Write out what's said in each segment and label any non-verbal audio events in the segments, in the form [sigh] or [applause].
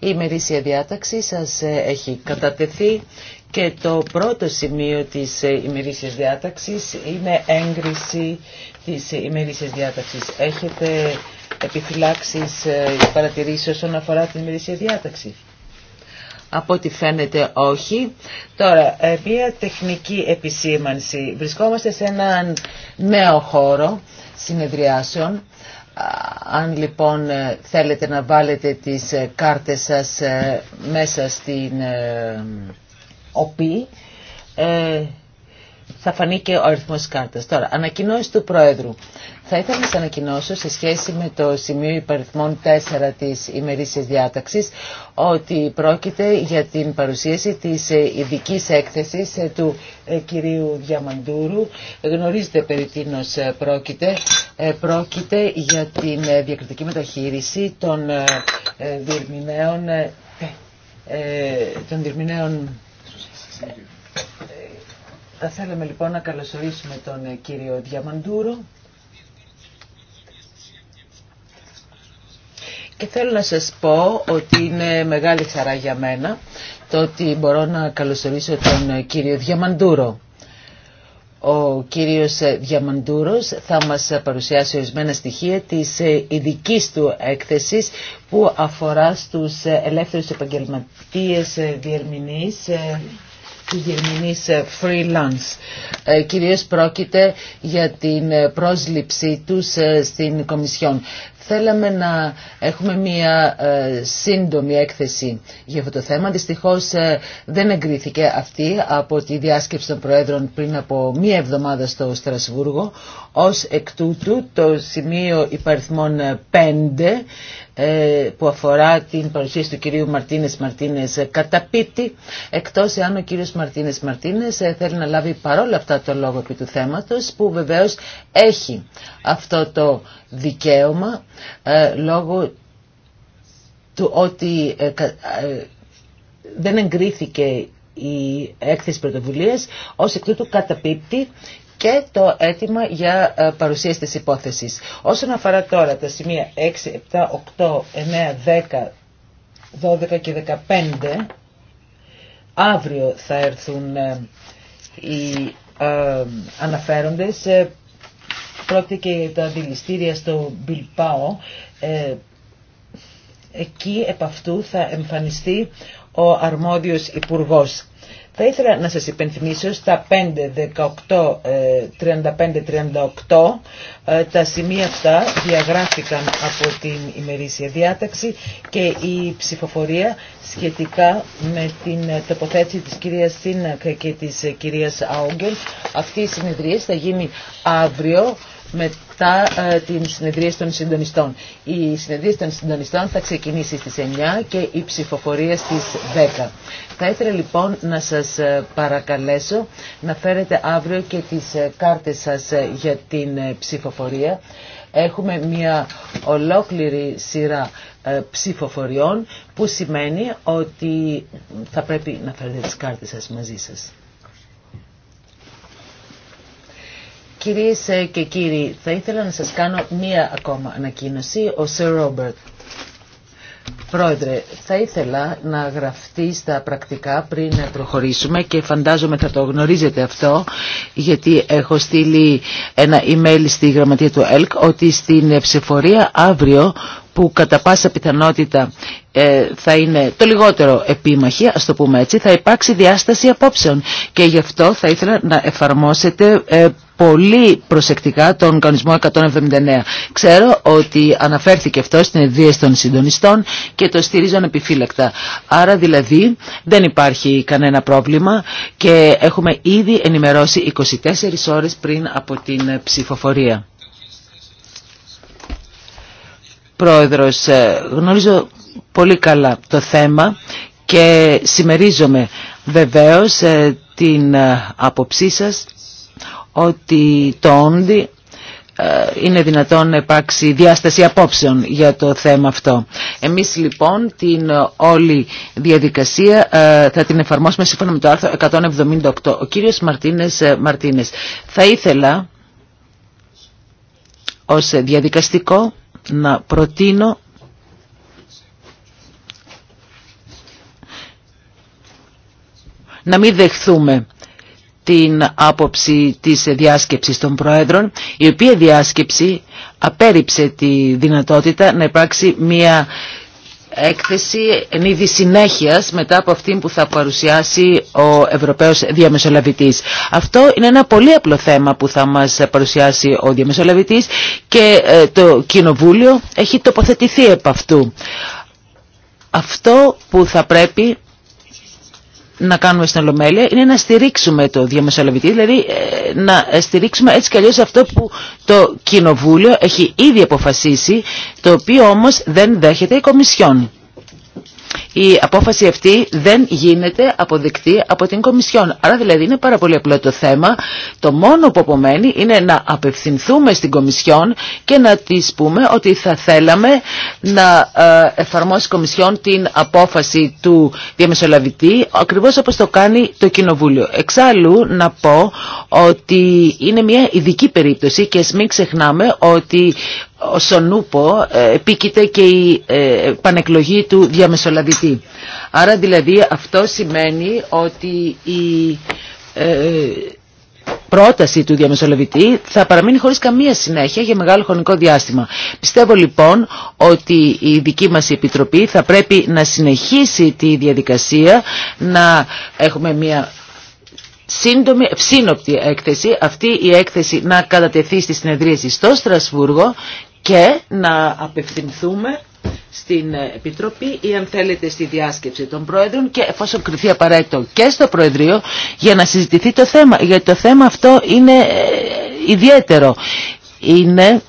Η ημερήσια διάταξη σας ε, έχει κατατεθεί και το πρώτο σημείο της ε, ημερήσιας διάταξης είναι έγκριση της ε, ημερήσιας διάταξης. Έχετε επιφυλάξεις ή παρατηρήσεις όσον αφορά την ημερήσια διάταξη. Από ό,τι φαίνεται όχι. Τώρα, μια τεχνική επισήμανση. Βρισκόμαστε σε έναν νέο χώρο συνεδριάσεων. Αν λοιπόν ε, θέλετε να βάλετε τις ε, κάρτες σας ε, μέσα στην ΟΠΗ, θα φανεί και ο αριθμό τη κάρτα. Τώρα, ανακοινώσει του Πρόεδρου. Θα ήθελα να σα ανακοινώσω σε σχέση με το σημείο υπαριθμών 4 τη ημερήσια διάταξη ότι πρόκειται για την παρουσίαση τη ε, ειδική έκθεση ε, του ε, κυρίου Διαμαντούρου. Γνωρίζετε περί τίνο πρόκειται. Πρόκειται για την διακριτική μεταχείριση των διερμηνέων. των διερμηνέων θα θέλαμε λοιπόν να καλωσορίσουμε τον ε, κύριο Διαμαντούρο και θέλω να σας πω ότι είναι μεγάλη χαρά για μένα το ότι μπορώ να καλωσορίσω τον ε, κύριο Διαμαντούρο. Ο κύριος ε, Διαμαντούρος θα μας παρουσιάσει ορισμένα στοιχεία της ειδική του έκθεσης που αφορά στους ελεύθερους επαγγελματίες διερμηνείς του διερμηνείς ε, freelance. Ε, Κυρίως πρόκειται για την ε, πρόσληψή τους στην Κομισιόν. Θέλαμε να έχουμε μία σύντομη έκθεση για αυτό το θέμα. Δυστυχώς δεν εγκρίθηκε αυτή από τη διάσκεψη των Προέδρων πριν από μία εβδομάδα στο Στρασβούργο. Ως εκ τούτου το σημείο υπαριθμών 5 ε, που αφορά την παρουσίαση του κυρίου Μαρτίνες Μαρτίνες Καταπίτη, εκτός εάν ο κύριος Μαρτίνες Μαρτίνες ε, θέλει να λάβει παρόλα αυτά το λόγο επί του θέματος που βεβαίως έχει αυτό το δικαίωμα ε, λόγω του ότι δεν εγκρίθηκε η έκθεση πρωτοβουλία, ως εκ τούτου καταπίπτει και το αίτημα για ε, παρουσίαση της υπόθεσης. Όσον αφορά τώρα τα σημεία 6, 7, 8, 9, 10, 12 και 15, αύριο θα έρθουν ε, οι ε, αναφέροντες. Πρόκειται και για τα δηληστήρια στο Μπιλπάο. Εκεί επ' αυτού θα εμφανιστεί ο αρμόδιος υπουργός θα ήθελα να σας υπενθυμίσω στα 5, 35, 38 τα σημεία αυτά διαγράφηκαν από την ημερήσια διάταξη και η ψηφοφορία σχετικά με την τοποθέτηση της κυρίας Σίνακ και της κυρίας Άουγγελ. Αυτή η συνεδρία θα γίνει αύριο με αυτά ε, την συνεδρία των συντονιστών. Η συνεδρία των συντονιστών θα ξεκινήσει στις 9 και η ψηφοφορία στις 10. Θα ήθελα λοιπόν να σας ε, παρακαλέσω να φέρετε αύριο και τις ε, κάρτες σας για την ψηφοφορία. Έχουμε μια ολόκληρη σειρά ψηφοφοριών που σημαίνει ότι θα πρέπει να φέρετε τις κάρτες σας μαζί σας. Κύριε και κύριοι, θα ήθελα να σας κάνω μία ακόμα ανακοίνωση. Ο Σερ Ρόμπερτ. Πρόεδρε, θα ήθελα να γραφτεί στα πρακτικά πριν να προχωρήσουμε και φαντάζομαι θα το γνωρίζετε αυτό γιατί έχω στείλει ένα email στη γραμματεία του ΕΛΚ ότι στην ψηφορία αύριο που κατά πάσα πιθανότητα ε, θα είναι το λιγότερο επίμαχη, ας το πούμε έτσι, θα υπάρξει διάσταση απόψεων και γι' αυτό θα ήθελα να εφαρμόσετε ε, πολύ προσεκτικά τον κανονισμό 179. Ξέρω ότι αναφέρθηκε αυτό στην ιδέα των συντονιστών και το στηρίζω επιφύλακτα. Άρα δηλαδή δεν υπάρχει κανένα πρόβλημα και έχουμε ήδη ενημερώσει 24 ώρες πριν από την ψηφοφορία. Πρόεδρος, ε, γνωρίζω πολύ καλά το θέμα και συμμερίζομαι βεβαίως ε, την ε, άποψή σας ότι το όντι ε, είναι δυνατόν να υπάρξει διάσταση απόψεων για το θέμα αυτό. Εμείς λοιπόν την όλη διαδικασία ε, θα την εφαρμόσουμε σύμφωνα με το άρθρο 178. Ο κύριος Μαρτίνες ε, Μαρτίνες θα ήθελα ως διαδικαστικό να προτείνω να μην δεχθούμε την άποψη της διάσκεψης των Προέδρων, η οποία διάσκεψη απέρριψε τη δυνατότητα να υπάρξει μια έκθεση εν είδη συνέχειας μετά από αυτήν που θα παρουσιάσει ο Ευρωπαίος Διαμεσολαβητής. Αυτό είναι ένα πολύ απλό θέμα που θα μας παρουσιάσει ο Διαμεσολαβητής και ε, το Κοινοβούλιο έχει τοποθετηθεί επ' αυτού. Αυτό που θα πρέπει να κάνουμε στην Ολομέλεια είναι να στηρίξουμε το διαμεσολαβητή, δηλαδή ε, να στηρίξουμε έτσι κι αυτό που το Κοινοβούλιο έχει ήδη αποφασίσει, το οποίο όμως δεν δέχεται η Κομισιόν η απόφαση αυτή δεν γίνεται αποδεκτή από την Κομισιόν. Άρα δηλαδή είναι πάρα πολύ απλό το θέμα. Το μόνο που απομένει είναι να απευθυνθούμε στην Κομισιόν και να τη πούμε ότι θα θέλαμε να ε, εφαρμόσει η Κομισιόν την απόφαση του διαμεσολαβητή ακριβώς όπως το κάνει το Κοινοβούλιο. Εξάλλου να πω ότι είναι μια ειδική περίπτωση και μην ξεχνάμε ότι ο σονούπο ε, επίκειται και η ε, πανεκλογή του διαμεσολαβητή. Άρα δηλαδή αυτό σημαίνει ότι η ε, πρόταση του διαμεσολαβητή θα παραμείνει χωρίς καμία συνέχεια για μεγάλο χρονικό διάστημα. Πιστεύω λοιπόν ότι η δική μας Επιτροπή θα πρέπει να συνεχίσει τη διαδικασία, να έχουμε μια σύντομη, σύνοπτη έκθεση, αυτή η έκθεση να κατατεθεί στη συνεδρίαση στο Στρασβούργο και να απευθυνθούμε στην Επιτροπή ή αν θέλετε στη διάσκεψη των Πρόεδρων και εφόσον κρυθεί απαραίτητο και στο Προεδρείο για να συζητηθεί το θέμα. Γιατί το θέμα αυτό είναι ε, ιδιαίτερο. Είναι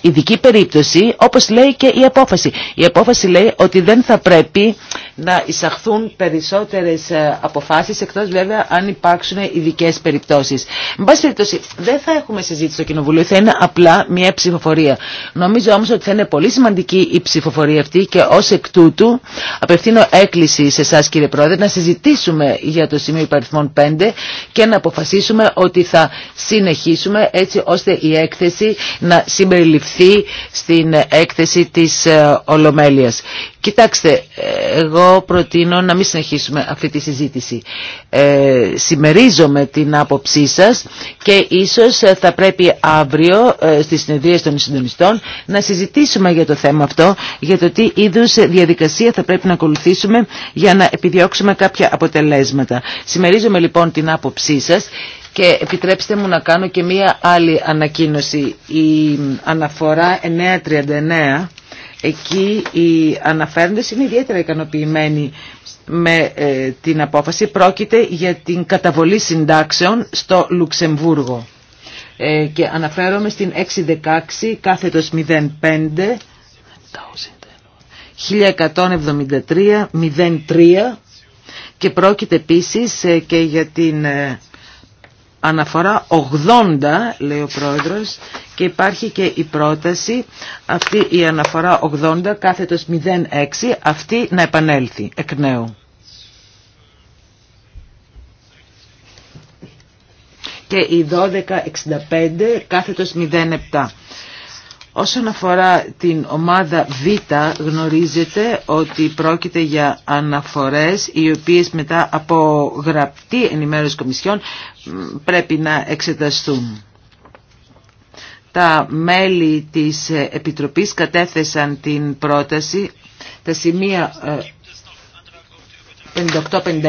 ειδική περίπτωση όπως λέει και η απόφαση. Η απόφαση λέει ότι δεν θα πρέπει να εισαχθούν περισσότερες ε, αποφάσεις εκτός βέβαια αν υπάρξουν ειδικέ περιπτώσεις. Με πάση περιπτώσει δεν θα έχουμε συζήτηση στο Κοινοβουλίο, θα είναι απλά μια ψηφοφορία. Νομίζω όμως ότι θα είναι πολύ σημαντική η ψηφοφορία αυτή και ως εκ τούτου απευθύνω έκκληση σε εσά κύριε Πρόεδρε να συζητήσουμε για το σημείο υπαριθμών 5 και να αποφασίσουμε ότι θα συνεχίσουμε έτσι ώστε η έκθεση να συμπεριληφθεί στην έκθεση της ε, Ολομέλειας. Κοιτάξτε, εγώ προτείνω να μην συνεχίσουμε αυτή τη συζήτηση. Ε, την άποψή σας και ίσως ε, θα πρέπει αύριο ε, στις συνεδρίες των συντονιστών να συζητήσουμε για το θέμα αυτό, για το τι είδους διαδικασία θα πρέπει να ακολουθήσουμε για να επιδιώξουμε κάποια αποτελέσματα. Συμμερίζομαι λοιπόν την άποψή σας και επιτρέψτε μου να κάνω και μία άλλη ανακοίνωση. Η αναφορά 939 Εκεί οι αναφέροντες είναι ιδιαίτερα ικανοποιημένοι με ε, την απόφαση. Πρόκειται για την καταβολή συντάξεων στο Λουξεμβούργο. Ε, και αναφέρομαι στην 616 κάθετος 05 1173-03 και πρόκειται επίσης ε, και για την αναφορά 80 λέει ο πρόεδρος και υπάρχει και η πρόταση αυτή η αναφορά 80 κάθετος 06 αυτή να επανέλθει εκ νέου. Και η 1265 κάθετος 07. Όσον αφορά την ομάδα Β, γνωρίζετε ότι πρόκειται για αναφορές οι οποίες μετά από γραπτή ενημέρωση κομισιών πρέπει να εξεταστούν. Τα μέλη της Επιτροπής κατέθεσαν την πρόταση. Τα σημεία ε, 58 59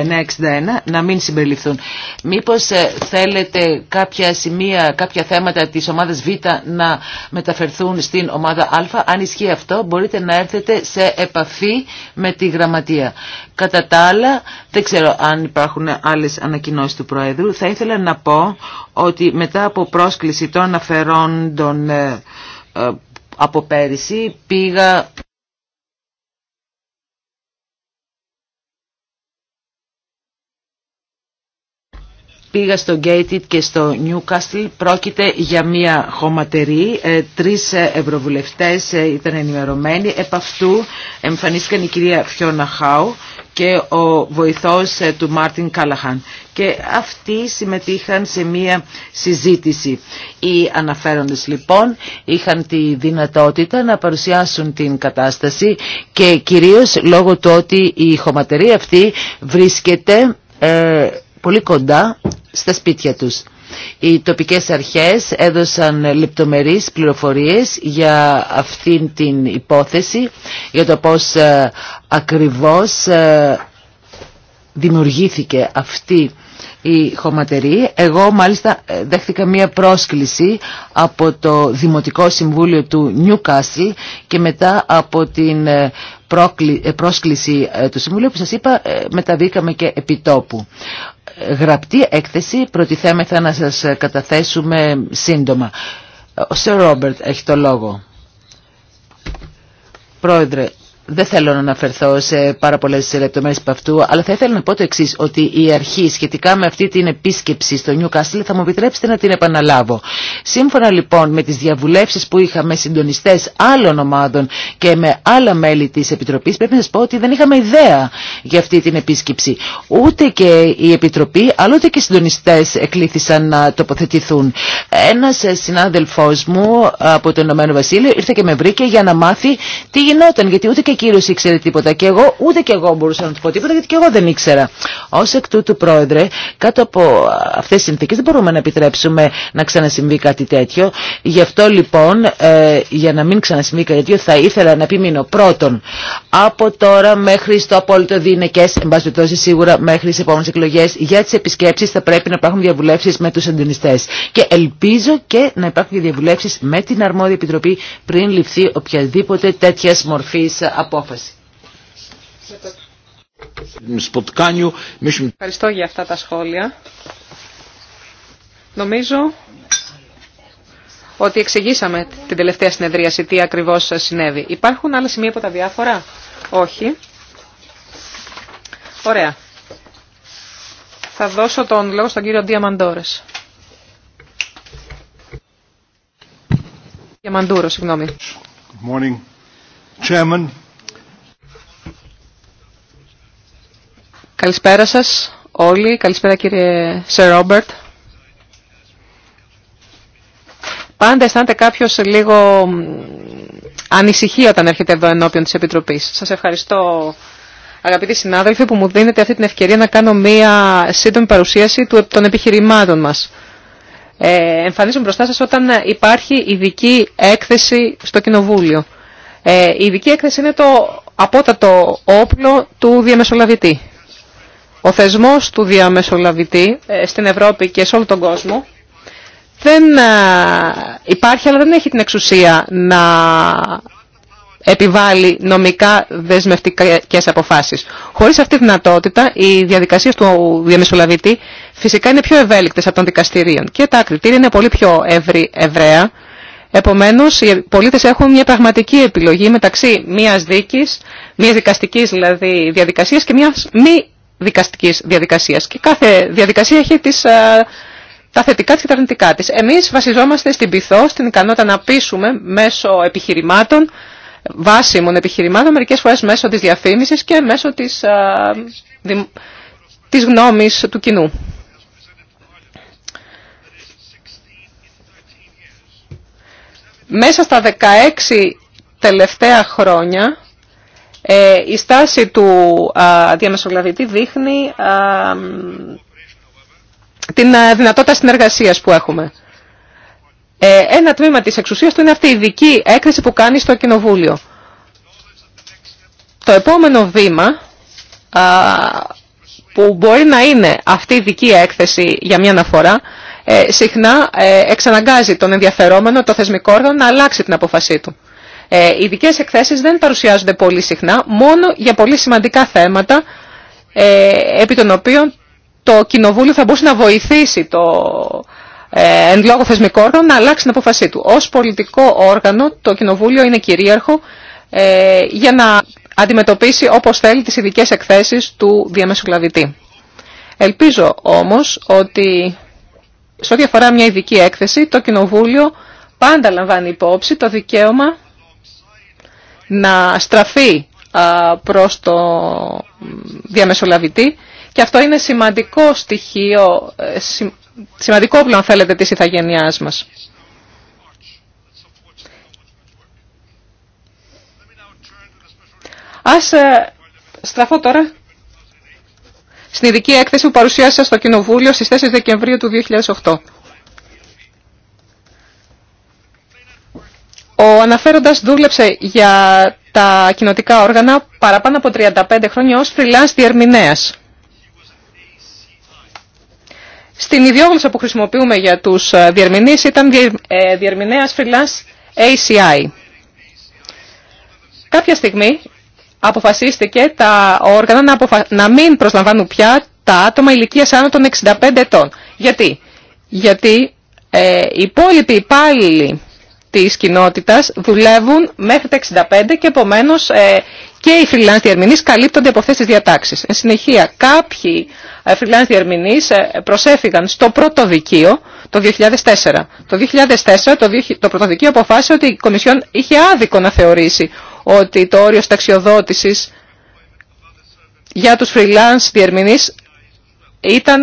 να μην συμπεριληφθούν. Μήπως ε, θέλετε κάποια σημεία, κάποια θέματα της ομάδας Β να μεταφερθούν στην ομάδα Α. Αν ισχύει αυτό μπορείτε να έρθετε σε επαφή με τη γραμματεία. Κατά τα άλλα, δεν ξέρω αν υπάρχουν άλλες ανακοινώσεις του Πρόεδρου. Θα ήθελα να πω ότι μετά από πρόσκληση των αναφερόντων ε, ε, από πέρυσι πήγα... Πήγα στο Gated και στο Newcastle. Πρόκειται για μια χωματερή. Ε, τρεις ε, ευρωβουλευτές ε, ήταν ενημερωμένοι. Επ' αυτού εμφανίστηκαν η κυρία Φιώνα Χάου και ο βοηθός του Μάρτιν Κάλαχαν. Και αυτοί συμμετείχαν σε μία συζήτηση. Οι αναφέροντες λοιπόν είχαν τη δυνατότητα να παρουσιάσουν την κατάσταση και κυρίως λόγω του ότι η χωματερή αυτή βρίσκεται πολύ κοντά στα σπίτια τους. Οι τοπικές αρχές έδωσαν λεπτομερείς πληροφορίες για αυτήν την υπόθεση, για το πώς ε, ακριβώς ε, δημιουργήθηκε αυτή η χωματερή. Εγώ μάλιστα ε, δέχτηκα μία πρόσκληση από το Δημοτικό Συμβούλιο του Νιουκάσιλ και μετά από την πρόσκληση του Συμβουλίου που σας είπα μεταβήκαμε και επιτόπου γραπτή έκθεση προτιθέμεθα να σας καταθέσουμε σύντομα. Ο Σερ Ρόμπερτ έχει το λόγο. Πρόεδρε, δεν θέλω να αναφερθώ σε πάρα πολλέ λεπτομέρειε από αυτού, αλλά θα ήθελα να πω το εξή, ότι η αρχή σχετικά με αυτή την επίσκεψη στο Νιου Κάστιλ θα μου επιτρέψετε να την επαναλάβω. Σύμφωνα λοιπόν με τι διαβουλεύσει που είχαμε συντονιστές συντονιστέ άλλων ομάδων και με άλλα μέλη τη Επιτροπή, πρέπει να σα πω ότι δεν είχαμε ιδέα για αυτή την επίσκεψη. Ούτε και η Επιτροπή, αλλά ούτε και οι συντονιστέ εκλήθησαν να τοποθετηθούν. Ένα συνάδελφό μου από το Ηνωμένο Βασίλειο ήρθε και με βρήκε για να μάθει τι γινόταν, γιατί ούτε και κύριο ήξερε τίποτα και εγώ, ούτε και εγώ μπορούσα να του πω τίποτα γιατί και εγώ δεν ήξερα. Ω εκ τούτου, Πρόεδρε, κάτω από αυτέ τι συνθήκε δεν μπορούμε να επιτρέψουμε να ξανασυμβεί κάτι τέτοιο. Γι' αυτό λοιπόν, ε, για να μην ξανασυμβεί κάτι τέτοιο, θα ήθελα να επιμείνω πρώτον από τώρα μέχρι στο απόλυτο δίνεκε, εν σίγουρα μέχρι τι επόμενε εκλογέ, για τι επισκέψει θα πρέπει να υπάρχουν διαβουλεύσει με του συντονιστέ. Και ελπίζω και να υπάρχουν διαβουλεύσει με την αρμόδια επιτροπή πριν ληφθεί οποιαδήποτε τέτοια μορφή απόφαση. Ευχαριστώ για αυτά τα σχόλια. Νομίζω ότι εξηγήσαμε την τελευταία συνεδρίαση τι ακριβώς συνέβη. Υπάρχουν άλλα σημεία από τα διάφορα? Όχι. Ωραία. Θα δώσω τον λόγο στον κύριο Διαμαντόρες. Διαμαντούρο, συγγνώμη. Good morning. Chairman. Καλησπέρα σας όλοι. Καλησπέρα κύριε Σερ Ρόμπερτ. Πάντα αισθάνεται κάποιος λίγο ανησυχεί όταν έρχεται εδώ ενώπιον της Επιτροπής. Σας ευχαριστώ αγαπητοί συνάδελφοι που μου δίνετε αυτή την ευκαιρία να κάνω μία σύντομη παρουσίαση των επιχειρημάτων μας. Ε, εμφανίζομαι μπροστά σας όταν υπάρχει ειδική έκθεση στο Κοινοβούλιο. Ε, η ειδική έκθεση είναι το απότατο όπλο του διαμεσολαβητή. Ο θεσμός του διαμεσολαβητή ε, στην Ευρώπη και σε όλο τον κόσμο δεν ε, υπάρχει, αλλά δεν έχει την εξουσία να επιβάλλει νομικά δεσμευτικές αποφάσεις. Χωρίς αυτή τη δυνατότητα, οι διαδικασίες του διαμεσολαβητή φυσικά είναι πιο ευέλικτες από των δικαστηρίων και τα κριτήρια είναι πολύ πιο ευρύ, ευραία. Επομένως, οι πολίτες έχουν μια πραγματική επιλογή μεταξύ μιας δίκης, μιας δικαστικής δηλαδή διαδικασίας και μιας μη δικαστικής διαδικασίας και κάθε διαδικασία έχει τις, ε, τα θετικά της και τα αρνητικά της. Εμείς βασιζόμαστε στην πυθό, στην ικανότητα να πείσουμε μέσω επιχειρημάτων, βάσιμων επιχειρημάτων, μερικές φορές μέσω της διαφήμισης και μέσω της, ε, της γνώμης του κοινού. Μέσα στα 16 τελευταία χρόνια ε, η στάση του διαμεσολαβητή δείχνει την δυνατότητα συνεργασίας που έχουμε. Ε, ένα τμήμα της εξουσίας του είναι αυτή η ειδική έκθεση που κάνει στο Κοινοβούλιο. Το επόμενο βήμα που μπορεί να είναι αυτή η ειδική έκθεση για μια αναφορά ε, συχνά εξαναγκάζει τον ενδιαφερόμενο, το θεσμικό όργανο να αλλάξει την αποφασή του. Ε, οι ειδικέ εκθέσεις δεν παρουσιάζονται πολύ συχνά, μόνο για πολύ σημαντικά θέματα, ε, επί των οποίων το Κοινοβούλιο θα μπορούσε να βοηθήσει το ε, εν λόγω θεσμικό όργανο να αλλάξει την αποφασή του. Ως πολιτικό όργανο το Κοινοβούλιο είναι κυρίαρχο για να αντιμετωπίσει όπως θέλει τις ειδικέ εκθέσεις του διαμεσολαβητή. Ελπίζω όμως ότι σε ό,τι αφορά μια ειδική έκθεση, το Κοινοβούλιο πάντα λαμβάνει υπόψη το δικαίωμα να στραφεί προς το διαμεσολαβητή και αυτό είναι σημαντικό στοιχείο, ε, σημαντικό όπλο αν θέλετε της ηθαγενειάς μας. Ας ε, στραφώ τώρα στην ειδική έκθεση που παρουσιάσα στο Κοινοβούλιο στις 4 Δεκεμβρίου του 2008. Ο αναφέροντας δούλεψε για τα κοινοτικά όργανα παραπάνω από 35 χρόνια ως freelance διερμηνέας. Στην ιδιόγνωση που χρησιμοποιούμε για τους ε, διερμηνείς ήταν ε, διερμηνέας freelance ACI. Κάποια στιγμή αποφασίστηκε τα όργανα να, μην προσλαμβάνουν πια τα άτομα ηλικίας άνω των 65 ετών. Γιατί, Γιατί ε, οι υπόλοιποι υπάλληλοι της κοινότητας δουλεύουν μέχρι τα 65 και επομένως ε, και οι freelance διερμηνείς καλύπτονται από αυτές τις διατάξεις. Εν συνεχεία, κάποιοι ε, freelance διερμηνείς ε, προσέφηγαν στο πρώτο δικείο το 2004. Το 2004 το πρωτοδικείο αποφάσισε ότι η Κομισιόν είχε άδικο να θεωρήσει ότι το όριο σταξιοδότησης για τους freelance διερμηνείς ήταν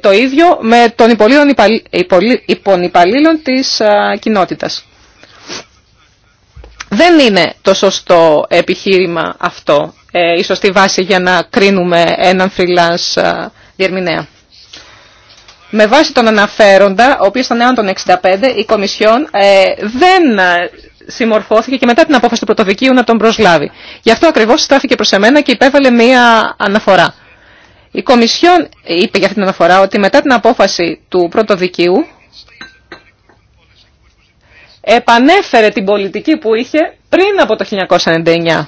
το ίδιο με των υπολείπων υπαλλήλων της κοινότητας. Δεν είναι το σωστό επιχείρημα αυτό, ε, η σωστή βάση για να κρίνουμε έναν freelance ε, διερμηνέα. Με βάση τον αναφέροντα, ο οποίος ήταν έναν των 65, η Κομισιόν ε, δεν συμμορφώθηκε και μετά την απόφαση του πρωτοδικίου να τον προσλάβει. Γι' αυτό ακριβώς στάθηκε προς εμένα και υπέβαλε μία αναφορά. Η Κομισιόν είπε για αυτή την αναφορά ότι μετά την απόφαση του πρώτοδικίου, επανέφερε την πολιτική που είχε πριν από το 1999.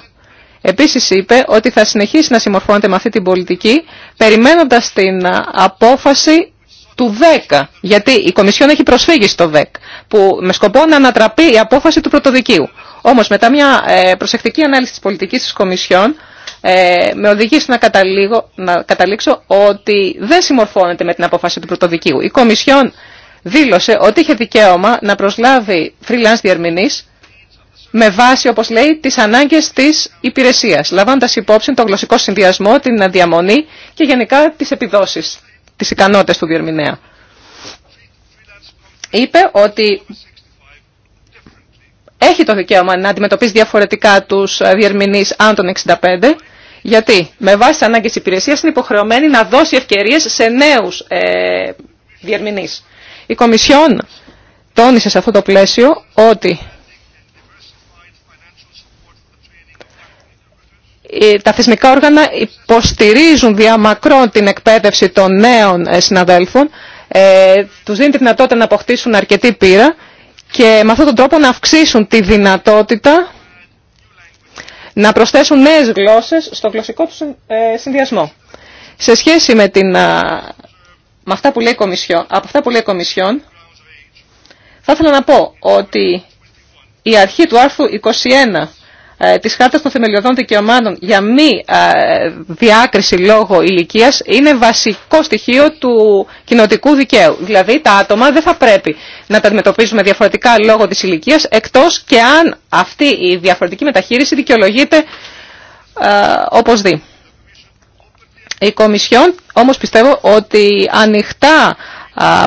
Επίσης είπε ότι θα συνεχίσει να συμμορφώνεται με αυτή την πολιτική περιμένοντας την απόφαση του ΔΕΚ, γιατί η Κομισιόν έχει προσφύγει στο ΔΕΚ, που με σκοπό να ανατραπεί η απόφαση του πρωτοδικίου. Όμως μετά μια ε, προσεκτική ανάλυση της πολιτικής της Κομισιόν, ε, με οδηγήσει να, καταλήγω, να καταλήξω ότι δεν συμμορφώνεται με την απόφαση του πρωτοδικίου. Η Κομισιόν δήλωσε ότι είχε δικαίωμα να προσλάβει freelance διερμηνείς με βάση, όπως λέει, τις ανάγκες της υπηρεσίας, λαμβάνοντας υπόψη τον γλωσσικό συνδυασμό, την διαμονή και γενικά τις επιδόσεις, τις ικανότητες του διερμηνέα. Είπε ότι έχει το δικαίωμα να αντιμετωπίσει διαφορετικά τους διερμηνείς αν των 65, γιατί με βάση τις ανάγκες υπηρεσίας είναι υποχρεωμένη να δώσει ευκαιρίες σε νέους ε, διερμηνείς. Η Κομισιόν τόνισε σε αυτό το πλαίσιο ότι τα θεσμικά όργανα υποστηρίζουν διαμακρών την εκπαίδευση των νέων ε, συναδέλφων, ε, τους δίνει τη δυνατότητα να αποκτήσουν αρκετή πείρα και με αυτόν τον τρόπο να αυξήσουν τη δυνατότητα να προσθέσουν νέες γλώσσες στο γλωσσικό του ε, συνδυασμό. Σε σχέση με την από αυτά που λέει η Κομισιόν, θα ήθελα να πω ότι η αρχή του άρθρου 21 ε, της Χάρτας των Θεμελιωδών Δικαιωμάτων για μη ε, διάκριση λόγω ηλικίας είναι βασικό στοιχείο του κοινοτικού δικαίου. Δηλαδή τα άτομα δεν θα πρέπει να τα αντιμετωπίζουμε διαφορετικά λόγω της ηλικίας εκτός και αν αυτή η διαφορετική μεταχείριση δικαιολογείται ε, όπως δει. Η Κομισιόν όμως πιστεύω ότι ανοιχτά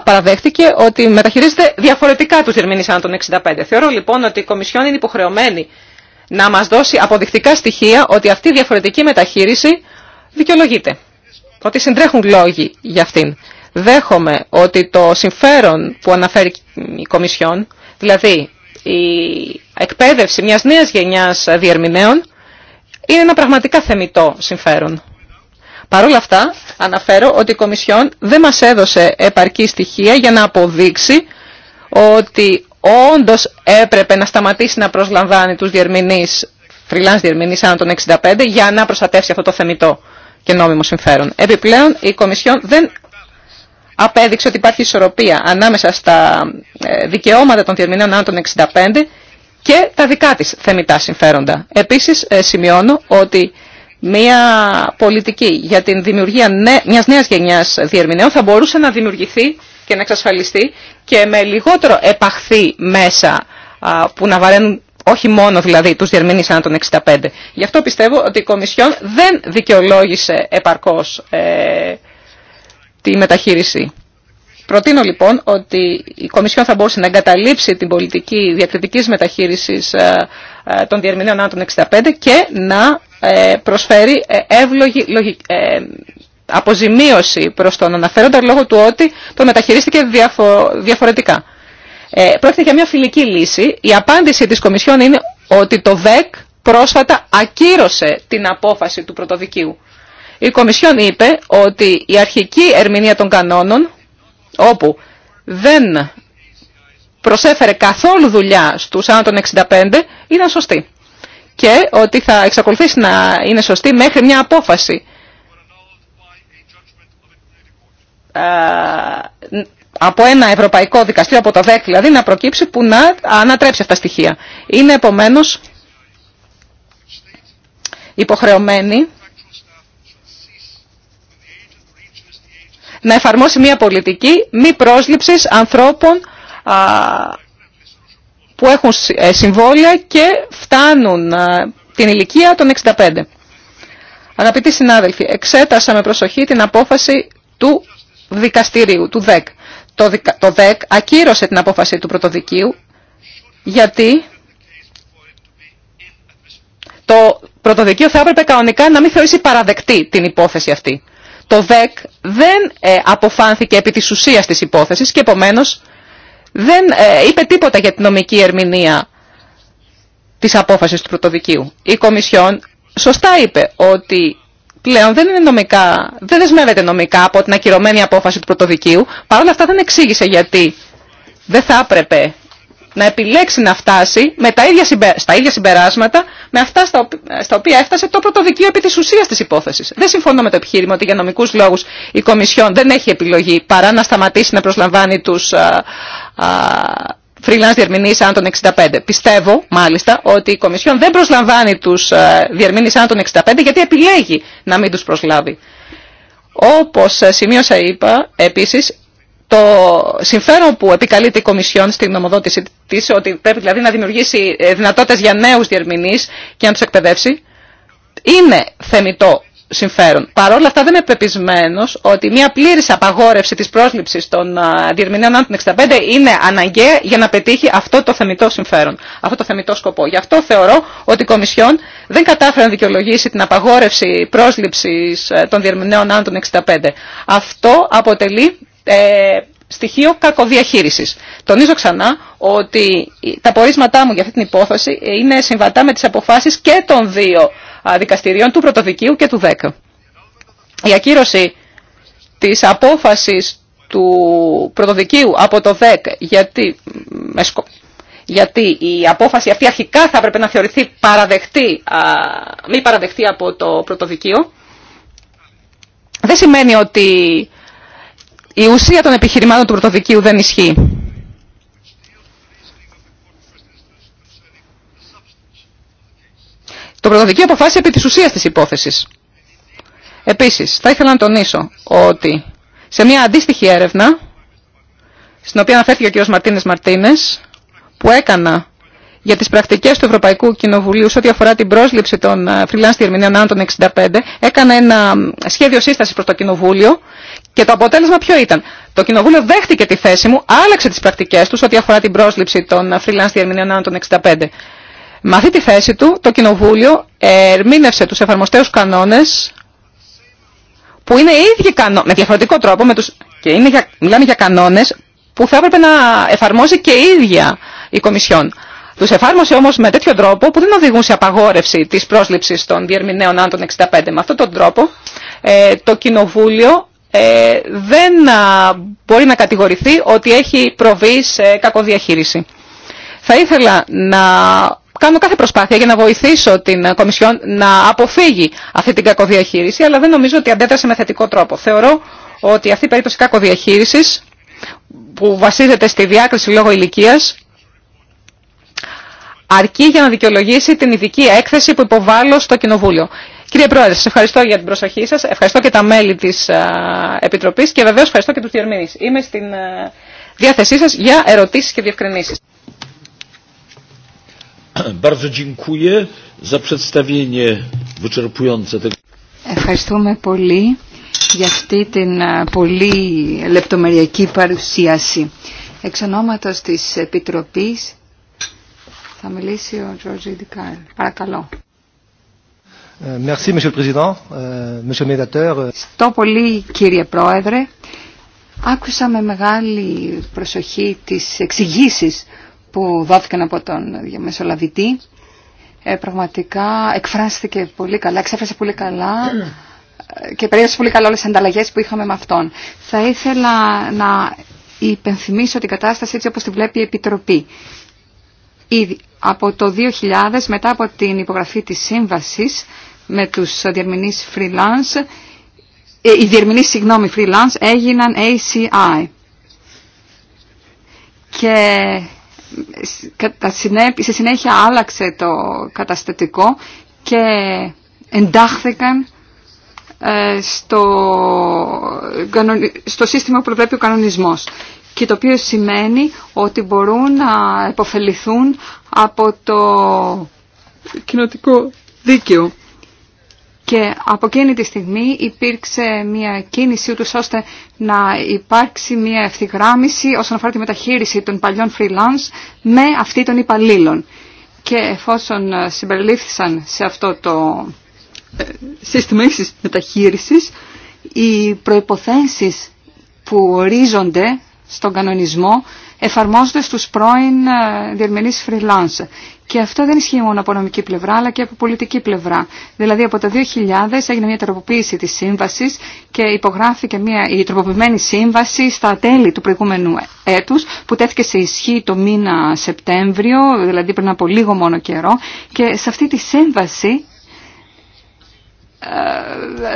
παραδέχτηκε ότι μεταχειρίζεται διαφορετικά τους διερμηνείς ανά των 65. Θεωρώ λοιπόν ότι η Κομισιόν είναι υποχρεωμένη να μας δώσει αποδεικτικά στοιχεία ότι αυτή η διαφορετική μεταχείριση δικαιολογείται. Ότι συντρέχουν λόγοι για αυτήν. Δέχομαι ότι το συμφέρον που αναφέρει η Κομισιόν, δηλαδή η εκπαίδευση μιας νέας γενιάς διερμηνέων, είναι ένα πραγματικά θεμητό συμφέρον. Παρ' όλα αυτά αναφέρω ότι η Κομισιόν δεν μας έδωσε επαρκή στοιχεία για να αποδείξει ότι όντως έπρεπε να σταματήσει να προσλαμβάνει τους διερμηνείς, freelance διερμηνείς άνω των 65 για να προστατεύσει αυτό το θεμητό και νόμιμο συμφέρον. Επιπλέον η Κομισιόν δεν απέδειξε ότι υπάρχει ισορροπία ανάμεσα στα ε, δικαιώματα των διερμηνέων άνω των 65 και τα δικά της θεμητά συμφέροντα. Επίσης ε, σημειώνω ότι μια πολιτική για την δημιουργία μιας νέας γενιάς διερμηνέων θα μπορούσε να δημιουργηθεί και να εξασφαλιστεί και με λιγότερο επαχθή μέσα που να βαραίνουν όχι μόνο δηλαδή τους διερμηνείς ανά των 65. Γι' αυτό πιστεύω ότι η Κομισιόν δεν δικαιολόγησε επαρκώς ε, τη μεταχείριση. Προτείνω λοιπόν ότι η Κομισιόν θα μπορούσε να εγκαταλείψει την πολιτική διακριτικής μεταχείρισης ε, ε, των διερμηνέων ανά των 65 και να ε, προσφέρει ε, εύλογη ε, αποζημίωση προς τον αναφέροντα λόγω του ότι το μεταχειρίστηκε διαφορετικά. Πρόκειται για μια φιλική λύση. Η απάντηση της Κομισιόν είναι ότι το ΒΕΚ πρόσφατα ακύρωσε την απόφαση του πρωτοδικίου. Η Κομισιόν είπε ότι η αρχική ερμηνεία των κανόνων, όπου δεν προσέφερε καθόλου δουλειά στους άνω των 65, ήταν σωστή και ότι θα εξακολουθήσει να είναι σωστή μέχρι μια απόφαση ε, από ένα ευρωπαϊκό δικαστήριο, από το ΔΕΚ δηλαδή, να προκύψει που να ανατρέψει αυτά τα στοιχεία. Είναι επομένως υποχρεωμένη να εφαρμόσει μια πολιτική μη πρόσληψης ανθρώπων που έχουν ε, συμβόλια και φτάνουν ε, την ηλικία των 65. Αγαπητοί συνάδελφοι, εξέτασα με προσοχή την απόφαση του δικαστηρίου, του ΔΕΚ. Το, ΔΕΚ ακύρωσε την απόφαση του πρωτοδικίου γιατί το πρωτοδικείο θα έπρεπε κανονικά να μην θεωρήσει παραδεκτή την υπόθεση αυτή. Το ΔΕΚ δεν ε, αποφάνθηκε επί της ουσίας της υπόθεσης και επομένως δεν ε, είπε τίποτα για την νομική ερμηνεία της απόφασης του πρωτοδικίου. Η Κομισιόν σωστά είπε ότι πλέον δεν, είναι νομικά, δεν δεσμεύεται νομικά από την ακυρωμένη απόφαση του πρωτοδικίου. Παρ' όλα αυτά δεν εξήγησε γιατί δεν θα έπρεπε να επιλέξει να φτάσει με τα ίδια στα ίδια συμπεράσματα με αυτά στα, οποία, στα οποία έφτασε το πρωτοδικείο επί της ουσίας της υπόθεσης. Δεν συμφωνώ με το επιχείρημα ότι για νομικούς λόγους η Κομισιόν δεν έχει επιλογή παρά να σταματήσει να προσλαμβάνει τους freelance διερμηνείς άνω των 65. Πιστεύω, μάλιστα, ότι η Κομισιόν δεν προσλαμβάνει τους ε, διερμηνείς άνω των 65 γιατί επιλέγει να μην τους προσλάβει. Όπως ε, σημείωσα είπα, επίσης, το συμφέρον που επικαλείται η Κομισιόν στην νομοδότηση της, ότι πρέπει δηλαδή να δημιουργήσει ε, δυνατότητες για νέους διερμηνείς και να τους εκπαιδεύσει, είναι θεμητό συμφέρον. Παρ' όλα αυτά δεν είμαι πεπισμένο ότι μια πλήρης απαγόρευση της πρόσληψης των διερμηνέων άνω των 65 είναι αναγκαία για να πετύχει αυτό το θεμητό συμφέρον, αυτό το θεμητό σκοπό. Γι' αυτό θεωρώ ότι η Κομισιόν δεν κατάφερε να δικαιολογήσει την απαγόρευση πρόσληψης ε, των διερμηνέων άνω των 65. Αυτό αποτελεί ε, στοιχείο κακοδιαχείρισης. Τονίζω ξανά ότι τα πορίσματά μου για αυτή την υπόθεση είναι συμβατά με τις αποφάσεις και των δύο δικαστηριών του Πρωτοδικείου και του ΔΕΚ. Η ακύρωση της απόφασης του Πρωτοδικείου από το ΔΕΚ γιατί, γιατί η απόφαση αυτή αρχικά θα έπρεπε να θεωρηθεί παραδεχτή, μη παραδεχτή από το Πρωτοδικείο δεν σημαίνει ότι η ουσία των επιχειρημάτων του πρωτοδικείου δεν ισχύει. Το πρωτοδικείο αποφάσισε επί της ουσίας της υπόθεσης. Επίσης, θα ήθελα να τονίσω ότι σε μια αντίστοιχη έρευνα, στην οποία αναφέρθηκε ο κ. Μαρτίνες Μαρτίνες, που έκανα για τις πρακτικές του Ευρωπαϊκού Κοινοβουλίου σε ό,τι αφορά την πρόσληψη των ε, freelance διερμηνέων άνω των 65, έκανα ένα σχέδιο σύστασης προς το Κοινοβούλιο και το αποτέλεσμα ποιο ήταν. Το Κοινοβούλιο δέχτηκε τη θέση μου, άλλαξε τι πρακτικέ του ό,τι αφορά την πρόσληψη των freelance διερμηνέων άνω των 65. Με αυτή τη θέση του, το Κοινοβούλιο ερμήνευσε του εφαρμοστέου κανόνε που είναι οι ίδιοι κανόνε, με διαφορετικό τρόπο, με τους, και είναι για, μιλάμε για κανόνε που θα έπρεπε να εφαρμόζει και η ίδια η Κομισιόν. Του εφάρμοσε όμω με τέτοιο τρόπο που δεν οδηγούν σε απαγόρευση τη πρόσληψη των διερμηνέων άνω των 65. Με αυτόν τον τρόπο ε, το Κοινοβούλιο ε, δεν μπορεί να κατηγορηθεί ότι έχει προβεί σε κακοδιαχείριση. Θα ήθελα να κάνω κάθε προσπάθεια για να βοηθήσω την ε, Κομισιόν να αποφύγει αυτή την κακοδιαχείριση, αλλά δεν νομίζω ότι αντέδρασε με θετικό τρόπο. Θεωρώ ότι αυτή η περίπτωση κακοδιαχείρισης που βασίζεται στη διάκριση λόγω ηλικίας αρκεί για να δικαιολογήσει την ειδική έκθεση που υποβάλλω στο Κοινοβούλιο. Κύριε Πρόεδρε, σας ευχαριστώ για την προσοχή σας, ευχαριστώ και τα μέλη της Επιτροπής και βεβαίως ευχαριστώ και τους διερμηνείς. Είμαι στην διάθεσή σας για ερωτήσεις και διευκρινήσεις. [clears throat] Ευχαριστούμε πολύ για αυτή την πολύ λεπτομεριακή παρουσίαση. Εξ ονόματος της Επιτροπής θα μιλήσει ο Τζόρτζι Δικάρ. Παρακαλώ. Euh, merci, euh, euh, πολύ, κύριε Πρόεδρε, άκουσα με μεγάλη προσοχή τις εξηγήσει που δόθηκαν από τον διαμεσολαβητή. Ε, πραγματικά εκφράστηκε πολύ καλά, εξέφρασε πολύ καλά ε, και περίεργασε πολύ καλά όλες τις ανταλλαγές που είχαμε με αυτόν. Θα ήθελα να υπενθυμίσω την κατάσταση έτσι όπως τη βλέπει η Επιτροπή από το 2000 μετά από την υπογραφή της σύμβασης με τους διερμηνείς freelance, ε, οι διερμηνείς συγγνώμη freelance έγιναν ACI. Και ε, σε συνέχεια άλλαξε το καταστατικό και εντάχθηκαν ε, στο, στο σύστημα που προβλέπει ο κανονισμός και το οποίο σημαίνει ότι μπορούν να επωφεληθούν από το κοινοτικό δίκαιο. Και από εκείνη τη στιγμή υπήρξε μια κίνηση ούτως ώστε να υπάρξει μια ευθυγράμμιση όσον αφορά τη μεταχείριση των παλιών freelance με αυτή των υπαλλήλων. Και εφόσον ε, συμπεριλήφθησαν σε αυτό το ε, σύστημα ίσης μεταχείρισης, οι προϋποθέσεις που ορίζονται στον κανονισμό εφαρμόζονται στους πρώην ε, διερμηνείς freelance. Και αυτό δεν ισχύει μόνο από νομική πλευρά αλλά και από πολιτική πλευρά. Δηλαδή από το 2000 έγινε μια τροποποίηση της σύμβασης και υπογράφηκε μια, η τροποποιημένη σύμβαση στα τέλη του προηγούμενου έτους που τέθηκε σε ισχύ το μήνα Σεπτέμβριο, δηλαδή πριν από λίγο μόνο καιρό και σε αυτή τη σύμβαση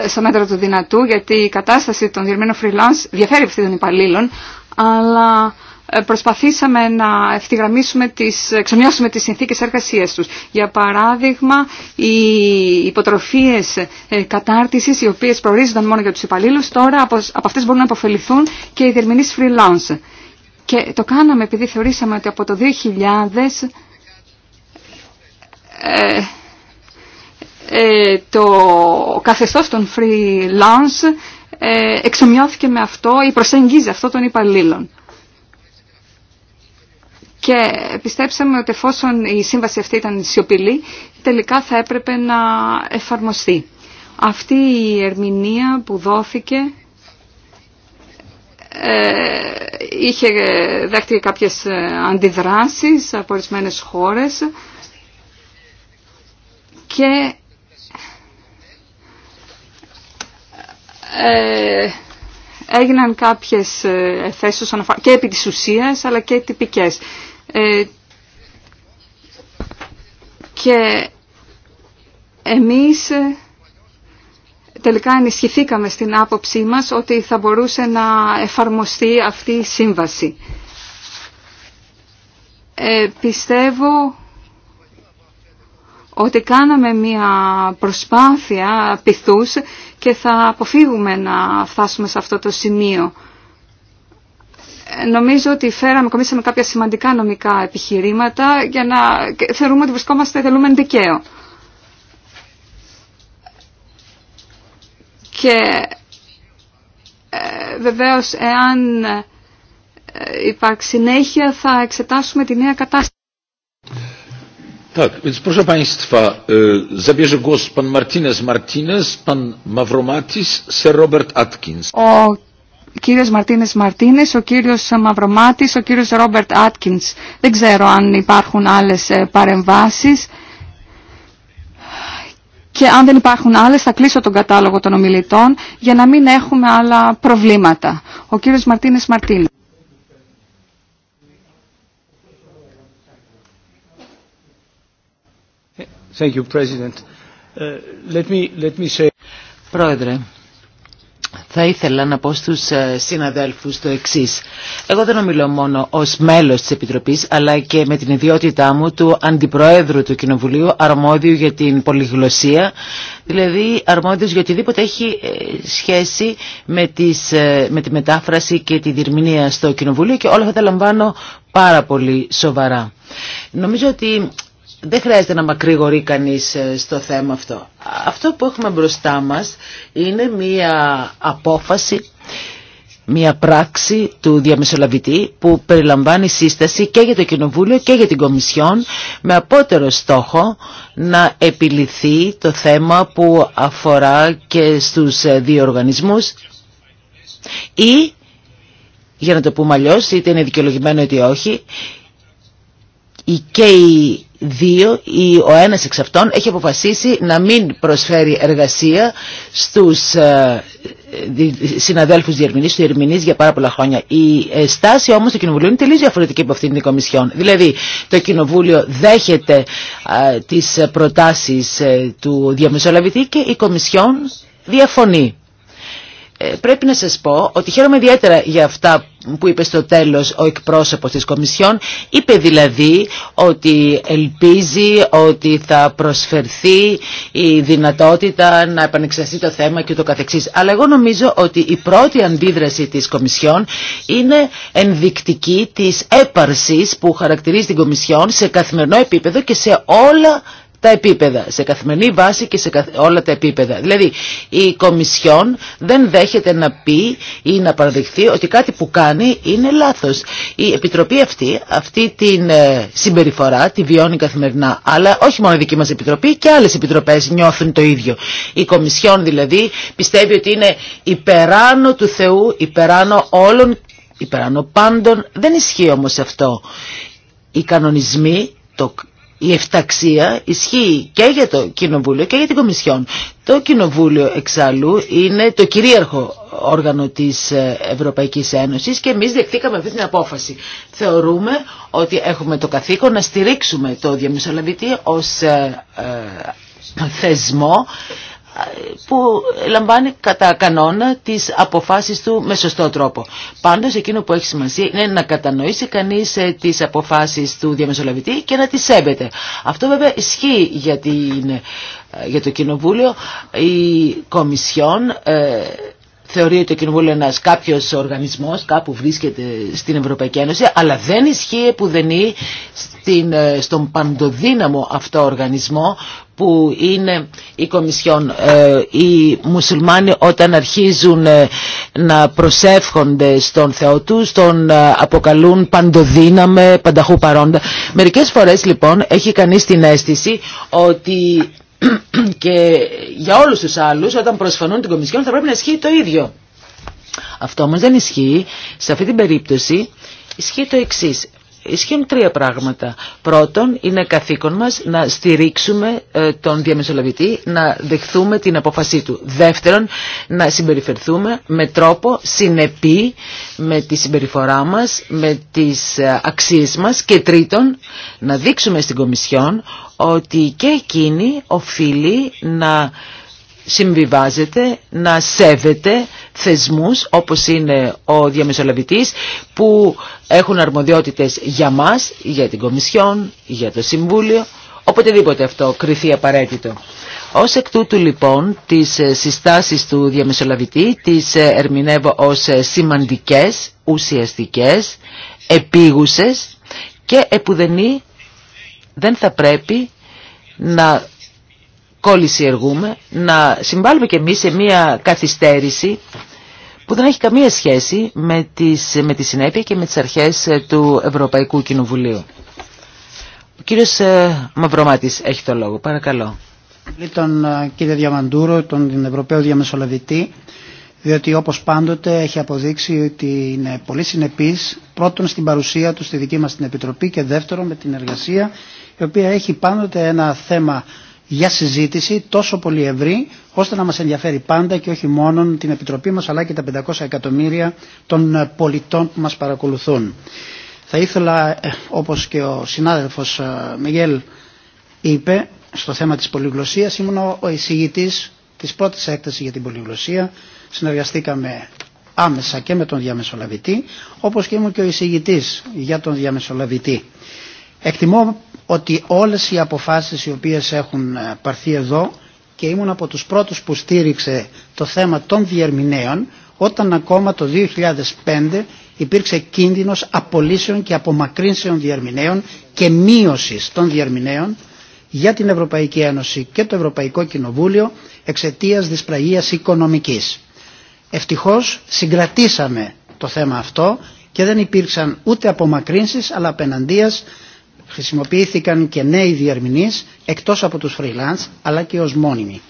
ε, στο μέτρο του δυνατού, γιατί η κατάσταση των διερμένων freelance διαφέρει αυτή των υπαλλήλων, αλλά ε, προσπαθήσαμε να ευθυγραμμίσουμε τις, εξομοιώσουμε τις συνθήκες εργασίας τους. Για παράδειγμα, οι υποτροφίες ε, κατάρτισης, οι οποίες προορίζονταν μόνο για τους υπαλλήλους, τώρα από, από αυτές μπορούν να αποφεληθούν και οι διερμηνείς freelance. Και το κάναμε επειδή θεωρήσαμε ότι από το 2000 ε, ε, το καθεστώς των freelance ε, εξομοιώθηκε με αυτό ή προσεγγίζει αυτό των υπαλλήλων. Και πιστέψαμε ότι εφόσον η σύμβαση αυτή ήταν σιωπηλή, τελικά θα έπρεπε να εφαρμοστεί. Αυτή η ερμηνεία που δόθηκε ε, είχε δέχτηκε κάποιες ε, αντιδράσεις από ορισμένε χώρες και Ε, έγιναν κάποιες ε, θέσεις και επί της ουσίας αλλά και τυπικές. Ε, και εμείς ε, τελικά ενισχυθήκαμε στην άποψή μας ότι θα μπορούσε να εφαρμοστεί αυτή η σύμβαση. πιστεύω ότι κάναμε μια προσπάθεια πειθούς και θα αποφύγουμε να φτάσουμε σε αυτό το σημείο. Ε, νομίζω ότι φέραμε, κομίσαμε κάποια σημαντικά νομικά επιχειρήματα για να θεωρούμε ότι βρισκόμαστε θέλουμε δικαίω. Και ε, βεβαίως εάν ε, υπάρξει συνέχεια θα εξετάσουμε τη νέα κατάσταση. Tak, więc proszę Państwa, κύριος Μαρτίνες Μαρτίνες, ο κύριος Μαυρομάτης, ο κύριος Ρόμπερτ Άτκινς. Δεν ξέρω αν υπάρχουν άλλες ε, παρεμβάσεις. Και αν δεν υπάρχουν άλλες θα κλείσω τον κατάλογο των ομιλητών για να μην έχουμε άλλα προβλήματα. Ο κύριος Μαρτίνες Μαρτίνες. Thank uh, Πρόεδρε, θα ήθελα να πω στους ε, συναδέλφους το εξής. Εγώ δεν ομιλώ μόνο ως μέλος της Επιτροπής, αλλά και με την ιδιότητά μου του Αντιπροέδρου του Κοινοβουλίου, αρμόδιου για την πολυγλωσία, δηλαδή αρμόδιος για οτιδήποτε έχει ε, σχέση με, τις, ε, με τη μετάφραση και τη διερμηνία στο Κοινοβουλίο και όλα αυτά τα λαμβάνω πάρα πολύ σοβαρά. Νομίζω ότι δεν χρειάζεται να μακρηγορεί κανείς ε, στο θέμα αυτό. Αυτό που έχουμε μπροστά μας είναι μία απόφαση, μία πράξη του διαμεσολαβητή που περιλαμβάνει σύσταση και για το Κοινοβούλιο και για την Κομισιόν με απότερο στόχο να επιληθεί το θέμα που αφορά και στους ε, δύο οργανισμούς ή, για να το πούμε αλλιώς, είτε είναι δικαιολογημένο είτε όχι, και η δύο ή ο ένας εξ αυτών έχει αποφασίσει να μην προσφέρει εργασία στους ε, συναδέλφους διερμηνείς, του διερμηνείς για πάρα πολλά χρόνια. Η ε, στάση όμως του Κοινοβουλίου είναι τελείως διαφορετική από αυτήν την Κομισιόν. Δηλαδή το Κοινοβούλιο δέχεται τις προτάσεις ε, του διαμεσολαβητή και η Κομισιόν διαφωνεί. Πρέπει να σας πω ότι χαίρομαι ιδιαίτερα για αυτά που είπε στο τέλος ο εκπρόσωπος της Κομισιόν είπε δηλαδή ότι ελπίζει ότι θα προσφερθεί η δυνατότητα να επανεξεταστεί το θέμα και το καθεξής. Αλλά εγώ νομίζω ότι η πρώτη αντίδραση της Κομισιόν είναι ενδεικτική της έπαρσης που χαρακτηρίζει την Κομισιόν σε καθημερινό επίπεδο και σε όλα τα επίπεδα, σε καθημερινή βάση και σε όλα τα επίπεδα. Δηλαδή η Κομισιόν δεν δέχεται να πει ή να παραδειχθεί ότι κάτι που κάνει είναι λάθος. Η Επιτροπή αυτή, αυτή την ε, συμπεριφορά τη βιώνει καθημερινά, αλλά όχι μόνο η δική μας Επιτροπή και άλλες Επιτροπές νιώθουν το ίδιο. Η Κομισιόν δηλαδή πιστεύει ότι είναι υπεράνω του Θεού, υπεράνω όλων, υπεράνω πάντων. Δεν ισχύει όμως αυτό. Οι κανονισμοί το η εφταξία ισχύει και για το Κοινοβούλιο και για την Κομισιόν. Το Κοινοβούλιο εξάλλου είναι το κυρίαρχο όργανο της ε, Ευρωπαϊκής Ένωσης και εμείς δεχτήκαμε αυτή την απόφαση. Θεωρούμε ότι έχουμε το καθήκον να στηρίξουμε το διαμεσολαβητή ως ε, ε, θεσμό που λαμβάνει κατά κανόνα τις αποφάσεις του με σωστό τρόπο. Πάντως εκείνο που έχει σημασία είναι να κατανοήσει κανείς ε, τις αποφάσεις του διαμεσολαβητή και να τις σέβεται. Αυτό βέβαια ισχύει για, την, ε, για το Κοινοβούλιο. Η Κομισιόν ε, θεωρεί το Κοινοβούλιο είναι ένας κάποιος οργανισμός, κάπου βρίσκεται στην Ευρωπαϊκή Ένωση, αλλά δεν ισχύει που δεν είναι στην, ε, στον παντοδύναμο αυτό οργανισμό που είναι η Κομισιόν. Ε, οι μουσουλμάνοι όταν αρχίζουν ε, να προσεύχονται στον Θεό τους, τον ε, αποκαλούν παντοδύναμε, πανταχού παρόντα. Μερικές φορές λοιπόν έχει κανείς την αίσθηση ότι [clears throat] και για όλους τους άλλους όταν προσφανούν την Κομισιόν θα πρέπει να ισχύει το ίδιο. Αυτό όμως δεν ισχύει. Σε αυτή την περίπτωση ισχύει το εξής ισχύουν τρία πράγματα. Πρώτον, είναι καθήκον μας να στηρίξουμε ε, τον διαμεσολαβητή, να δεχθούμε την απόφασή του. Δεύτερον, να συμπεριφερθούμε με τρόπο συνεπή με τη συμπεριφορά μας, με τις ε, αξίες μας. Και τρίτον, να δείξουμε στην Κομισιόν ότι και εκείνη οφείλει να συμβιβάζεται, να σέβεται θεσμούς όπως είναι ο διαμεσολαβητής που έχουν αρμοδιότητες για μας, για την Κομισιόν, για το Συμβούλιο, οποτεδήποτε αυτό κριθεί απαραίτητο. Ως εκ τούτου λοιπόν τις συστάσεις του διαμεσολαβητή τις ερμηνεύω ως σημαντικές, ουσιαστικές, επίγουσες και επουδενή δεν θα πρέπει να κόλληση εργούμε, να συμβάλλουμε και εμείς σε μια καθυστέρηση που δεν έχει καμία σχέση με, τις, με τη συνέπεια και με τις αρχές ε, του Ευρωπαϊκού Κοινοβουλίου. Ο κύριος ε, Μαυρομάτης έχει το λόγο. Παρακαλώ. Τον ε, κύριο Διαμαντούρο, τον Ευρωπαίο Διαμεσολαβητή, διότι όπως πάντοτε έχει αποδείξει ότι είναι πολύ συνεπής πρώτον στην παρουσία του στη δική μας την Επιτροπή και δεύτερον με την εργασία η οποία έχει πάντοτε ένα θέμα για συζήτηση τόσο πολύ ευρύ ώστε να μας ενδιαφέρει πάντα και όχι μόνο την Επιτροπή μας αλλά και τα 500 εκατομμύρια των ε, πολιτών που μας παρακολουθούν. Θα ήθελα ε, όπως και ο συνάδελφος ε, Μιγέλ είπε στο θέμα της πολυγλωσσίας ήμουν ο εισηγητής της πρώτης έκτασης για την πολυγλωσσία συνεργαστήκαμε άμεσα και με τον διαμεσολαβητή όπως και ήμουν και ο εισηγητής για τον διαμεσολαβητή. Εκτιμώ ότι όλες οι αποφάσεις οι οποίες έχουν ε, πάρθει εδώ και ήμουν από τους πρώτους που στήριξε το θέμα των διερμηνέων όταν ακόμα το 2005 υπήρξε κίνδυνος απολύσεων και απομακρύνσεων διερμηνέων και μείωσης των διερμηνέων για την Ευρωπαϊκή Ένωση και το Ευρωπαϊκό Κοινοβούλιο εξαιτίας δυσπραγίας οικονομικής. Ευτυχώς συγκρατήσαμε το θέμα αυτό και δεν υπήρξαν ούτε απομακρύνσεις αλλά απέναντίας Χρησιμοποιήθηκαν και νέοι διερμηνείς εκτός από τους freelance αλλά και ως μόνιμοι.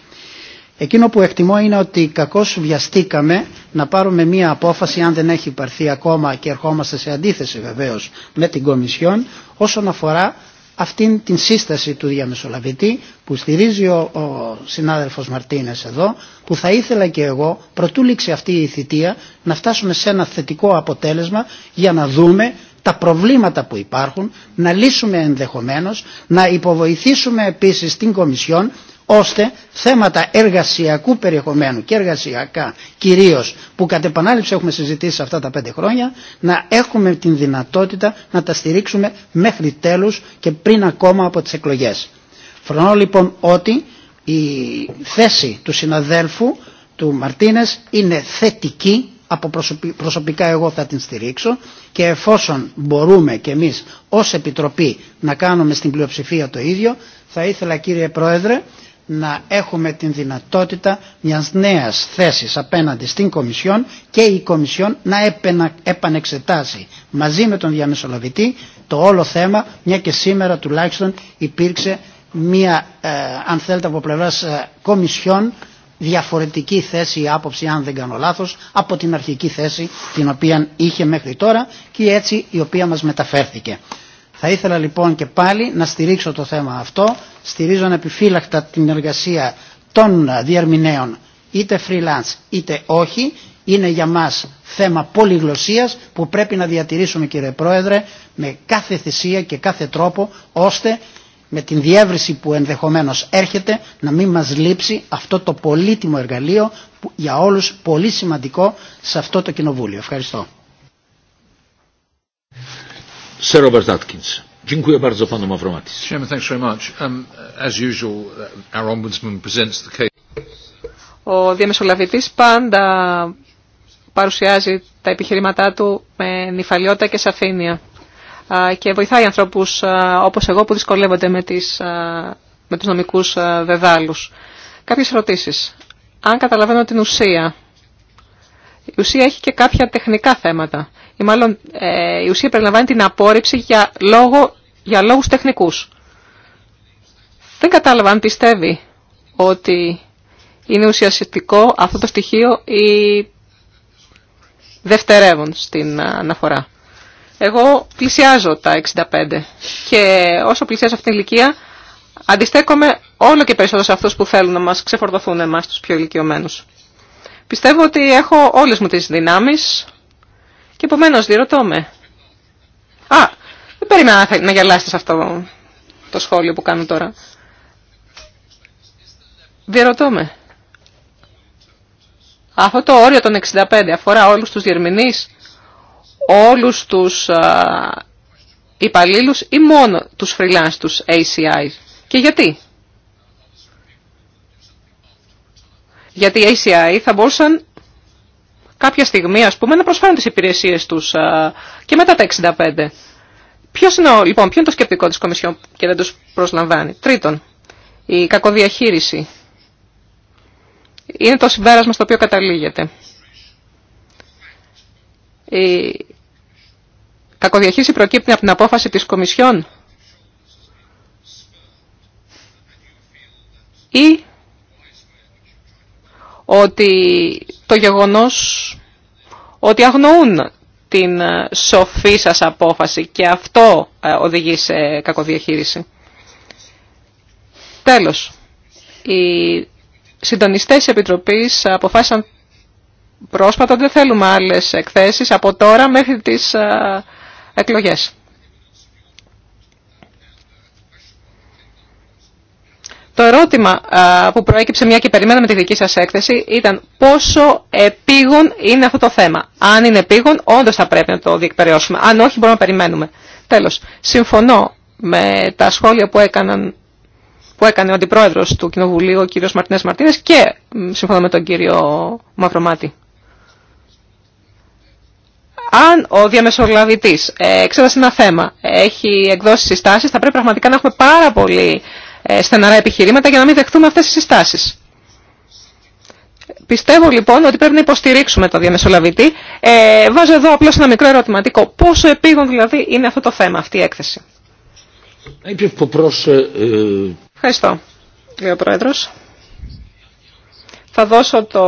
Εκείνο που εκτιμώ είναι ότι κακώς βιαστήκαμε να πάρουμε μία απόφαση αν δεν έχει υπαρθεί ακόμα και ερχόμαστε σε αντίθεση βεβαίως με την Κομισιόν όσον αφορά αυτήν την σύσταση του διαμεσολαβητή που στηρίζει ο, ο συνάδελφος Μαρτίνες εδώ που θα ήθελα και εγώ προτού αυτή η θητεία να φτάσουμε σε ένα θετικό αποτέλεσμα για να δούμε τα προβλήματα που υπάρχουν, να λύσουμε ενδεχομένως, να υποβοηθήσουμε επίσης την Κομισιόν ώστε θέματα εργασιακού περιεχομένου και εργασιακά κυρίως που κατ' επανάληψη έχουμε συζητήσει αυτά τα πέντε χρόνια να έχουμε την δυνατότητα να τα στηρίξουμε μέχρι τέλους και πριν ακόμα από τις εκλογές. Φρονώ λοιπόν ότι η θέση του συναδέλφου του Μαρτίνες είναι θετική από προσωπικά εγώ θα την στηρίξω και εφόσον μπορούμε και εμείς ως Επιτροπή να κάνουμε στην πλειοψηφία το ίδιο θα ήθελα κύριε Πρόεδρε να έχουμε την δυνατότητα μιας νέας θέσης απέναντι στην Κομισιόν και η Κομισιόν να επανεξετάσει μαζί με τον διαμεσολαβητή το όλο θέμα μια και σήμερα τουλάχιστον υπήρξε μια ε, αν θέλετε από πλευράς ε, Κομισιόν διαφορετική θέση ή άποψη, αν δεν κάνω λάθο από την αρχική θέση την οποία είχε μέχρι τώρα και έτσι η οποία μας μεταφέρθηκε. Θα ήθελα λοιπόν και πάλι να στηρίξω το θέμα αυτό. Στηρίζω ανεπιφύλακτα την εργασία των διερμηνέων, είτε freelance είτε όχι. Είναι για μας θέμα πολυγλωσία που πρέπει να διατηρήσουμε κύριε Πρόεδρε με κάθε θυσία και κάθε τρόπο ώστε με την διεύρυνση που ενδεχομένως έρχεται να μην μας λείψει αυτό το πολύτιμο εργαλείο που για όλους πολύ σημαντικό σε αυτό το κοινοβούλιο. Ευχαριστώ. Ο διαμεσολαβητής πάντα παρουσιάζει τα επιχειρήματά του με νυφαλιότητα και σαφήνεια και βοηθάει ανθρώπους όπως εγώ που δυσκολεύονται με, τις, με τους νομικούς δεδάλους. Κάποιες ερωτήσεις. Αν καταλαβαίνω την ουσία, η ουσία έχει και κάποια τεχνικά θέματα. Ή μάλλον ε, η ουσία περιλαμβάνει την απόρριψη για, λόγο, για λόγους τεχνικούς. Δεν κατάλαβα αν πιστεύει ότι είναι ουσιαστικό αυτό το στοιχείο ή δευτερεύουν στην αναφορά. Εγώ πλησιάζω τα 65 και όσο πλησιάζω αυτήν την ηλικία αντιστέκομαι όλο και περισσότερο σε αυτούς που θέλουν να μας ξεφορτωθούν εμάς τους πιο ηλικιωμένους. Πιστεύω ότι έχω όλες μου τις δυνάμεις και επομένως διερωτώ με. Α, δεν περίμενα να γελάσετε σε αυτό το σχόλιο που κάνω τώρα. Διερωτώ με. Αυτό το όριο των 65 αφορά όλους τους διερμηνείς όλους τους υπαλλήλους ή μόνο τους freelance, τους ACI. Και γιατί. Γιατί οι ACI θα μπορούσαν κάποια στιγμή, ας πούμε, να προσφέρουν τις υπηρεσίες τους και μετά τα 65. Ποιος είναι, ο, λοιπόν, ποιο είναι το σκεπτικό της Κομισιόν και δεν τους προσλαμβάνει. Τρίτον, η κακοδιαχείριση. Είναι το συμπέρασμα στο οποίο καταλήγεται. Η Κακοδιαχείριση προκύπτει από την απόφαση της Κομισιόν ή ότι το γεγονός ότι αγνοούν την σοφή σας απόφαση και αυτό ε, οδηγεί σε κακοδιαχείριση. Τέλος, οι συντονιστές της Επιτροπής αποφάσισαν πρόσφατα ότι δεν θέλουμε άλλες εκθέσεις από τώρα μέχρι τις ε, εκλογές. Το ερώτημα που προέκυψε μια και περιμέναμε τη δική σας έκθεση ήταν πόσο επίγον είναι αυτό το θέμα. Αν είναι επίγον, όντως θα πρέπει να το διεκπαιρεώσουμε. Αν όχι, μπορούμε να περιμένουμε. Τέλος, συμφωνώ με τα σχόλια που, έκαναν, που έκανε ο Αντιπρόεδρος του Κοινοβουλίου, ο κ. Μαρτίνες Μαρτίνες και συμφωνώ με τον κύριο Μαυρομάτη αν ο διαμεσολαβητή ε, σε ένα θέμα, έχει εκδώσει συστάσει, θα πρέπει πραγματικά να έχουμε πάρα πολύ ε, στεναρά επιχειρήματα για να μην δεχτούμε αυτές τις συστάσεις. Πιστεύω λοιπόν ότι πρέπει να υποστηρίξουμε το διαμεσολαβητή. Ε, βάζω εδώ απλώς ένα μικρό ερωτηματικό. Πόσο επίγον δηλαδή είναι αυτό το θέμα, αυτή η έκθεση. Ε, ε, Ευχαριστώ, κύριε θα δώσω το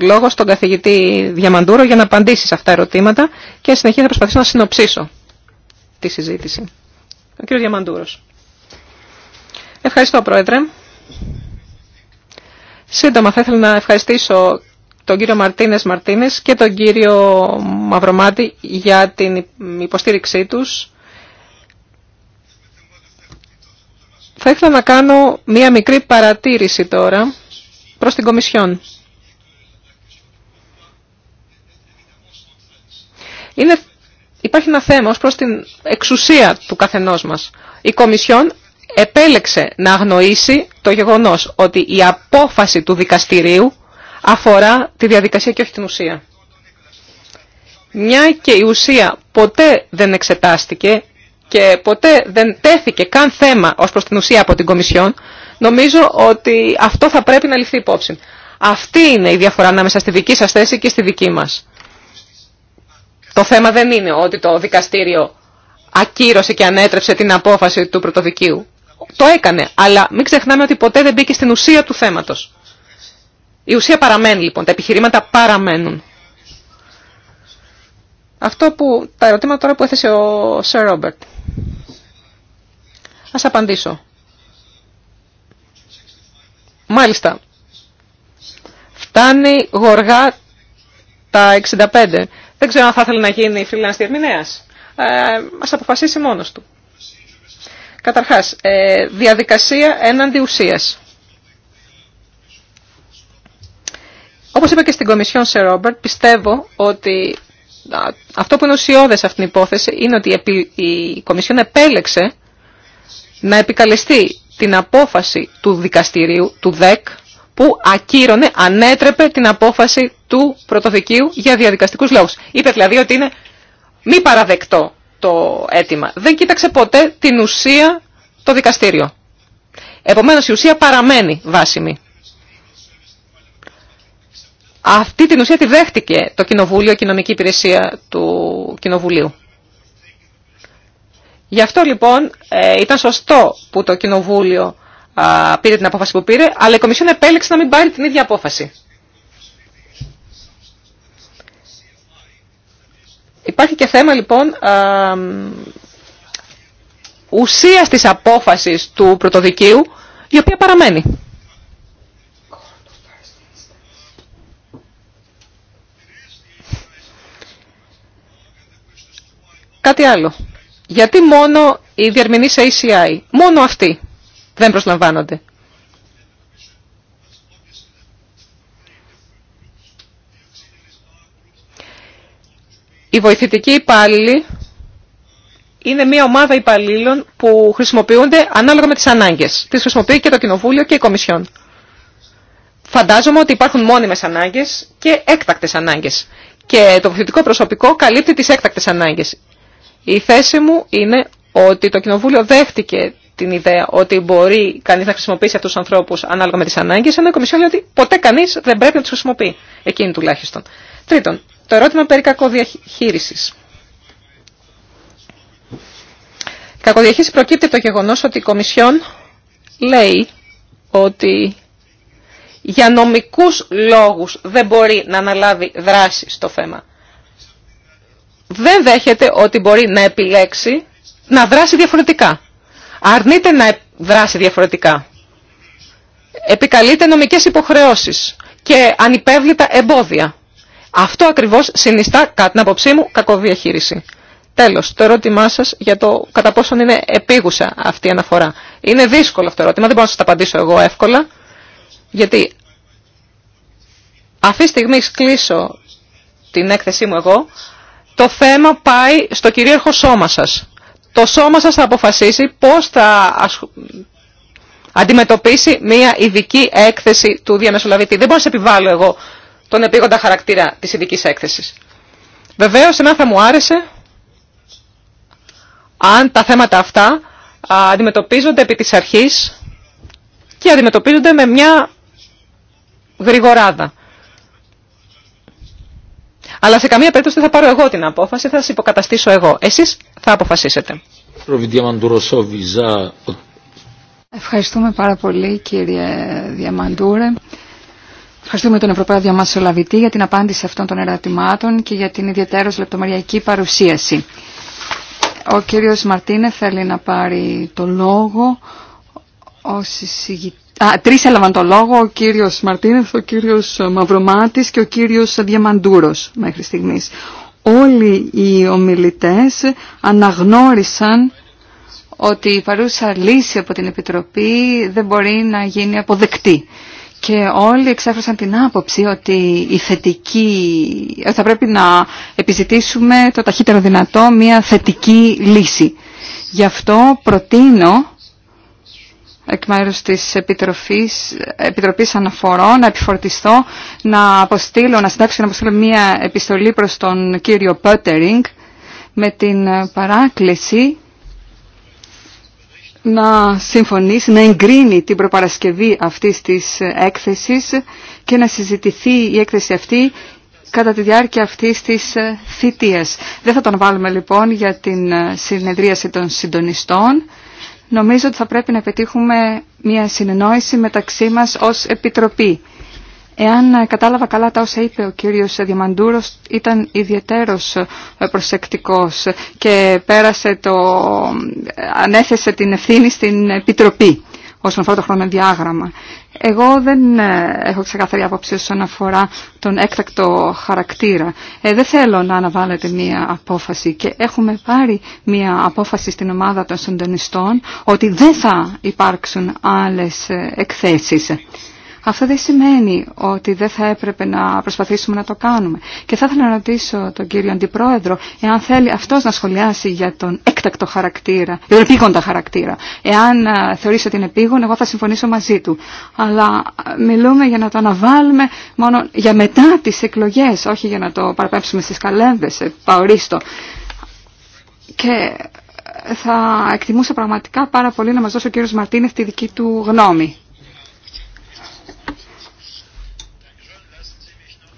λόγο στον καθηγητή Διαμαντούρο για να απαντήσει σε αυτά τα ερωτήματα και συνεχεία να προσπαθήσω να συνοψίσω τη συζήτηση. Ο κύριος Διαμαντούρος. Ευχαριστώ, Πρόεδρε. Σύντομα θα ήθελα να ευχαριστήσω τον κύριο Μαρτίνες Μαρτίνες και τον κύριο Μαυρομάτη για την υποστήριξή τους. Θα ήθελα να κάνω μία μικρή παρατήρηση τώρα προς την Κομισιόν. Είναι, υπάρχει ένα θέμα ως προς την εξουσία του καθενός μας. Η Κομισιόν επέλεξε να αγνοήσει το γεγονός ότι η απόφαση του δικαστηρίου αφορά τη διαδικασία και όχι την ουσία. Μια και η ουσία ποτέ δεν εξετάστηκε και ποτέ δεν τέθηκε καν θέμα ως προς την ουσία από την Κομισιόν, Νομίζω ότι αυτό θα πρέπει να ληφθεί υπόψη. Αυτή είναι η διαφορά ανάμεσα στη δική σας θέση και στη δική μας. Το θέμα δεν είναι ότι το δικαστήριο ακύρωσε και ανέτρεψε την απόφαση του πρωτοδικίου. Το έκανε, αλλά μην ξεχνάμε ότι ποτέ δεν μπήκε στην ουσία του θέματος. Η ουσία παραμένει λοιπόν, τα επιχειρήματα παραμένουν. Αυτό που, τα ερωτήματα τώρα που έθεσε ο Σερ Ρόμπερτ. Ας απαντήσω. Μάλιστα. Φτάνει γοργά τα 65. Δεν ξέρω αν θα ήθελε να γίνει freelance διερμηνέας. Ε, ας αποφασίσει μόνος του. Καταρχάς, ε, διαδικασία έναντι ουσίας. Όπως είπα και στην Κομισιόν σε Ρόμπερτ, πιστεύω ότι αυτό που είναι ουσιώδες αυτήν την υπόθεση είναι ότι η Κομισιόν επέλεξε να επικαλεστεί την απόφαση του δικαστηρίου, του ΔΕΚ, που ακύρωνε, ανέτρεπε την απόφαση του πρωτοδικίου για διαδικαστικούς λόγους. Είπε δηλαδή ότι είναι μη παραδεκτό το αίτημα. Δεν κοίταξε ποτέ την ουσία το δικαστήριο. Επομένως η ουσία παραμένει βάσιμη. Αυτή την ουσία τη δέχτηκε το Κοινοβούλιο, η Κοινωνική Υπηρεσία του Κοινοβουλίου. Γι' αυτό λοιπόν ε, ήταν σωστό που το Κοινοβούλιο πήρε την απόφαση που πήρε, αλλά η Κομισιόν επέλεξε να μην πάρει την ίδια απόφαση. Υπάρχει και θέμα λοιπόν α, ουσίας της απόφασης του πρωτοδικίου, η οποία παραμένει. Κάτι άλλο. Γιατί μόνο οι διαρμηνείς ACI, μόνο αυτοί δεν προσλαμβάνονται. Οι βοηθητικοί υπάλληλοι είναι μια ομάδα υπαλλήλων που χρησιμοποιούνται ανάλογα με τις ανάγκες. Τις χρησιμοποιεί και το Κοινοβούλιο και η Κομισιόν. Φαντάζομαι ότι υπάρχουν μόνιμες ανάγκες και έκτακτες ανάγκες. Και το βοηθητικό προσωπικό καλύπτει τις έκτακτες ανάγκες. Η θέση μου είναι ότι το Κοινοβούλιο δέχτηκε την ιδέα ότι μπορεί κανεί να χρησιμοποιήσει αυτού του ανθρώπου ανάλογα με τι ανάγκε, ενώ η Κομισιόν λέει ότι ποτέ κανεί δεν πρέπει να του χρησιμοποιεί. Εκείνη τουλάχιστον. Τρίτον, το ερώτημα περί κακοδιαχείριση. Η κακοδιαχείριση προκύπτει από το γεγονό ότι η Κομισιόν λέει ότι για νομικού λόγου δεν μπορεί να αναλάβει δράση στο θέμα δεν δέχεται ότι μπορεί να επιλέξει να δράσει διαφορετικά. Αρνείται να δράσει διαφορετικά. Επικαλείται νομικές υποχρεώσεις και ανυπέβλητα εμπόδια. Αυτό ακριβώς συνιστά, κατά την απόψή μου, κακοδιαχείριση. Τέλος, το ερώτημά σας για το κατά πόσον είναι επίγουσα αυτή η αναφορά. Είναι δύσκολο αυτό το ερώτημα, δεν μπορώ να σας τα απαντήσω εγώ εύκολα, γιατί αυτή τη στιγμή κλείσω την έκθεσή μου εγώ, το θέμα πάει στο κυρίαρχο σώμα σας. Το σώμα σας θα αποφασίσει πώς θα αντιμετωπίσει μια ειδική έκθεση του διαμεσολαβητή. Δεν μπορώ να σε επιβάλλω εγώ τον επίγοντα χαρακτήρα της ειδική έκθεσης. Βεβαίως, εμένα θα μου άρεσε αν τα θέματα αυτά αντιμετωπίζονται επί της αρχής και αντιμετωπίζονται με μια γρηγοράδα. Αλλά σε καμία περίπτωση δεν θα πάρω εγώ την απόφαση, θα σα υποκαταστήσω εγώ. Εσεί θα αποφασίσετε. Ευχαριστούμε πάρα πολύ κύριε Διαμαντούρε. Ευχαριστούμε τον Ευρωπαίο Διαμασολαβητή για την απάντηση αυτών των ερωτημάτων και για την ιδιαίτερω λεπτομεριακή παρουσίαση. Ο κύριος Μαρτίνε θέλει να πάρει το λόγο ως εισηγητή Α, τρεις έλαβαν το λόγο, ο κύριος Μαρτίνεθ, ο κύριος Μαυρομάτης και ο κύριος Διαμαντούρος μέχρι στιγμής. Όλοι οι ομιλητές αναγνώρισαν ότι η παρούσα λύση από την Επιτροπή δεν μπορεί να γίνει αποδεκτή. Και όλοι εξέφρασαν την άποψη ότι η θετική, θα πρέπει να επιζητήσουμε το ταχύτερο δυνατό μια θετική λύση. Γι' αυτό προτείνω εκ μέρους της Επιτροφής, Επιτροπής Αναφορών να επιφορτιστώ να αποστείλω, να συντάξω να αποστείλω μία επιστολή προς τον κύριο Πέτερινγκ με την παράκληση να συμφωνήσει, να εγκρίνει την προπαρασκευή αυτής της έκθεσης και να συζητηθεί η έκθεση αυτή κατά τη διάρκεια αυτής της θητείας. Δεν θα τον βάλουμε λοιπόν για την συνεδρίαση των συντονιστών νομίζω ότι θα πρέπει να πετύχουμε μια συνεννόηση μεταξύ μας ως Επιτροπή. Εάν κατάλαβα καλά τα όσα είπε ο κύριος Διαμαντούρος, ήταν ιδιαίτερος προσεκτικός και πέρασε το, ανέθεσε την ευθύνη στην Επιτροπή όσον αφορά το χρονοδιάγραμμα. Εγώ δεν ε, έχω ξεκαθαρή άποψη όσον αφορά τον έκτακτο χαρακτήρα. Ε, δεν θέλω να αναβάλλετε μία απόφαση και έχουμε πάρει μία απόφαση στην ομάδα των συντονιστών ότι δεν θα υπάρξουν άλλες ε, εκθέσεις. Αυτό δεν σημαίνει ότι δεν θα έπρεπε να προσπαθήσουμε να το κάνουμε. Και θα ήθελα να ρωτήσω τον κύριο Αντιπρόεδρο, εάν θέλει αυτός να σχολιάσει για τον έκτακτο χαρακτήρα, τον επίγοντα χαρακτήρα. Εάν ε, θεωρήσει ότι είναι επίγον, εγώ θα συμφωνήσω μαζί του. Αλλά ε, μιλούμε για να το αναβάλουμε μόνο για μετά τις εκλογές, όχι για να το παραπέψουμε στις καλένδες, ε, παορίστο. Και θα εκτιμούσα πραγματικά πάρα πολύ να μας δώσει ο κύριος Μαρτίνεφ τη δική του γνώμη.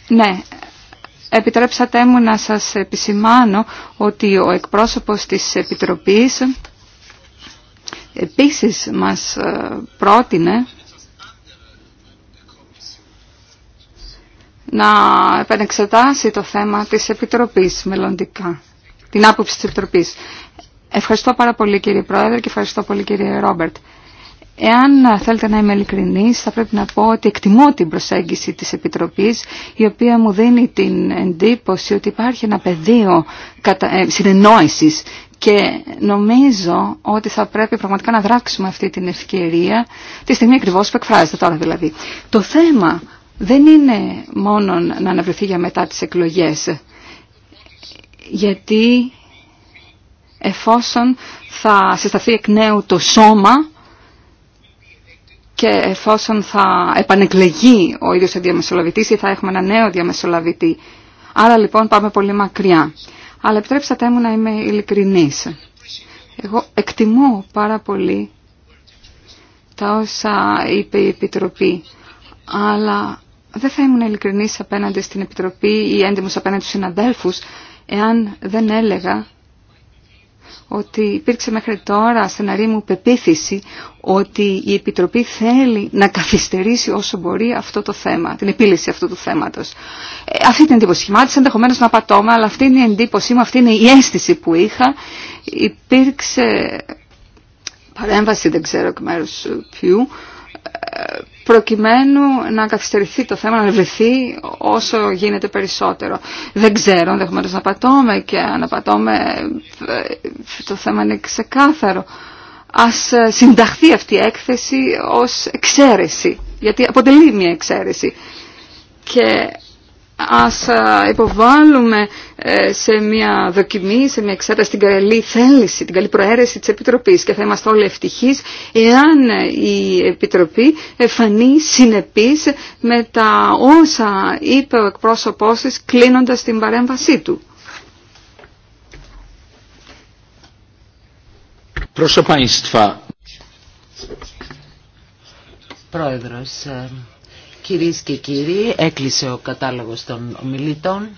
Ναι, επιτρέψατε μου να σας επισημάνω ότι ο εκπρόσωπος της Επιτροπής επίσης μας ε, πρότεινε να επενεξετάσει το θέμα της Επιτροπής μελλοντικά, την άποψη της Επιτροπής. Ευχαριστώ πάρα πολύ κύριε Πρόεδρε και ευχαριστώ πολύ κύριε Ρόμπερτ. Εάν θέλετε να είμαι ειλικρινής, θα πρέπει να πω ότι εκτιμώ την προσέγγιση της Επιτροπής, η οποία μου δίνει την εντύπωση ότι υπάρχει ένα πεδίο ε, συνεννόησης και νομίζω ότι θα πρέπει πραγματικά να δράξουμε αυτή την ευκαιρία, τη στιγμή ακριβώ που εκφράζεται τώρα δηλαδή. Το θέμα δεν είναι μόνο να αναβρεθεί για μετά τις εκλογές, γιατί εφόσον θα συσταθεί εκ νέου το σώμα, και εφόσον θα επανεκλεγεί ο ίδιος ο διαμεσολαβητής ή θα έχουμε ένα νέο διαμεσολαβητή. Άρα λοιπόν πάμε πολύ μακριά. Αλλά επιτρέψατε μου να είμαι ειλικρινής. Εγώ εκτιμώ πάρα πολύ τα όσα είπε η Επιτροπή, αλλά δεν θα ήμουν ειλικρινής απέναντι στην Επιτροπή ή έντιμος απέναντι στους συναδέλφους, εάν δεν έλεγα ότι υπήρξε μέχρι τώρα στεναρή μου πεποίθηση ότι η Επιτροπή θέλει να καθυστερήσει όσο μπορεί αυτό το θέμα, την επίλυση αυτού του θέματος. Ε, αυτή την εντύπωση σχημάτισε, ενδεχομένω να πατώμα, αλλά αυτή είναι η εντύπωσή μου, αυτή είναι η αίσθηση που είχα. Υπήρξε παρέμβαση, δεν ξέρω εκ μέρους ποιου, ε, προκειμένου να καθυστερηθεί το θέμα, να βρεθεί όσο γίνεται περισσότερο. Δεν ξέρω, ενδεχομένω να πατώμε και αν απατώμε ε, το θέμα είναι ξεκάθαρο. Ας ε, συνταχθεί αυτή η έκθεση ως εξαίρεση, γιατί αποτελεί μια εξαίρεση. Και ας ε, υποβάλουμε ε, σε μια δοκιμή, σε μια εξέταση την καλή θέληση, την καλή προαίρεση της Επιτροπής και θα είμαστε όλοι ευτυχείς εάν ε, η Επιτροπή φανεί συνεπής με τα όσα είπε ο εκπρόσωπός της κλείνοντας την παρέμβασή του. Πρόεδρος, Κυρίες και κύριοι, έκλεισε ο κατάλογος των ομιλητών.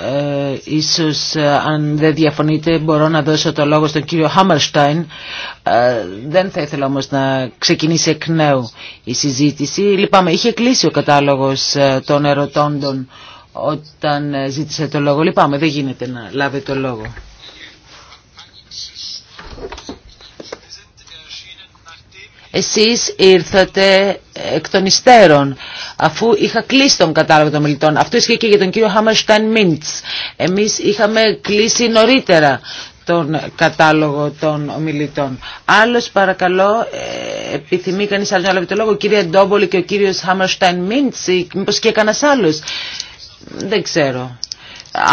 Ε, ίσως ε, αν δεν διαφωνείτε μπορώ να δώσω το λόγο στον κύριο Χάμερστάιν δεν θα ήθελα όμως να ξεκινήσει εκ νέου η συζήτηση λυπάμαι είχε κλείσει ο κατάλογος ε, των ερωτώντων όταν ε, ζήτησε το λόγο λυπάμαι δεν γίνεται να λάβει το λόγο Εσείς ήρθατε εκ των υστέρων, αφού είχα κλείσει τον κατάλογο των μιλητών. Αυτό ισχύει και για τον κύριο Χάμερσταν Μίντς. Εμείς είχαμε κλείσει νωρίτερα τον κατάλογο των ομιλητών. Άλλος παρακαλώ, ε, επιθυμεί κανείς άλλος να λάβει το λόγο, ο κύριε Ντόμπολη και ο κύριος Χάμερσταν Μίντς, μήπως και κανένα άλλος. Δεν ξέρω.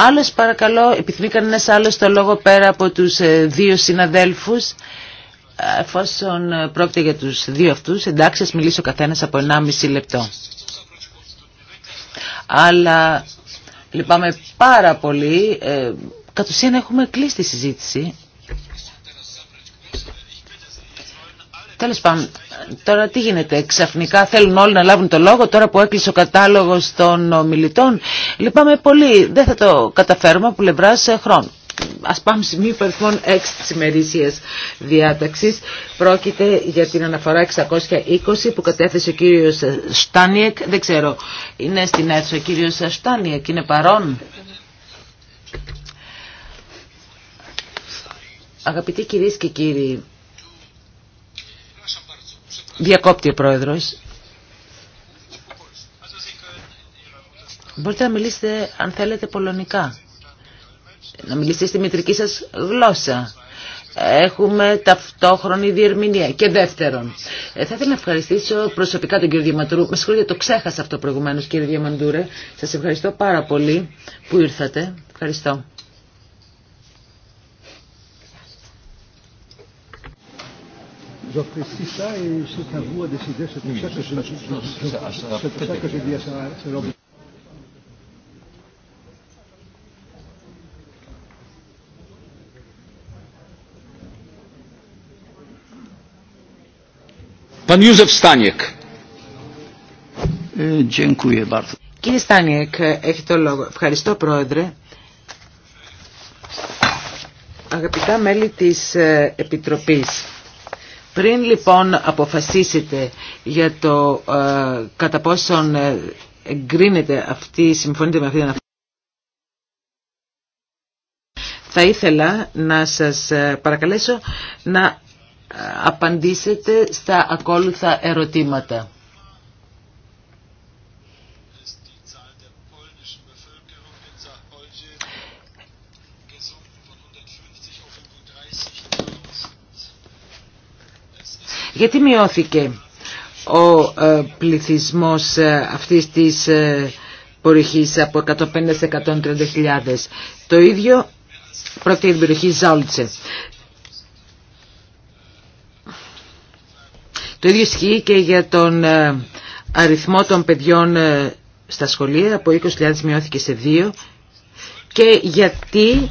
Άλλος παρακαλώ, επιθυμεί κανένας άλλος το λόγο πέρα από τους ε, δύο συναδέλφους εφόσον πρόκειται για τους δύο αυτούς, εντάξει ας μιλήσω ο καθένας από 1,5 λεπτό. Αλλά λυπάμαι πάρα πολύ, ε, κατ' ουσίαν έχουμε κλείσει τη συζήτηση. Τέλος πάντων, τώρα τι γίνεται, ξαφνικά θέλουν όλοι να λάβουν το λόγο, τώρα που έκλεισε ο κατάλογος των ομιλητών. Λυπάμαι πολύ, δεν θα το καταφέρουμε από πλευρά χρόνου ας πάμε σημείο υπαριθμών 6 τη ημερήσιας διάταξης. Πρόκειται για την αναφορά 620 που κατέθεσε ο κύριος Στάνιεκ. Δεν ξέρω, είναι στην αίθουσα ο κύριος Στάνιεκ, είναι παρόν. Αγαπητοί κυρίε και κύριοι, διακόπτει ο πρόεδρος. Μπορείτε να μιλήσετε αν θέλετε πολωνικά να μιλήσετε στη μητρική σας γλώσσα. Έχουμε ταυτόχρονη διερμηνία. Και δεύτερον, θα ήθελα να ευχαριστήσω προσωπικά τον κύριο Διαμαντούρου. Με συγχωρείτε, το ξέχασα αυτό προηγουμένω, κύριε Διαμαντούρε. Σα ευχαριστώ πάρα πολύ που ήρθατε. Ευχαριστώ. E, Κύριε Στάνιεκ, έχει το λόγο. Ευχαριστώ Πρόεδρε. Αγαπητά μέλη της ε, Επιτροπής, πριν λοιπόν αποφασίσετε για το ε, κατά πόσον ε, εγκρίνεται αυτή, συμφωνείτε με αυτή την θα ήθελα να σας παρακαλέσω να απαντήσετε στα ακόλουθα ερωτήματα. Γιατί μειώθηκε ο ε, πληθυσμός ε, αυτής της ε, περιοχής από 150 130.000. Το ίδιο πρόκειται η περιοχή Ζάλτσε. Το ίδιο ισχύει και για τον ε, αριθμό των παιδιών ε, στα σχολεία, από 20.000 μειώθηκε σε 2 και γιατί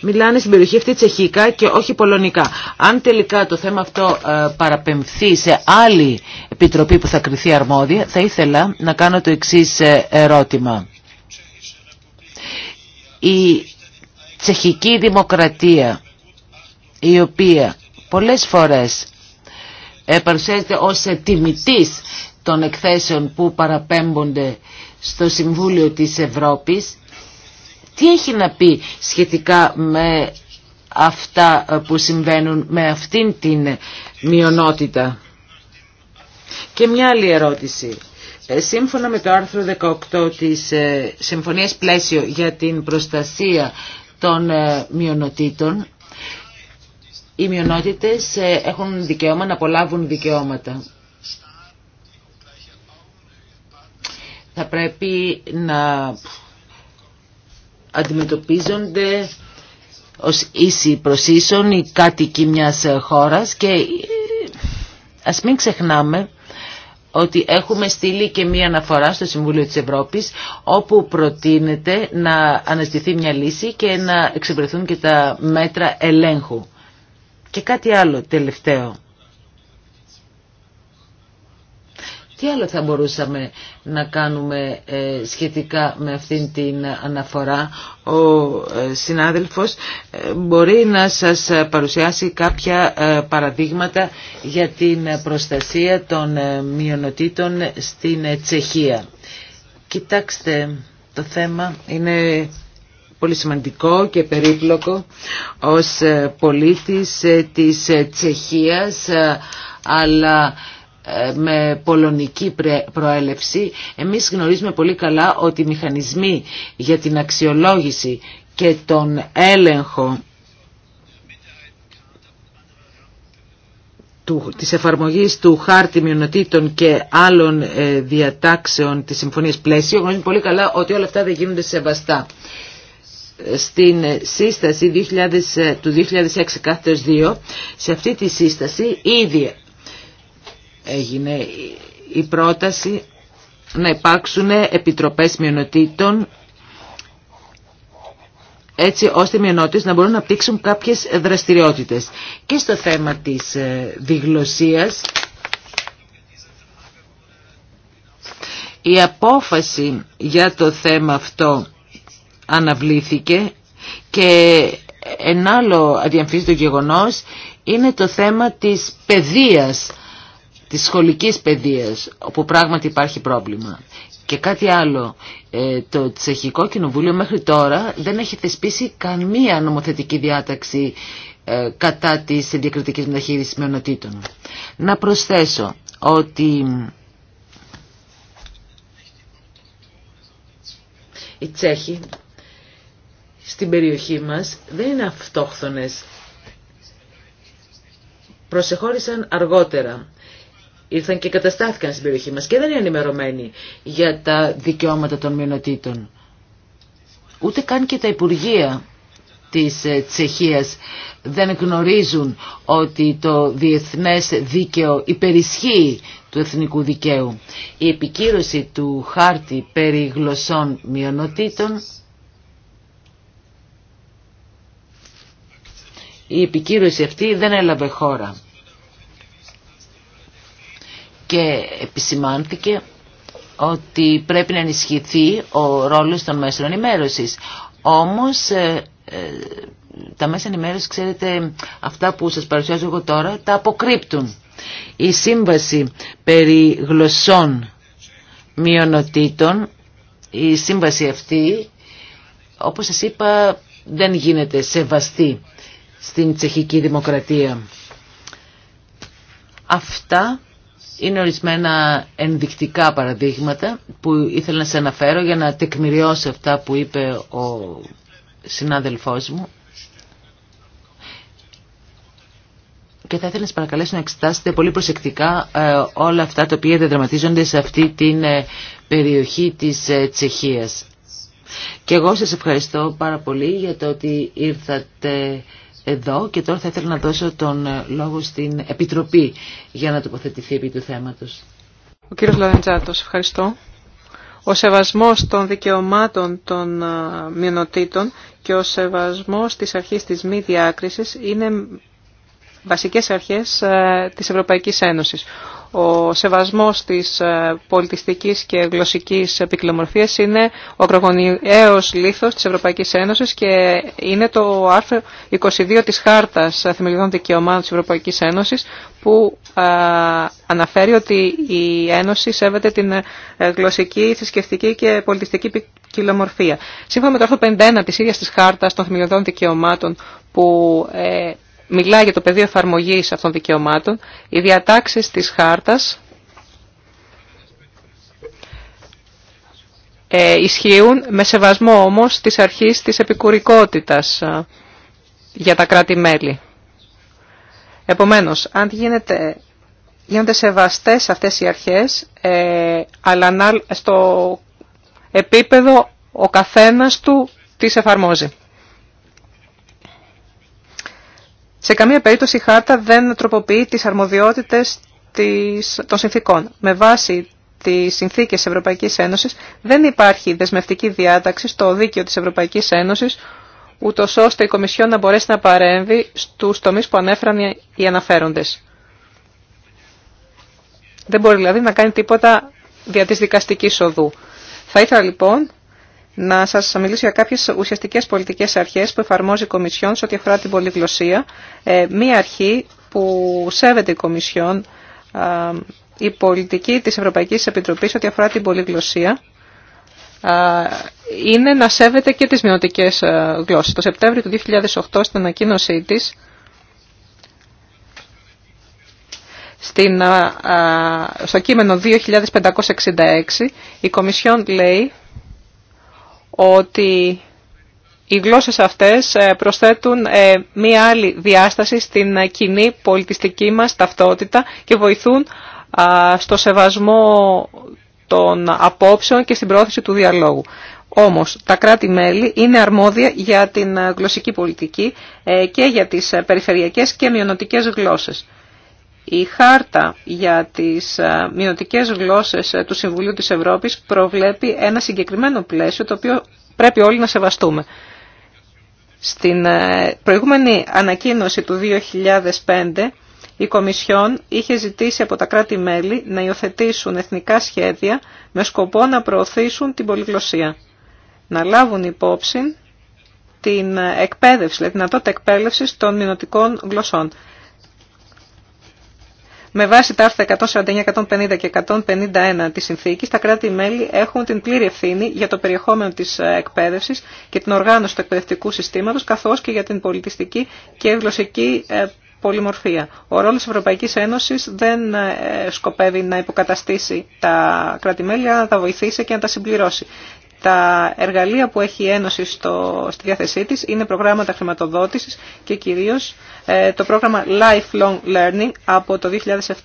μιλάνε στην περιοχή αυτή τσεχικά και όχι πολωνικά. Αν τελικά το θέμα αυτό ε, παραπεμφθεί σε άλλη επιτροπή που θα κριθεί αρμόδια, θα ήθελα να κάνω το εξής ερώτημα. Η τσεχική δημοκρατία, η οποία πολλές φορές παρουσιάζεται ως τιμητής των εκθέσεων που παραπέμπονται στο Συμβούλιο της Ευρώπης. Τι έχει να πει σχετικά με αυτά που συμβαίνουν με αυτήν την μειονότητα. Και μια άλλη ερώτηση. Ε, σύμφωνα με το άρθρο 18 της ε, Συμφωνίας Πλαίσιο για την Προστασία των ε, Μειονοτήτων, οι μειονότητες ε, έχουν δικαίωμα να απολαύουν δικαιώματα. Θα πρέπει να αντιμετωπίζονται ως ίση προς ίσον οι κάτοικοι μιας χώρας και ε, ας μην ξεχνάμε ότι έχουμε στείλει και μία αναφορά στο Συμβούλιο της Ευρώπης όπου προτείνεται να αναστηθεί μια λύση και να εξευρεθούν και τα μέτρα ελέγχου. Και κάτι άλλο τελευταίο. Τι άλλο θα μπορούσαμε να κάνουμε ε, σχετικά με αυτήν την αναφορά. Ο ε, συνάδελφος ε, μπορεί να σας παρουσιάσει κάποια παραδείγματα για την προστασία των μειονοτήτων στην Τσεχία. Κοιτάξτε, το θέμα είναι πολύ σημαντικό και περίπλοκο ως ε, πολίτης ε, της ε, Τσεχίας αλλά με πολωνική προέλευση εμείς γνωρίζουμε πολύ καλά ότι οι μηχανισμοί για την αξιολόγηση και τον έλεγχο του, της εφαρμογής του χάρτη μειονοτήτων και άλλων διατάξεων της Συμφωνίας Πλαίσιο γνωρίζουμε πολύ καλά ότι όλα αυτά δεν γίνονται σεβαστά στην σύσταση 2000, του 2006 2 σε αυτή τη σύσταση ήδη έγινε η πρόταση να υπάρξουν επιτροπές μειονοτήτων έτσι ώστε οι μειονότητες να μπορούν να πτύξουν κάποιες δραστηριότητες. Και στο θέμα της ε, διγλωσίας η απόφαση για το θέμα αυτό αναβλήθηκε και ένα άλλο αδιαμφίστο γεγονός είναι το θέμα της παιδείας, της σχολικής παιδείας, όπου πράγματι υπάρχει πρόβλημα. Και κάτι άλλο, ε, το Τσεχικό Κοινοβούλιο μέχρι τώρα δεν έχει θεσπίσει καμία νομοθετική διάταξη ε, κατά της διακριτικής μεταχείρισης μειονοτήτων. Να προσθέσω ότι η Τσέχοι στην περιοχή μας δεν είναι αυτόχθονες. Προσεχώρησαν αργότερα. Ήρθαν και καταστάθηκαν στην περιοχή μας και δεν είναι ενημερωμένοι για τα δικαιώματα των μειονοτήτων. Ούτε καν και τα Υπουργεία της ε, Τσεχίας δεν γνωρίζουν ότι το διεθνές δίκαιο υπερισχύει του εθνικού δικαίου. Η επικύρωση του χάρτη περί γλωσσών μειονοτήτων η επικύρωση αυτή δεν έλαβε χώρα. Και επισημάνθηκε ότι πρέπει να ενισχυθεί ο ρόλος των μέσων ενημέρωσης. Όμως ε, ε, τα μέσα ενημέρωση, ξέρετε, αυτά που σας παρουσιάζω εγώ τώρα, τα αποκρύπτουν. Η σύμβαση περί γλωσσών μειονοτήτων, η σύμβαση αυτή, όπως σας είπα, δεν γίνεται σεβαστή στην τσεχική δημοκρατία. Αυτά είναι ορισμένα ενδεικτικά παραδείγματα που ήθελα να σε αναφέρω για να τεκμηριώσω αυτά που είπε ο συνάδελφός μου. Και θα ήθελα να σας παρακαλέσω να εξετάσετε πολύ προσεκτικά ε, όλα αυτά τα οποία διαδραματίζονται σε αυτή την ε, περιοχή της ε, Τσεχίας. Και εγώ σας ευχαριστώ πάρα πολύ για το ότι ήρθατε εδώ και τώρα θα ήθελα να δώσω τον ε, λόγο στην Επιτροπή για να τοποθετηθεί επί του θέματος. Ο κύριος Λαδεντζάτος, ευχαριστώ. Ο σεβασμός των δικαιωμάτων των ε, μειονοτήτων και ο σεβασμός της αρχής της μη διάκρισης είναι βασικές αρχές ε, της Ευρωπαϊκής Ένωσης. Ο σεβασμός της ε, πολιτιστικής και γλωσσικής επικλημορφίας είναι ο ακρογωνιαίος λήθος της Ευρωπαϊκής Ένωσης και είναι το άρθρο 22 της Χάρτας Θεμελιωδών Δικαιωμάτων της Ευρωπαϊκής Ένωσης που ε, αναφέρει ότι η Ένωση σέβεται την ε, γλωσσική, θρησκευτική και πολιτιστική ποικιλομορφία. Σύμφωνα με το άρθρο 51 της ίδιας της Χάρτας των Θεμελιωδών Δικαιωμάτων που μιλά για το πεδίο εφαρμογής αυτών δικαιωμάτων, οι διατάξεις της χάρτας ε, ισχύουν με σεβασμό όμως της αρχής της επικουρικότητας ε, για τα κράτη-μέλη. Επομένως, αν γίνεται, γίνονται σεβαστές αυτές οι αρχές, ε, αλλά στο επίπεδο ο καθένας του τις εφαρμόζει. Σε καμία περίπτωση η χάρτα δεν τροποποιεί τις αρμοδιότητες των συνθήκων. Με βάση τις συνθήκες της Ευρωπαϊκής Ένωσης δεν υπάρχει δεσμευτική διάταξη στο δίκαιο της Ευρωπαϊκής Ένωσης ούτω ώστε η Κομισιόν να μπορέσει να παρέμβει στους τομείς που ανέφεραν οι αναφέροντες. Δεν μπορεί δηλαδή να κάνει τίποτα δια της δικαστικής οδού. Θα ήθελα λοιπόν να σα μιλήσω για κάποιε ουσιαστικέ πολιτικέ αρχέ που εφαρμόζει η Κομισιόν σε ό,τι αφορά την πολυγλωσία. Ε, μία αρχή που σέβεται η Κομισιόν η πολιτική της Ευρωπαϊκής Επιτροπής ό,τι αφορά την πολυγλωσία είναι να σέβεται και τις μειωτικέ ε, γλώσσε. Το Σεπτέμβριο του 2008 στην ανακοίνωσή τη, στο κείμενο 2566 η Κομισιόν λέει ότι οι γλώσσες αυτές ε, προσθέτουν ε, μία άλλη διάσταση στην κοινή πολιτιστική μας ταυτότητα και βοηθούν στο σεβασμό των απόψεων και στην πρόθεση του διαλόγου. Όμως τα κράτη-μέλη είναι αρμόδια για την γλωσσική πολιτική ε, και για τις περιφερειακές και μειονοτικές γλώσσες. Η χάρτα για τις ε, μειωτικές γλώσσες ε, του Συμβουλίου της Ευρώπης προβλέπει ένα συγκεκριμένο πλαίσιο το οποίο πρέπει όλοι να σεβαστούμε. Στην ε, προηγούμενη ανακοίνωση του 2005 η Κομισιόν είχε ζητήσει από τα κράτη-μέλη να υιοθετήσουν εθνικά σχέδια με σκοπό να προωθήσουν την πολυγλωσσία, Να λάβουν υπόψη την εκπαίδευση, δηλαδή δυνατότητα εκπαίδευση των μειωτικών γλωσσών. Με βάση τα άρθρα 149, 150 και 151 της συνθήκης, τα κράτη-μέλη έχουν την πλήρη ευθύνη για το περιεχόμενο της ε, εκπαίδευσης και την οργάνωση του εκπαιδευτικού συστήματος, καθώς και για την πολιτιστική και γλωσσική ε, πολυμορφία. Ο ρόλος της Ευρωπαϊκής Ένωσης δεν ε, σκοπεύει να υποκαταστήσει τα κράτη-μέλη, αλλά να τα βοηθήσει και να τα συμπληρώσει. Τα εργαλεία που έχει η Ένωση στη διάθεσή της είναι προγράμματα χρηματοδότησης και κυρίως ε, το πρόγραμμα Lifelong Learning από το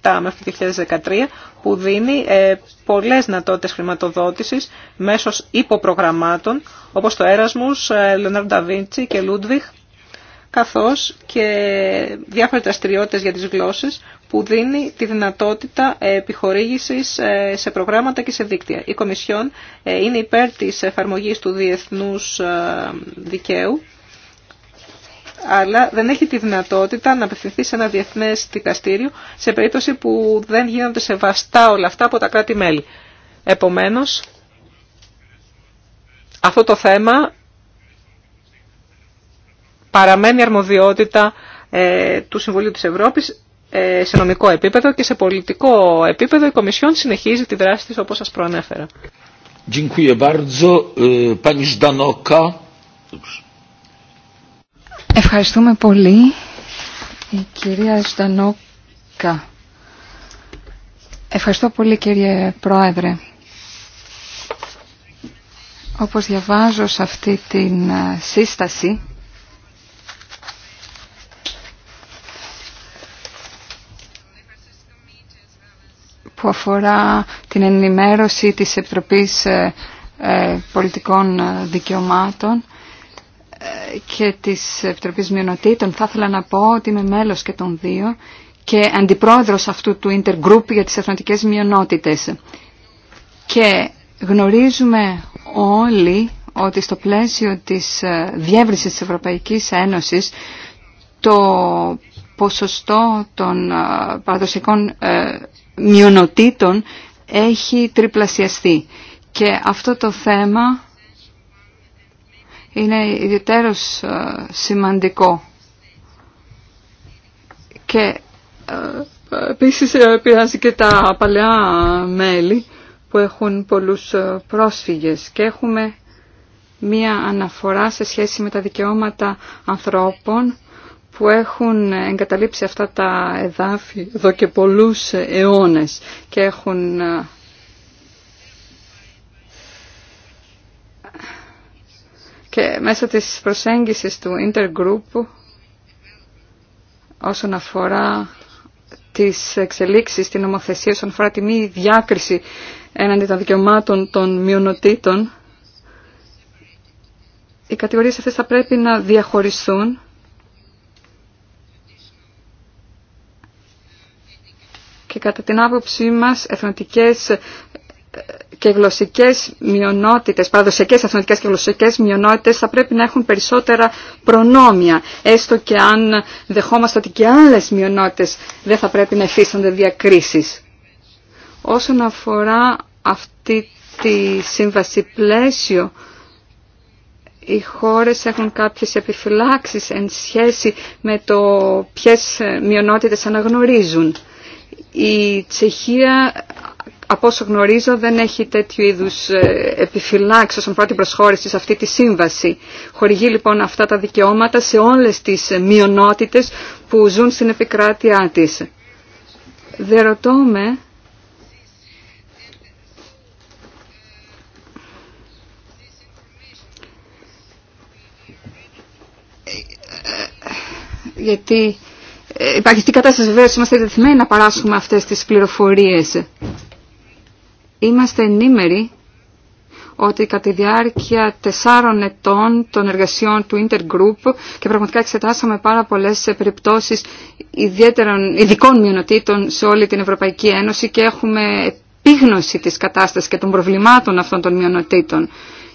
2007 μέχρι το 2013 που δίνει ε, πολλές δυνατότητε χρηματοδότησης μέσω υποπρογραμμάτων όπως το Erasmus, ε, Leonardo da Vinci και Ludwig καθώς και διάφορες δραστηριότητε για τις γλώσσες που δίνει τη δυνατότητα επιχορήγησης σε προγράμματα και σε δίκτυα. Η Κομισιόν είναι υπέρ της εφαρμογής του διεθνούς δικαίου αλλά δεν έχει τη δυνατότητα να απευθυνθεί σε ένα διεθνέ δικαστήριο σε περίπτωση που δεν γίνονται σεβαστά όλα αυτά από τα κράτη-μέλη. Επομένω, αυτό το θέμα παραμένει αρμοδιότητα ε, του Συμβουλίου της Ευρώπης ε, σε νομικό επίπεδο και σε πολιτικό επίπεδο η Κομισιόν συνεχίζει τη δράση της όπως σας προανέφερα. Dziękuję bardzo. Ε, Ευχαριστούμε πολύ. Η κυρία Στανόκα. Ευχαριστώ πολύ κύριε Πρόεδρε. Όπως διαβάζω σε αυτή την ε, σύσταση, που αφορά την ενημέρωση της Επιτροπής ε, ε, Πολιτικών Δικαιωμάτων και της Επιτροπής Μειονοτήτων. Θα ήθελα να πω ότι είμαι μέλος και των δύο και αντιπρόεδρος αυτού του Intergroup για τις εθνωτικές μειονότητες. Και γνωρίζουμε όλοι ότι στο πλαίσιο της ε, διεύρυνσης της Ευρωπαϊκής Ένωσης το ποσοστό των ε, παραδοσιακών ε, μειονοτήτων έχει τριπλασιαστεί. Και αυτό το θέμα είναι ιδιαίτερος ε, σημαντικό. Και ε, επίσης ε, επηρεάζει και τα παλαιά μέλη που έχουν πολλούς πρόσφυγες και έχουμε μία αναφορά σε σχέση με τα δικαιώματα ανθρώπων που έχουν εγκαταλείψει αυτά τα εδάφη εδώ και πολλούς αιώνες και έχουν και μέσω της προσέγγισης του Intergroup όσον αφορά τις εξελίξεις στην νομοθεσία όσον αφορά τη μη διάκριση έναντι των δικαιωμάτων των μειονοτήτων οι κατηγορίες αυτές θα πρέπει να διαχωριστούν και κατά την άποψή μας εθνοτικές και γλωσσικές μειονότητες, παραδοσιακές εθνοτικές και γλωσσικέ θα πρέπει να έχουν περισσότερα προνόμια, έστω και αν δεχόμαστε ότι και άλλες μειονότητες δεν θα πρέπει να εφίστανται διακρίσεις. Όσον αφορά αυτή τη σύμβαση πλαίσιο, οι χώρες έχουν κάποιες επιφυλάξεις εν σχέση με το ποιες μειονότητες αναγνωρίζουν. Η Τσεχία από όσο γνωρίζω δεν έχει τέτοιου είδους ε, επιφυλάξει όσον αφορά προσχώρηση σε αυτή τη σύμβαση. Χορηγεί λοιπόν αυτά τα δικαιώματα σε όλες τις ε, μειονότητες που ζουν στην επικράτειά της. Δε ρωτώ ε, Γιατί ε, υπάρχει αυτή η κατάσταση βεβαίω είμαστε δεθμένοι να παράσχουμε αυτές τις πληροφορίες. Είμαστε ενήμεροι ότι κατά τη διάρκεια τεσσάρων ετών των εργασιών του Intergroup και πραγματικά εξετάσαμε πάρα πολλές περιπτώσεις ιδιαίτερων ειδικών μειονοτήτων σε όλη την Ευρωπαϊκή Ένωση και έχουμε επίγνωση της κατάστασης και των προβλημάτων αυτών των μειονοτήτων.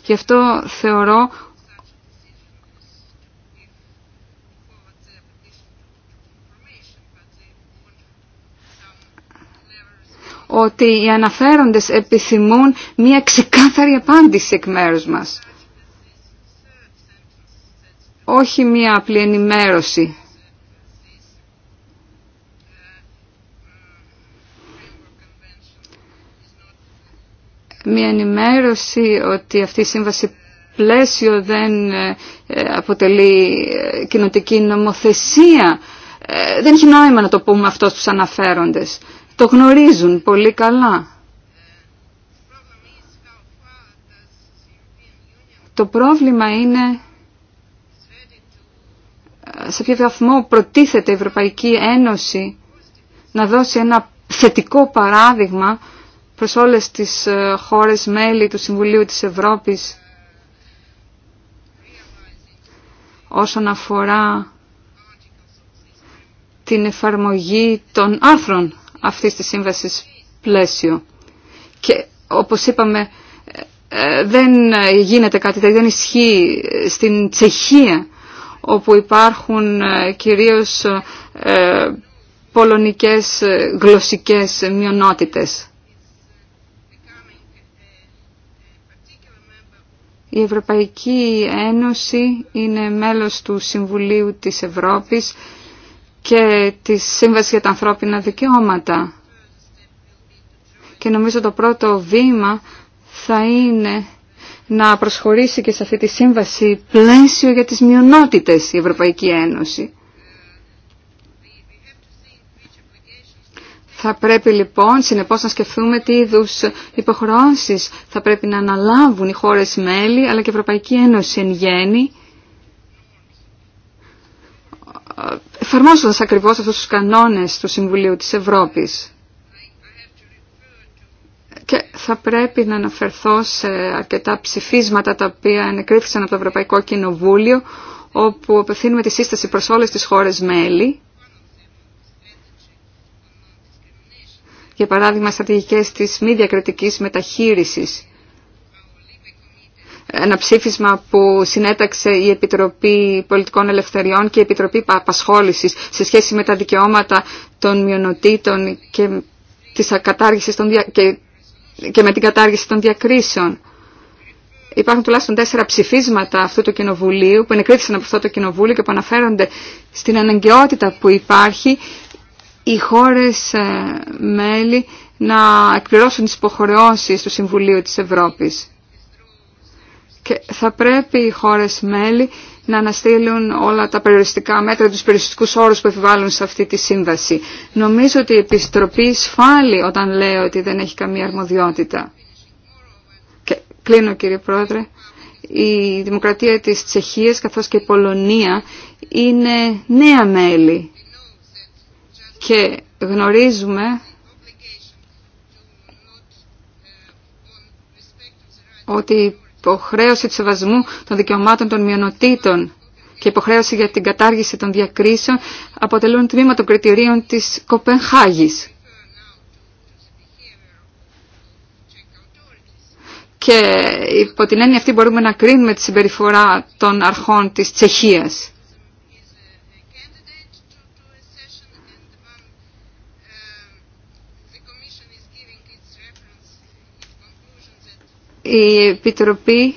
Γι' αυτό θεωρώ ότι οι αναφέροντες επιθυμούν μία ξεκάθαρη απάντηση εκ μέρους μας. Όχι μία απλή ενημέρωση. Μία ενημέρωση ότι αυτή η σύμβαση πλαίσιο δεν ε, ε, αποτελεί ε, κοινοτική νομοθεσία. Δεν έχει νόημα να το πούμε αυτό στους αναφέροντες. Το γνωρίζουν πολύ καλά. Το πρόβλημα είναι ε, σε ποιο βαθμό προτίθεται η Ευρωπαϊκή Ένωση να δώσει ένα θετικό παράδειγμα προς όλες τις ε, χώρες μέλη του Συμβουλίου της Ευρώπης όσον αφορά την εφαρμογή των άρθρων αυτής της σύμβασης πλαίσιο. Και όπως είπαμε ε, δεν γίνεται κάτι τέτοιο, δεν ισχύει στην Τσεχία όπου υπάρχουν ε, κυρίως ε, πολωνικές γλωσσικές μειονότητες. Η Ευρωπαϊκή Ένωση είναι μέλος του Συμβουλίου της Ευρώπης και τη Σύμβαση για τα Ανθρώπινα Δικαιώματα. Και νομίζω το πρώτο βήμα θα είναι να προσχωρήσει και σε αυτή τη σύμβαση πλαίσιο για τις μειονότητες η Ευρωπαϊκή Ένωση. Θα πρέπει λοιπόν συνεπώς να σκεφτούμε τι είδους υποχρεώσεις θα πρέπει να αναλάβουν οι χώρες μέλη αλλά και η Ευρωπαϊκή Ένωση εν γέννη εφαρμόζοντας ακριβώς αυτούς τους κανόνες του Συμβουλίου της Ευρώπης. Και θα πρέπει να αναφερθώ σε αρκετά ψηφίσματα τα οποία ενεκρίθησαν από το Ευρωπαϊκό Κοινοβούλιο όπου απευθύνουμε τη σύσταση προς όλες τις χώρες μέλη για παράδειγμα στρατηγικές της μη διακριτικής μεταχείρισης ένα ψήφισμα που συνέταξε η Επιτροπή Πολιτικών Ελευθεριών και η Επιτροπή Απασχόλησης σε σχέση με τα δικαιώματα των μειονοτήτων και, της ακατάργησης των δια... και... και με την κατάργηση των διακρίσεων. Υπάρχουν τουλάχιστον τέσσερα ψηφίσματα αυτού του Κοινοβουλίου που ενεκρίθησαν από αυτό το Κοινοβούλιο και που αναφέρονται στην αναγκαιότητα που υπάρχει οι χώρες ε, μέλη να εκπληρώσουν τις υποχρεώσεις του Συμβουλίου της Ευρώπης και θα πρέπει οι χώρες μέλη να αναστείλουν όλα τα περιοριστικά μέτρα, τους περιοριστικούς όρους που επιβάλλουν σε αυτή τη σύμβαση. Νομίζω ότι η Επιστροπή σφάλει όταν λέει ότι δεν έχει καμία αρμοδιότητα. Και κλείνω κύριε Πρόεδρε. Η Δημοκρατία της Τσεχίας καθώς και η Πολωνία είναι νέα μέλη και γνωρίζουμε ότι υποχρέωση του σεβασμού των δικαιωμάτων των μειονοτήτων και υποχρέωση για την κατάργηση των διακρίσεων αποτελούν τμήμα των κριτηρίων της Κοπενχάγης. Και υπό την έννοια αυτή μπορούμε να κρίνουμε τη συμπεριφορά των αρχών της Τσεχίας. η Επιτροπή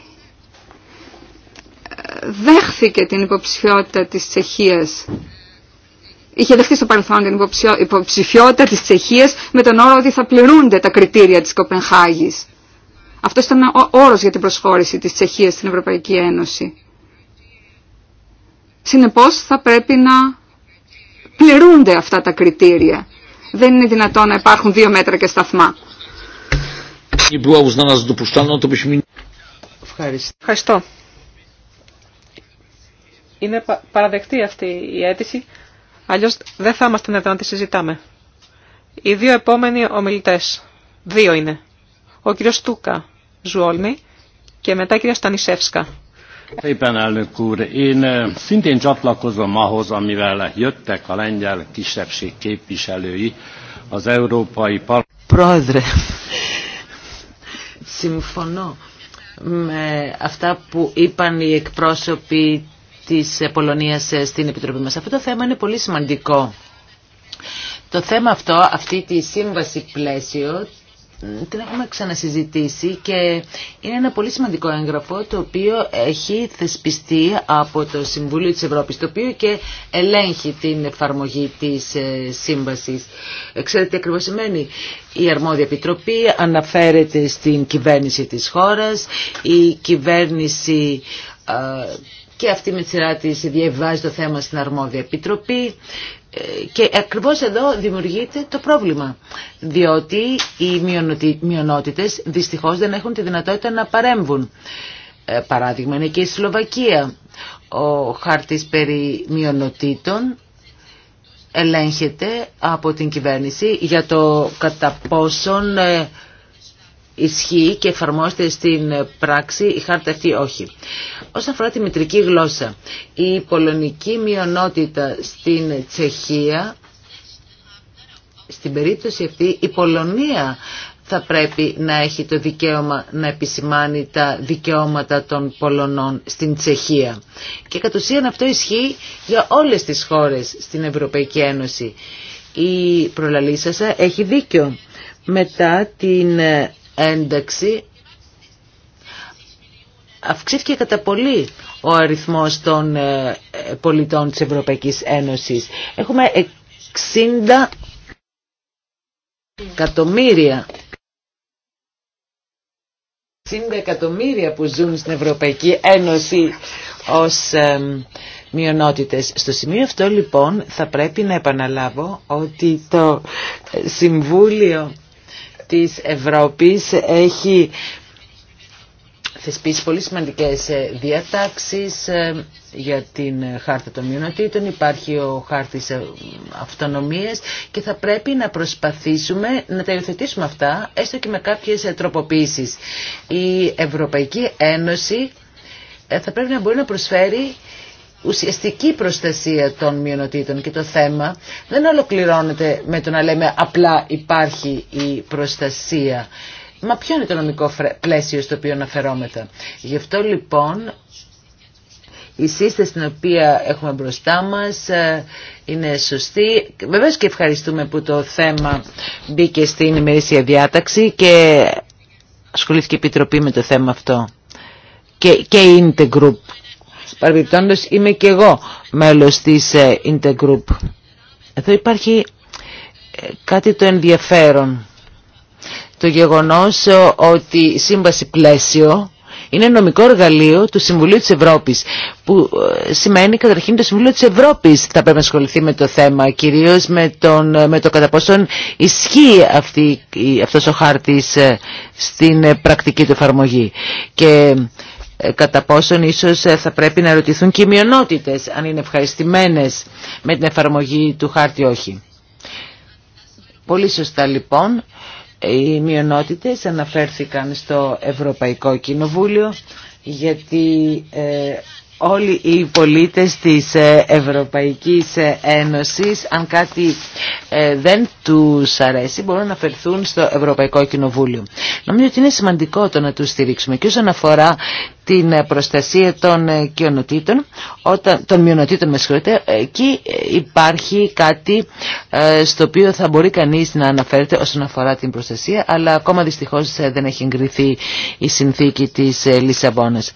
ε, δέχθηκε την υποψηφιότητα της Τσεχίας. Είχε δεχτεί στο παρελθόν την υποψηφιότητα της Τσεχίας με τον όρο ότι θα πληρούνται τα κριτήρια της Κοπενχάγης. Αυτό ήταν ο όρος για την προσχώρηση της Τσεχίας στην Ευρωπαϊκή Ένωση. Συνεπώς θα πρέπει να πληρούνται αυτά τα κριτήρια. Δεν είναι δυνατόν να υπάρχουν δύο μέτρα και σταθμά. Ευχαριστώ. Είναι παραδεκτή αυτή η αίτηση, αλλιώς δεν θα είμαστε εδώ να τη συζητάμε. Οι δύο επόμενοι ομιλητές, δύο είναι, ο κύριο Τούκα Ζουόλνη και μετά η κυρία Στανισεύσκα. Ε, Πρόεδρε, Συμφωνώ με αυτά που είπαν οι εκπρόσωποι της Πολωνίας στην Επιτροπή μας. Αυτό το θέμα είναι πολύ σημαντικό. Το θέμα αυτό, αυτή τη σύμβαση πλαίσιο την έχουμε ξανασυζητήσει και είναι ένα πολύ σημαντικό έγγραφο το οποίο έχει θεσπιστεί από το Συμβούλιο της Ευρώπης το οποίο και ελέγχει την εφαρμογή της ε, σύμβασης. Ε, ξέρετε ακριβώς σημαίνει η αρμόδια επιτροπή αναφέρεται στην κυβέρνηση της χώρας, η κυβέρνηση ε, και αυτή με τη σειρά της διαβάζει το θέμα στην αρμόδια επιτροπή. Ε, και ακριβώς εδώ δημιουργείται το πρόβλημα, διότι οι μειονότητες δυστυχώς δεν έχουν τη δυνατότητα να παρέμβουν. Ε, παράδειγμα είναι και η Σλοβακία. Ο χάρτης περί μειονοτήτων ελέγχεται από την κυβέρνηση για το κατά πόσον ε, ισχύει και εφαρμόζεται στην πράξη, η χάρτα αυτή όχι. Όσον αφορά τη μητρική γλώσσα, η πολωνική μειονότητα στην Τσεχία, στην περίπτωση αυτή η Πολωνία θα πρέπει να έχει το δικαίωμα να επισημάνει τα δικαιώματα των Πολωνών στην Τσεχία. Και κατ' ουσίαν αυτό ισχύει για όλες τις χώρες στην Ευρωπαϊκή Ένωση. Η προλαλήσασα έχει δίκιο. Μετά την ένταξη αυξήθηκε κατά πολύ ο αριθμός των ε, πολιτών της Ευρωπαϊκής Ένωσης. Έχουμε 60 εκατομμύρια 60 εκατομμύρια που ζουν στην Ευρωπαϊκή Ένωση ως ε, μειονότητες. Στο σημείο αυτό λοιπόν θα πρέπει να επαναλάβω ότι το Συμβούλιο της Ευρώπης έχει θεσπίσει πολύ σημαντικές ε, διατάξεις ε, για την χάρτα των μειονοτήτων, υπάρχει ο χάρτης ε, αυτονομίας και θα πρέπει να προσπαθήσουμε να τα υιοθετήσουμε αυτά, έστω και με κάποιες τροποποίησεις. Η Ευρωπαϊκή Ένωση θα πρέπει να μπορεί να προσφέρει ουσιαστική προστασία των μειονοτήτων και το θέμα δεν ολοκληρώνεται με το να λέμε απλά υπάρχει η προστασία. Μα ποιο είναι το νομικό πλαίσιο στο οποίο αναφερόμεθα. Γι' αυτό λοιπόν η σύσταση την οποία έχουμε μπροστά μας ε, είναι σωστή. Βεβαίως και ευχαριστούμε που το θέμα μπήκε στην ημερήσια διάταξη και ασχολήθηκε η Επιτροπή με το θέμα αυτό. Και, και η Intergroup Παρεμπιπτόντως είμαι και εγώ μέλος της ε, Intergroup. Εδώ υπάρχει ε, κάτι το ενδιαφέρον. Το γεγονός ε, ότι η σύμβαση πλαίσιο είναι νομικό εργαλείο του Συμβουλίου της Ευρώπης που σημαίνει καταρχήν το Συμβουλίο της Ευρώπης θα πρέπει να ασχοληθεί με το θέμα κυρίως με, τον, με το κατά πόσον ισχύει αυτή, αυτός ο χάρτης στην πρακτική του εφαρμογή και ε, κατά πόσον ίσως ε, θα πρέπει να ρωτηθούν και οι μειονότητες αν είναι ευχαριστημένες με την εφαρμογή του χάρτη όχι. Πολύ σωστά λοιπόν οι μειονότητες αναφέρθηκαν στο Ευρωπαϊκό Κοινοβούλιο γιατί ε, όλοι οι πολίτες της ε, Ευρωπαϊκής ε, Ένωσης αν κάτι ε, δεν τους αρέσει μπορούν να φερθούν στο Ευρωπαϊκό Κοινοβούλιο. Νομίζω ότι είναι σημαντικό το να τους στηρίξουμε και όσον αφορά την προστασία των κοινοτήτων, των μειονοτήτων με συγχωρείτε, εκεί υπάρχει κάτι στο οποίο θα μπορεί κανείς να αναφέρεται όσον αφορά την προστασία, αλλά ακόμα δυστυχώς δεν έχει εγκριθεί η συνθήκη της Λισαβόνας.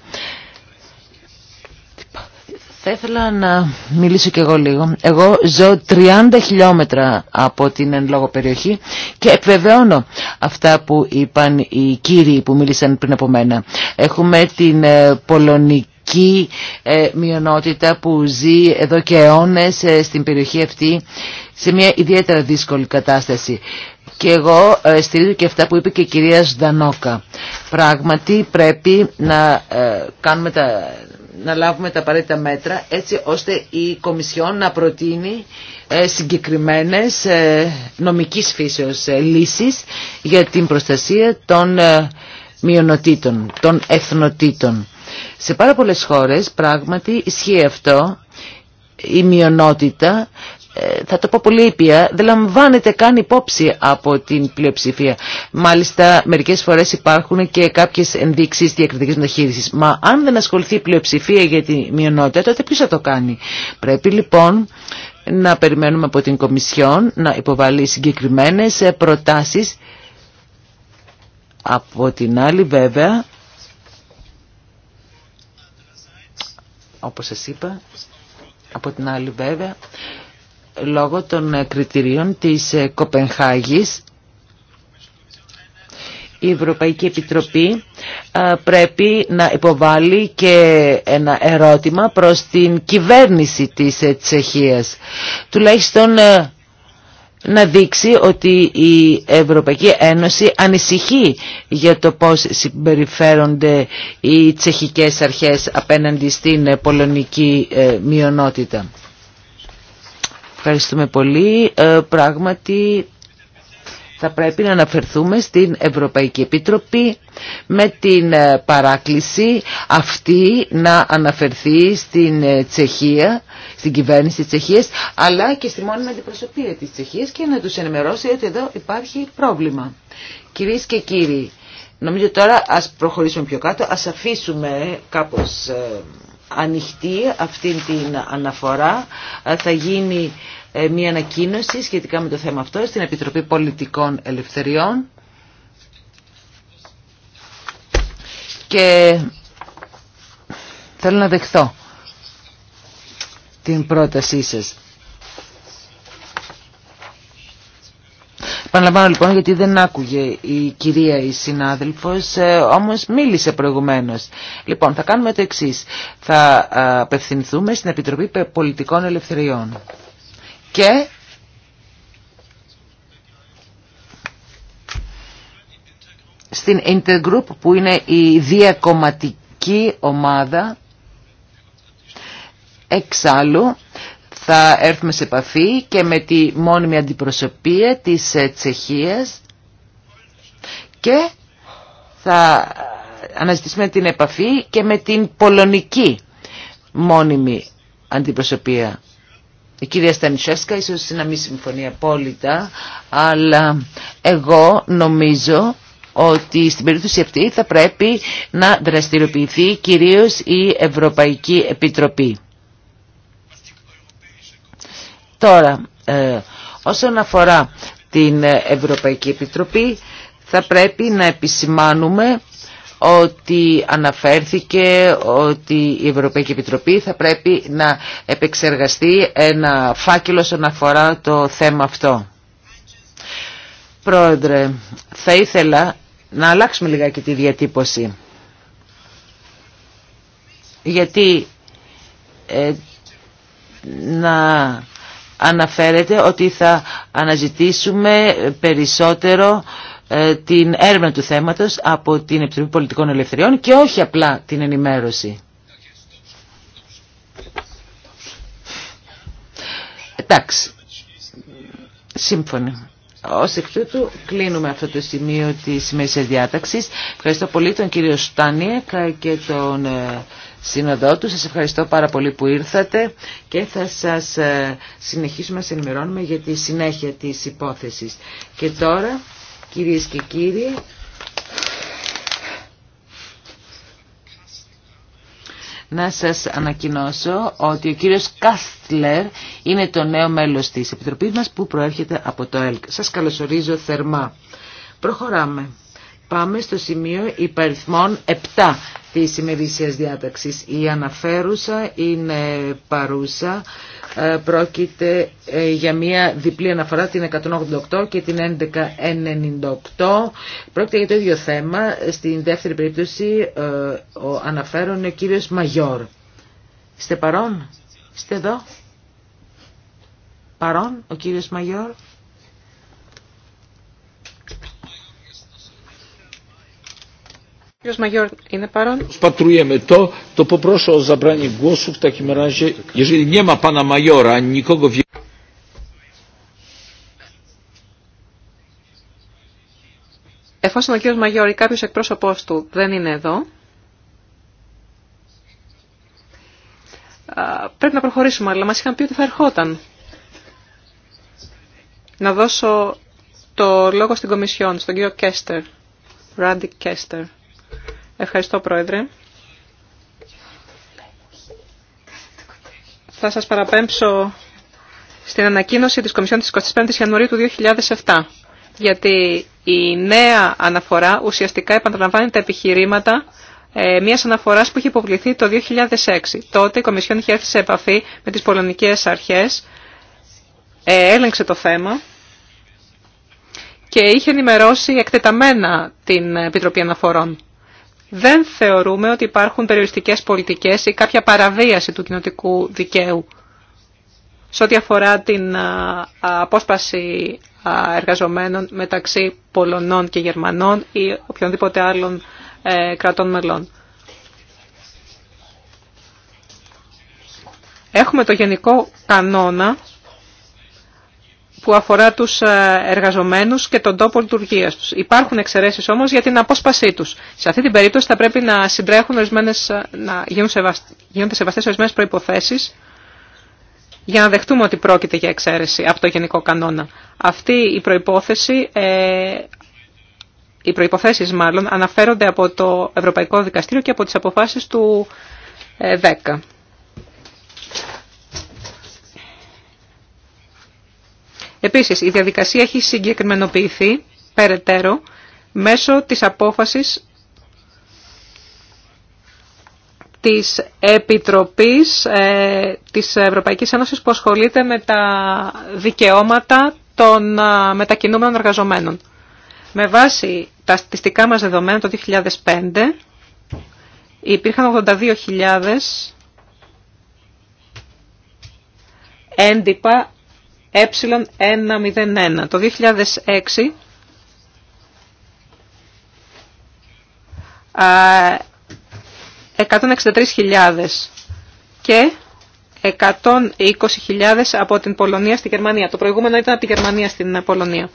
Θα ήθελα να μιλήσω κι εγώ λίγο. Εγώ ζω 30 χιλιόμετρα από την εν λόγω περιοχή και επιβεβαιώνω αυτά που είπαν οι κύριοι που μίλησαν πριν από μένα. Έχουμε την ε, πολωνική ε, μειονότητα που ζει εδώ και αιώνες ε, στην περιοχή αυτή σε μια ιδιαίτερα δύσκολη κατάσταση. Και εγώ στηρίζω και αυτά που είπε και η κυρία Σδανόκα. Πράγματι πρέπει να κάνουμε τα να λάβουμε τα απαραίτητα μέτρα έτσι ώστε η Κομισιόν να προτείνει ε, συγκεκριμένες ε, νομικής φύσεως ε, λύσεις για την προστασία των μειονοτήτων, των εθνοτήτων. Σε πάρα πολλές χώρες πράγματι ισχύει αυτό η μειονότητα ε, θα το πω πολύ ήπια, δεν λαμβάνεται καν υπόψη από την πλειοψηφία. Μάλιστα, μερικές φορές υπάρχουν και κάποιες ενδείξεις διακριτικής μεταχείρισης. Μα αν δεν ασχοληθεί η πλειοψηφία για τη μειονότητα, τότε ποιος θα το κάνει. Πρέπει λοιπόν να περιμένουμε από την Κομισιόν να υποβάλει συγκεκριμένες προτάσεις. Από την άλλη βέβαια, όπως σας είπα, από την άλλη βέβαια, λόγω των ε, κριτηρίων της ε, Κοπενχάγης η Ευρωπαϊκή Επιτροπή ε, πρέπει να υποβάλει και ένα ερώτημα προς την κυβέρνηση της Τσεχίας. Τουλάχιστον να δείξει ότι η Ευρωπαϊκή Ένωση ανησυχεί για το πώς συμπεριφέρονται οι τσεχικές αρχές απέναντι στην πολωνική μειονότητα. Ευχαριστούμε πολύ. Ε, πράγματι θα πρέπει να αναφερθούμε στην Ευρωπαϊκή Επίτροπη με την ε, παράκληση αυτή να αναφερθεί στην ε, Τσεχία, στην κυβέρνηση της Τσεχίας, αλλά και στη μόνιμη αντιπροσωπεία της Τσεχίας και να τους ενημερώσει ότι εδώ υπάρχει πρόβλημα. Κυρίες και κύριοι, νομίζω τώρα ας προχωρήσουμε πιο κάτω, ας αφήσουμε κάπως ανοιχτή αυτή την αναφορά. Ε, θα γίνει ε, μια ανακοίνωση σχετικά με το θέμα αυτό στην Επιτροπή Πολιτικών Ελευθεριών. Και θέλω να δεχθώ την πρότασή σας. Επαναλαμβάνω λοιπόν γιατί δεν άκουγε η κυρία η συνάδελφος, ε, όμως μίλησε προηγουμένως. Λοιπόν, θα κάνουμε το εξής. Θα ε, απευθυνθούμε στην Επιτροπή Πολιτικών Ελευθεριών. Και στην Intergroup που είναι η διακομματική ομάδα εξάλλου θα έρθουμε σε επαφή και με τη μόνιμη αντιπροσωπεία της ε, Τσεχίας και θα ε, αναζητήσουμε την επαφή και με την πολωνική μόνιμη αντιπροσωπεία. Η κυρία Στανισέσκα ίσως να μην συμφωνεί απόλυτα, αλλά εγώ νομίζω ότι στην περίπτωση αυτή θα πρέπει να δραστηριοποιηθεί κυρίως η Ευρωπαϊκή Επιτροπή. Τώρα, ε, όσον αφορά την Ευρωπαϊκή Επιτροπή, θα πρέπει να επισημάνουμε ότι αναφέρθηκε ότι η Ευρωπαϊκή Επιτροπή θα πρέπει να επεξεργαστεί ένα φάκελο όσον αφορά το θέμα αυτό. Πρόεδρε, θα ήθελα να αλλάξουμε λιγάκι τη διατύπωση. Γιατί ε, να αναφέρεται ότι θα αναζητήσουμε περισσότερο ε, την έρευνα του θέματος από την Επιτροπή Πολιτικών Ελευθεριών και όχι απλά την ενημέρωση. Εντάξει, σύμφωνα. Ω εκ τούτου κλείνουμε αυτό το σημείο της σημερινής διάταξης. Ευχαριστώ πολύ τον κύριο Στάνιεκ και τον ε, σύνοδό του. Σας ευχαριστώ πάρα πολύ που ήρθατε και θα σας ε, συνεχίσουμε να σε ενημερώνουμε για τη συνέχεια της υπόθεσης. Και τώρα, κυρίες και κύριοι, να σας ανακοινώσω ότι ο κύριος Κάστλερ είναι το νέο μέλος της Επιτροπής μας που προέρχεται από το ΕΛΚ. Σας καλωσορίζω θερμά. Προχωράμε. Πάμε στο σημείο υπαριθμών 7 τη ημερήσιας διάταξης. Η αναφέρουσα είναι παρούσα. Ε, πρόκειται ε, για μια διπλή αναφορά την 188 και την 1198. Πρόκειται για το ίδιο θέμα. Στην δεύτερη περίπτωση ε, ο αναφέρον είναι ο κύριος Μαγιόρ. Είστε παρόν? Είστε εδώ? Παρόν ο κύριος Μαγιόρ? Κύριος Μαγιόρ, είναι παρόν. Σπατρujemy το, το poproszę o zabranie głosu Εφόσον ο κύριος Μαγιόρ ή κάποιος εκπρόσωπός του δεν είναι εδώ, πρέπει να προχωρήσουμε, αλλά μας είχαν πει ότι θα ερχόταν. Να δώσω το λόγο στην Κομισιόν, στον κύριο Κέστερ, Ράντι Κέστερ. Ευχαριστώ, Πρόεδρε. Θα σας παραπέμψω στην ανακοίνωση της Κομισιόν της 25ης Ιανουαρίου του 2007, γιατί η νέα αναφορά ουσιαστικά επαναλαμβάνει τα επιχειρήματα ε, μιας αναφοράς που είχε υποβληθεί το 2006. Τότε η Κομισιόν είχε έρθει σε επαφή με τις πολωνικές αρχές, ε, έλεγξε το θέμα και είχε ενημερώσει εκτεταμένα την Επιτροπή Αναφορών δεν θεωρούμε ότι υπάρχουν περιοριστικές πολιτικές ή κάποια παραβίαση του κοινοτικού δικαίου σε ό,τι αφορά την απόσπαση εργαζομένων μεταξύ Πολωνών και Γερμανών ή οποιονδήποτε άλλων ε, κρατών μελών. Έχουμε το γενικό κανόνα που αφορά τους ε, εργαζομένους και τον τόπο λειτουργία τους. Υπάρχουν εξαιρέσεις όμως για την απόσπασή τους. Σε αυτή την περίπτωση θα πρέπει να συντρέχουν ορισμένες, ε, να γίνονται σεβαστές ορισμένες προϋποθέσεις για να δεχτούμε ότι πρόκειται για εξαίρεση από το γενικό κανόνα. Αυτή η προϋπόθεση, ε, οι προϋποθέσεις μάλλον, αναφέρονται από το Ευρωπαϊκό Δικαστήριο και από τις αποφάσεις του 10. Ε, Επίσης, η διαδικασία έχει συγκεκριμενοποιηθεί περαιτέρω μέσω της απόφασης της Επιτροπής ε, της Ευρωπαϊκής Ένωσης που ασχολείται με τα δικαιώματα των ε, μετακινούμενων εργαζομένων. Με βάση τα στατιστικά μας δεδομένα το 2005 υπήρχαν 82.000 έντυπα ε101. Το 2006 163.000 και 120.000 από την Πολωνία στη Γερμανία. Το προηγούμενο ήταν από τη Γερμανία στην Πολωνία.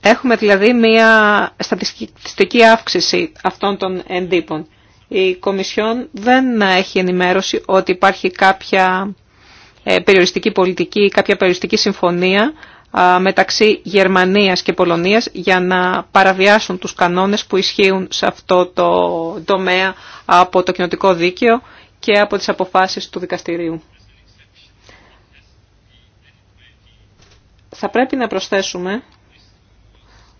Έχουμε δηλαδή μια στατιστική αύξηση αυτών των εντύπων. Η Κομισιόν δεν έχει ενημέρωση ότι υπάρχει κάποια ε, περιοριστική πολιτική, κάποια περιοριστική συμφωνία μεταξύ Γερμανίας και Πολωνίας για να παραβιάσουν τους κανόνες που ισχύουν σε αυτό το τομέα από το κοινοτικό δίκαιο και από τις αποφάσεις του δικαστηρίου. Θα πρέπει να προσθέσουμε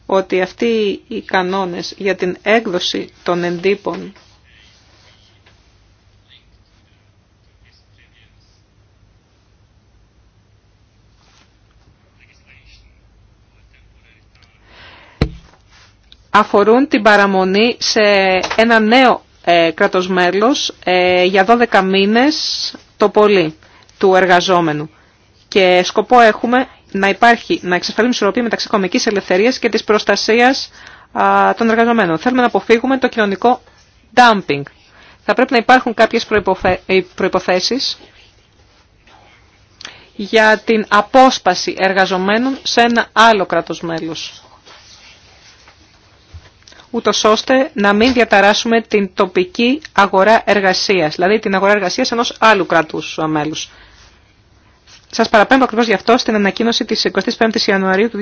ότι αυτοί οι κανόνες για την έκδοση των εντύπων αφορούν την παραμονή σε ένα νέο ε, κράτος μέλος ε, για 12 μήνες το πολύ του εργαζόμενου. Και σκοπό έχουμε να υπάρχει, να εξασφαλίσουμε ισορροπία μεταξύ κομικής ελευθερίας και της προστασίας α, των εργαζομένων. Θέλουμε να αποφύγουμε το κοινωνικό dumping. Θα πρέπει να υπάρχουν κάποιες προϋποθε, προϋποθέσεις για την απόσπαση εργαζομένων σε ένα άλλο κράτος μέλος ούτω ώστε να μην διαταράσουμε την τοπική αγορά εργασία, δηλαδή την αγορά εργασία ενό άλλου κρατού μέλου. Σας παραπέμπω ακριβώ γι' αυτό στην ανακοίνωση της 25ης Ιανουαρίου του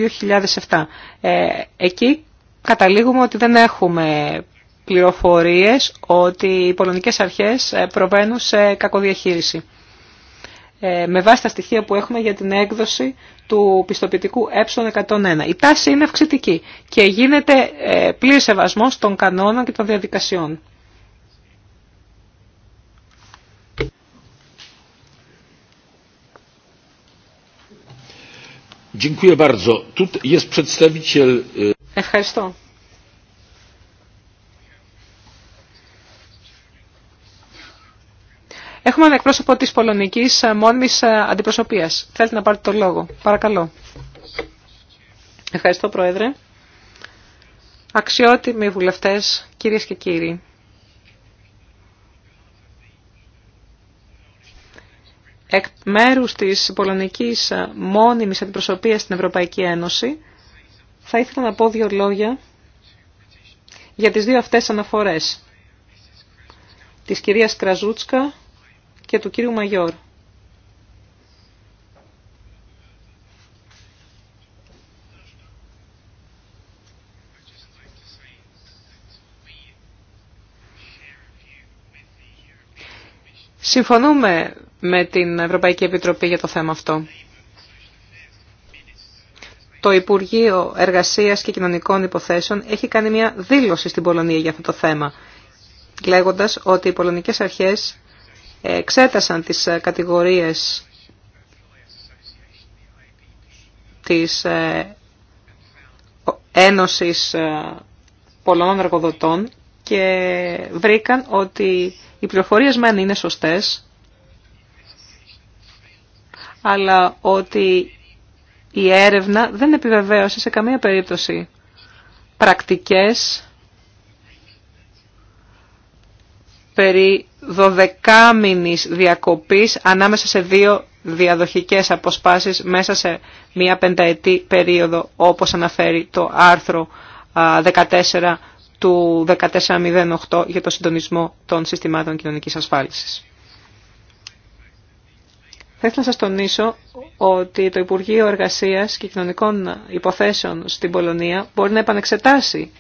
2007. Ε, εκεί καταλήγουμε ότι δεν έχουμε πληροφορίες ότι οι πολωνικές αρχές ε, προβαίνουν σε κακοδιαχείριση. Ε, με βάση τα στοιχεία που έχουμε για την έκδοση του πιστοποιητικού ε101. Η τάση είναι αυξητική και γίνεται ε, πληρη σεβασμός των κανόνων και των διαδικασιών. Ευχαριστώ. Έχουμε ένα εκπρόσωπο της πολωνικής ε, μόνιμης ε, αντιπροσωπείας. Θέλετε να πάρετε το λόγο. Παρακαλώ. Ευχαριστώ Πρόεδρε. Αξιότιμοι βουλευτές, κυρίες και κύριοι. Εκ μέρους της πολωνικής ε, μόνιμης αντιπροσωπείας στην Ευρωπαϊκή Ένωση, θα ήθελα να πω δύο λόγια για τις δύο αυτές αναφορές της κυρίας Κραζούτσκα και του κύριου Μαγιόρ. Συμφωνούμε με την Ευρωπαϊκή Επιτροπή για το θέμα αυτό. Το Υπουργείο Εργασίας και Κοινωνικών Υποθέσεων έχει κάνει μια δήλωση στην Πολωνία για αυτό το θέμα, λέγοντας ότι οι πολωνικές αρχές εξέτασαν τις ε, κατηγορίες της ε, Ένωσης ε, Πολωνών Εργοδοτών και βρήκαν ότι οι πληροφορίες μεν είναι σωστές, αλλά ότι η έρευνα δεν επιβεβαίωσε σε καμία περίπτωση πρακτικές περί δωδεκάμινης διακοπής ανάμεσα σε δύο διαδοχικές αποσπάσεις μέσα σε μία πενταετή περίοδο όπως αναφέρει το άρθρο 14 του 1408 για το συντονισμό των συστημάτων κοινωνικής ασφάλισης. Θα ήθελα να σας τονίσω ότι το Υπουργείο Εργασίας και Κοινωνικών Υποθέσεων στην Πολωνία μπορεί να επανεξετάσει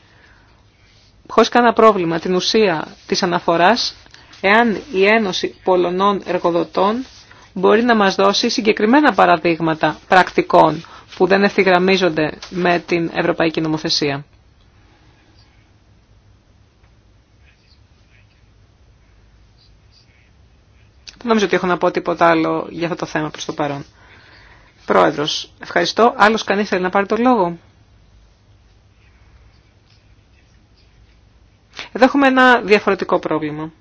χωρίς κανένα πρόβλημα την ουσία της αναφοράς εάν η Ένωση Πολωνών Εργοδοτών μπορεί να μας δώσει συγκεκριμένα παραδείγματα πρακτικών που δεν ευθυγραμμίζονται με την Ευρωπαϊκή Νομοθεσία. Δεν νομίζω ότι έχω να πω τίποτα άλλο για αυτό το θέμα προς το παρόν. Πρόεδρος, ευχαριστώ. Άλλος κανείς θέλει να πάρει το λόγο. Εδώ έχουμε ένα διαφορετικό πρόβλημα.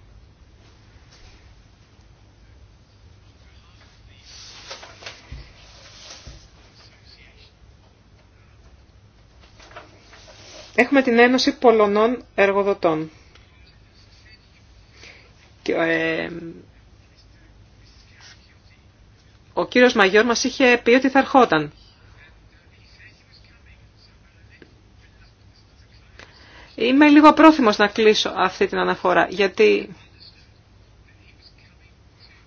Έχουμε την Ένωση Πολωνών Εργοδοτών. Και, ε, ο κύριος Μαγιόρ μας είχε πει ότι θα ερχόταν. Είμαι λίγο πρόθυμος να κλείσω αυτή την αναφορά, γιατί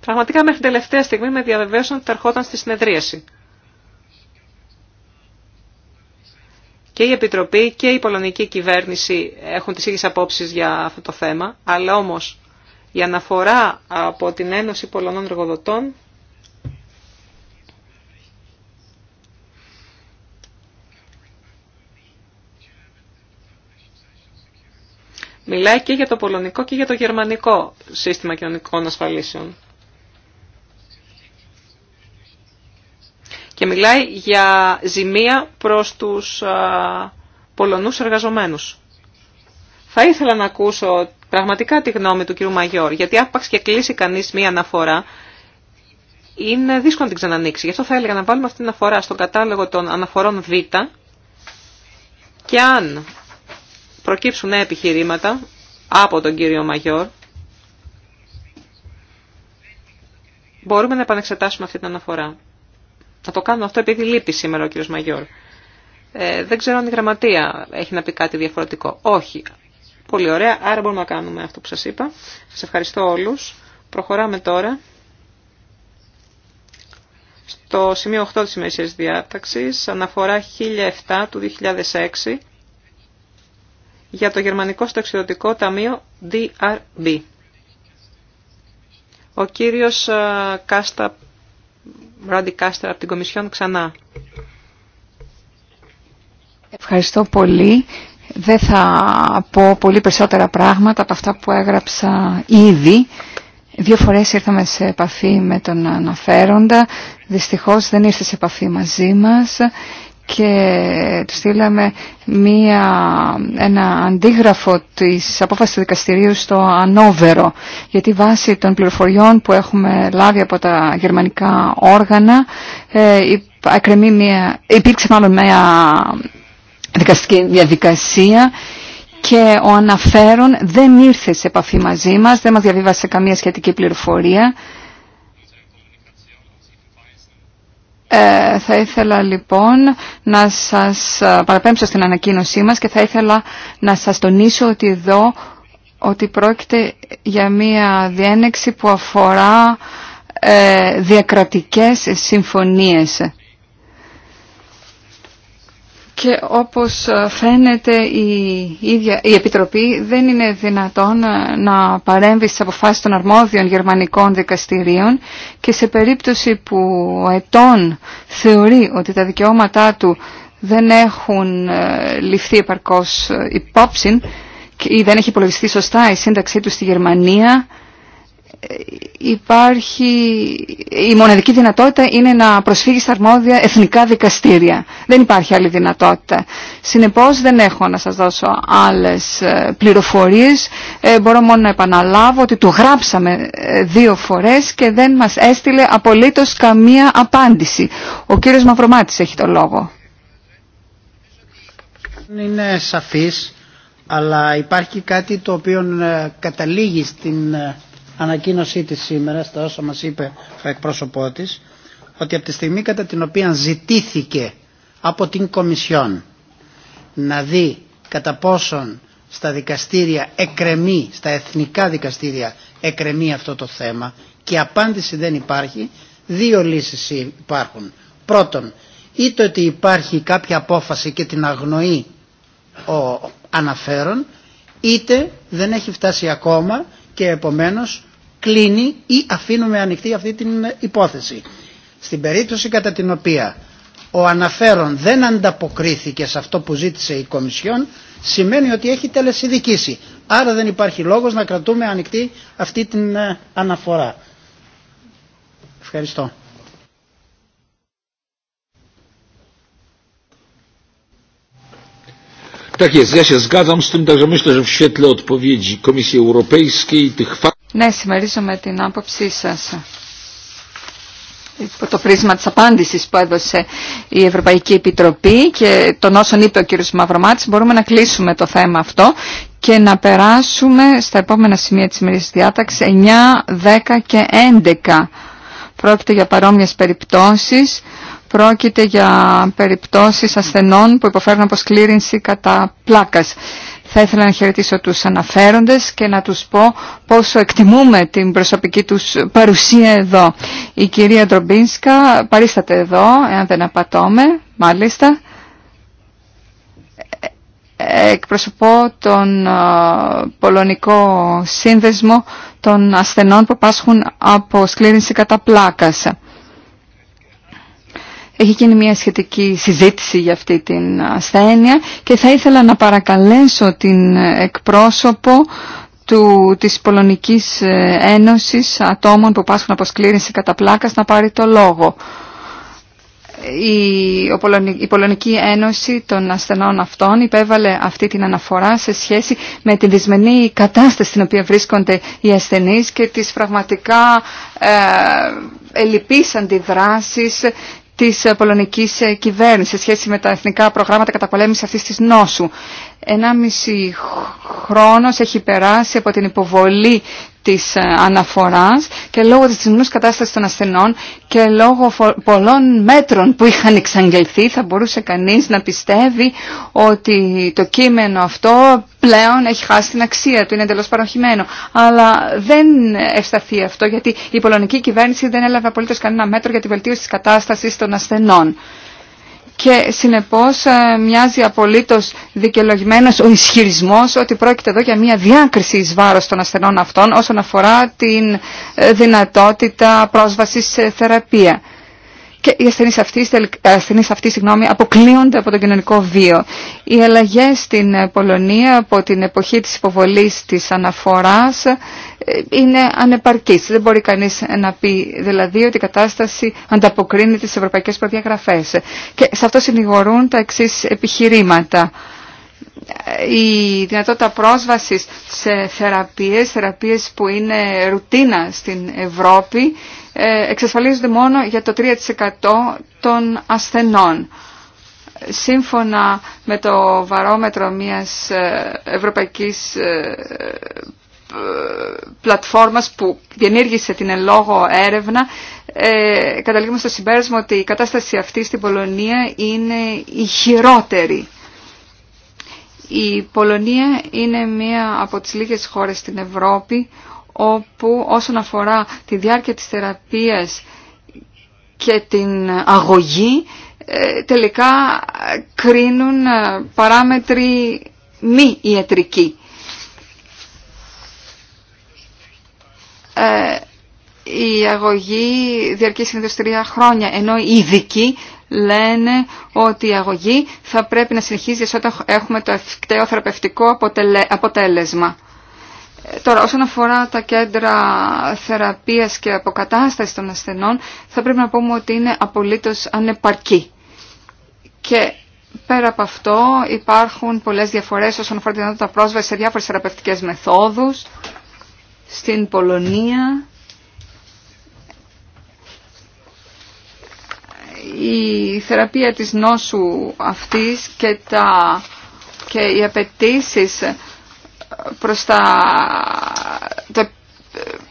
πραγματικά μέχρι την τελευταία στιγμή με διαβεβαίωσαν ότι θα ερχόταν στη συνεδρίαση. Και η Επιτροπή και η πολωνική κυβέρνηση έχουν τις ίδιες απόψεις για αυτό το θέμα, αλλά όμως η αναφορά από την Ένωση Πολωνών Εργοδοτών μιλάει και για το πολωνικό και για το γερμανικό σύστημα κοινωνικών ασφαλίσεων. και μιλάει για ζημία προς τους Πολωνούς εργαζομένους. Θα ήθελα να ακούσω πραγματικά τη γνώμη του κ. Μαγιόρ, γιατί άπαξ και κλείσει κανείς μία αναφορά, είναι δύσκολο να την ξανανοίξει. Γι' αυτό θα έλεγα να βάλουμε αυτή την αναφορά στον κατάλογο των αναφορών Β και αν προκύψουν νέα επιχειρήματα από τον κύριο Μαγιόρ, μπορούμε να επανεξετάσουμε αυτή την αναφορά να το κάνω αυτό επειδή λείπει σήμερα ο κύριο Μαγιόρ. Ε, δεν ξέρω αν η γραμματεία έχει να πει κάτι διαφορετικό. Όχι. Πολύ ωραία. Άρα μπορούμε να κάνουμε αυτό που σας είπα. Σας ευχαριστώ όλους. Προχωράμε τώρα στο σημείο 8 της ημερησίας διάταξης, αναφορά 1007 του 2006 για το Γερμανικό Στοξιδοτικό Ταμείο DRB. Ο κύριος ε, Κάστα Ρόντι Κάστρα από την Κομισιόν ξανά. Ευχαριστώ πολύ. Δεν θα πω πολύ περισσότερα πράγματα από αυτά που έγραψα ήδη. Δύο φορές ήρθαμε σε επαφή με τον αναφέροντα. Δυστυχώς δεν ήρθε σε επαφή μαζί μας και του στείλαμε μία, ένα αντίγραφο της απόφασης του δικαστηρίου στο Ανόβερο γιατί βάσει των πληροφοριών που έχουμε λάβει από τα γερμανικά όργανα ε, μια, υπήρξε μάλλον μία δικαστική διαδικασία και ο αναφέρον δεν ήρθε σε επαφή μαζί μας, δεν μας διαβίβασε καμία σχετική πληροφορία Ε, θα ήθελα λοιπόν να σας ε, παραπέμψω στην ανακοίνωσή μας και θα ήθελα να σας τονίσω ότι εδώ ότι πρόκειται για μία διένεξη που αφορά ε, διακρατικές συμφωνίες και όπως φαίνεται η, ίδια, η Επιτροπή δεν είναι δυνατόν να παρέμβει στις αποφάσεις των αρμόδιων γερμανικών δικαστηρίων και σε περίπτωση που ο ετών θεωρεί ότι τα δικαιώματά του δεν έχουν ε, ληφθεί επαρκώς υπόψη ή δεν έχει υπολογιστεί σωστά η σύνταξή του στη Γερμανία υπάρχει, η μοναδική δυνατότητα είναι να προσφύγει στα αρμόδια εθνικά δικαστήρια. Δεν υπάρχει άλλη δυνατότητα. Συνεπώς δεν έχω να σας δώσω άλλες ε, πληροφορίες. Ε, μπορώ μόνο να επαναλάβω ότι του γράψαμε ε, δύο φορές και δεν μας έστειλε απολύτως καμία απάντηση. Ο κύριος Μαυρομάτης έχει το λόγο. Είναι σαφής, αλλά υπάρχει κάτι το οποίο καταλήγει στην ανακοίνωσή της σήμερα, στα όσα μας είπε ο εκπρόσωπό της, ότι από τη στιγμή κατά την οποία ζητήθηκε από την Κομισιόν να δει κατά πόσον στα δικαστήρια εκρεμεί, στα εθνικά δικαστήρια εκρεμεί αυτό το θέμα και απάντηση δεν υπάρχει, δύο λύσεις υπάρχουν. Πρώτον, είτε ότι υπάρχει κάποια απόφαση και την αγνοεί ο αναφέρον, είτε δεν έχει φτάσει ακόμα και επομένως κλείνει ή αφήνουμε ανοιχτή αυτή την υπόθεση. Στην περίπτωση κατά την οποία ο αναφέρον δεν ανταποκρίθηκε σε αυτό που ζήτησε η Κομισιόν σημαίνει ότι έχει τελεσιδικήσει. Άρα δεν υπάρχει λόγος να κρατούμε ανοιχτή αυτή την ε, αναφορά. Ευχαριστώ. Tak jest, ja się zgadzam z tym, także myślę, że w świetle odpowiedzi Komisji Europejskiej tych ναι, με την άποψή σας. Υπό το πρίσμα της απάντησης που έδωσε η Ευρωπαϊκή Επιτροπή και τον όσον είπε ο κ. Μαυρομάτης μπορούμε να κλείσουμε το θέμα αυτό και να περάσουμε στα επόμενα σημεία της ημερής διάταξης 9, 10 και 11. Πρόκειται για παρόμοιες περιπτώσεις, πρόκειται για περιπτώσεις ασθενών που υποφέρουν από σκλήρινση κατά πλάκας. Θα ήθελα να χαιρετήσω τους αναφέροντες και να τους πω πόσο εκτιμούμε την προσωπική τους παρουσία εδώ. Η κυρία Ντρομπίνσκα παρίσταται εδώ, εάν δεν απατώμε, μάλιστα. Ε, εκπροσωπώ τον ε, Πολωνικό Σύνδεσμο των ασθενών που πάσχουν από σκλήρινση κατά πλάκας. Έχει γίνει μια σχετική συζήτηση για αυτή την ασθένεια και θα ήθελα να παρακαλέσω την εκπρόσωπο του, της Πολωνικής ε, Ένωσης ατόμων που πάσχουν από σκλήρυνση κατά πλάκας να πάρει το λόγο. Η, Πολωνική, Ένωση των ασθενών αυτών υπέβαλε αυτή την αναφορά σε σχέση με την δυσμενή κατάσταση στην οποία βρίσκονται οι ασθενείς και τις πραγματικά ε, ελλειπείς αντιδράσεις της ε, πολωνικής ε, κυβέρνησης σε σχέση με τα εθνικά προγράμματα καταπολέμησης αυτής της νόσου. Ένα μισή χρόνος έχει περάσει από την υποβολή της ε, αναφοράς και λόγω της δημιουργικής κατάστασης των ασθενών και λόγω πολλών μέτρων που είχαν εξαγγελθεί θα μπορούσε κανείς να πιστεύει ότι το κείμενο αυτό πλέον έχει χάσει την αξία του, είναι εντελώς παροχημένο. Αλλά δεν ευσταθεί αυτό γιατί η πολωνική κυβέρνηση δεν έλαβε απολύτως κανένα μέτρο για τη βελτίωση της κατάστασης των ασθενών και συνεπώς ε, μοιάζει απολύτως δικαιολογημένος ο ισχυρισμός ότι πρόκειται εδώ για μια διάκριση εις βάρος των ασθενών αυτών όσον αφορά την ε, δυνατότητα πρόσβασης σε θεραπεία και οι ε, ασθενείς αυτοί, συγγνώμη, αποκλείονται από το κοινωνικό βίο. Οι αλλαγέ στην ε, Πολωνία από την εποχή της υποβολής της αναφοράς ε, είναι ανεπαρκής. Δεν μπορεί κανείς να πει δηλαδή ότι η κατάσταση ανταποκρίνεται στις ευρωπαϊκές προδιαγραφές. Και σε αυτό συνηγορούν τα εξή επιχειρήματα η δυνατότητα πρόσβασης σε θεραπείες, θεραπείες που είναι ρουτίνα στην Ευρώπη ε, εξασφαλίζονται μόνο για το 3% των ασθενών. Σύμφωνα με το βαρόμετρο μιας ε, ευρωπαϊκής ε, πλατφόρμας που διενήργησε την ελόγω έρευνα καταλήγουμε στο συμπέρασμα ότι η κατάσταση αυτή στην Πολωνία είναι η χειρότερη. Η Πολωνία είναι μία από τις λίγες χώρες στην Ευρώπη όπου όσον αφορά τη διάρκεια της θεραπείας και την αγωγή ε, τελικά κρίνουν ε, παράμετροι μη ιατρικοί. Ε, η αγωγή διαρκεί συνήθως τρία χρόνια, ενώ οι ειδικοί λένε ότι η αγωγή θα πρέπει να συνεχίζει όταν έχουμε το ευκταίο θεραπευτικό αποτελέσμα. Ε, τώρα, όσον αφορά τα κέντρα θεραπείας και αποκατάστασης των ασθενών, θα πρέπει να πούμε ότι είναι απολύτως ανεπαρκή. Και πέρα από αυτό υπάρχουν πολλές διαφορές όσον αφορά τη δυνατότητα πρόσβαση σε διάφορες θεραπευτικές μεθόδους. Στην Πολωνία η θεραπεία της νόσου αυτής και, τα, και οι απαιτήσει προς τα,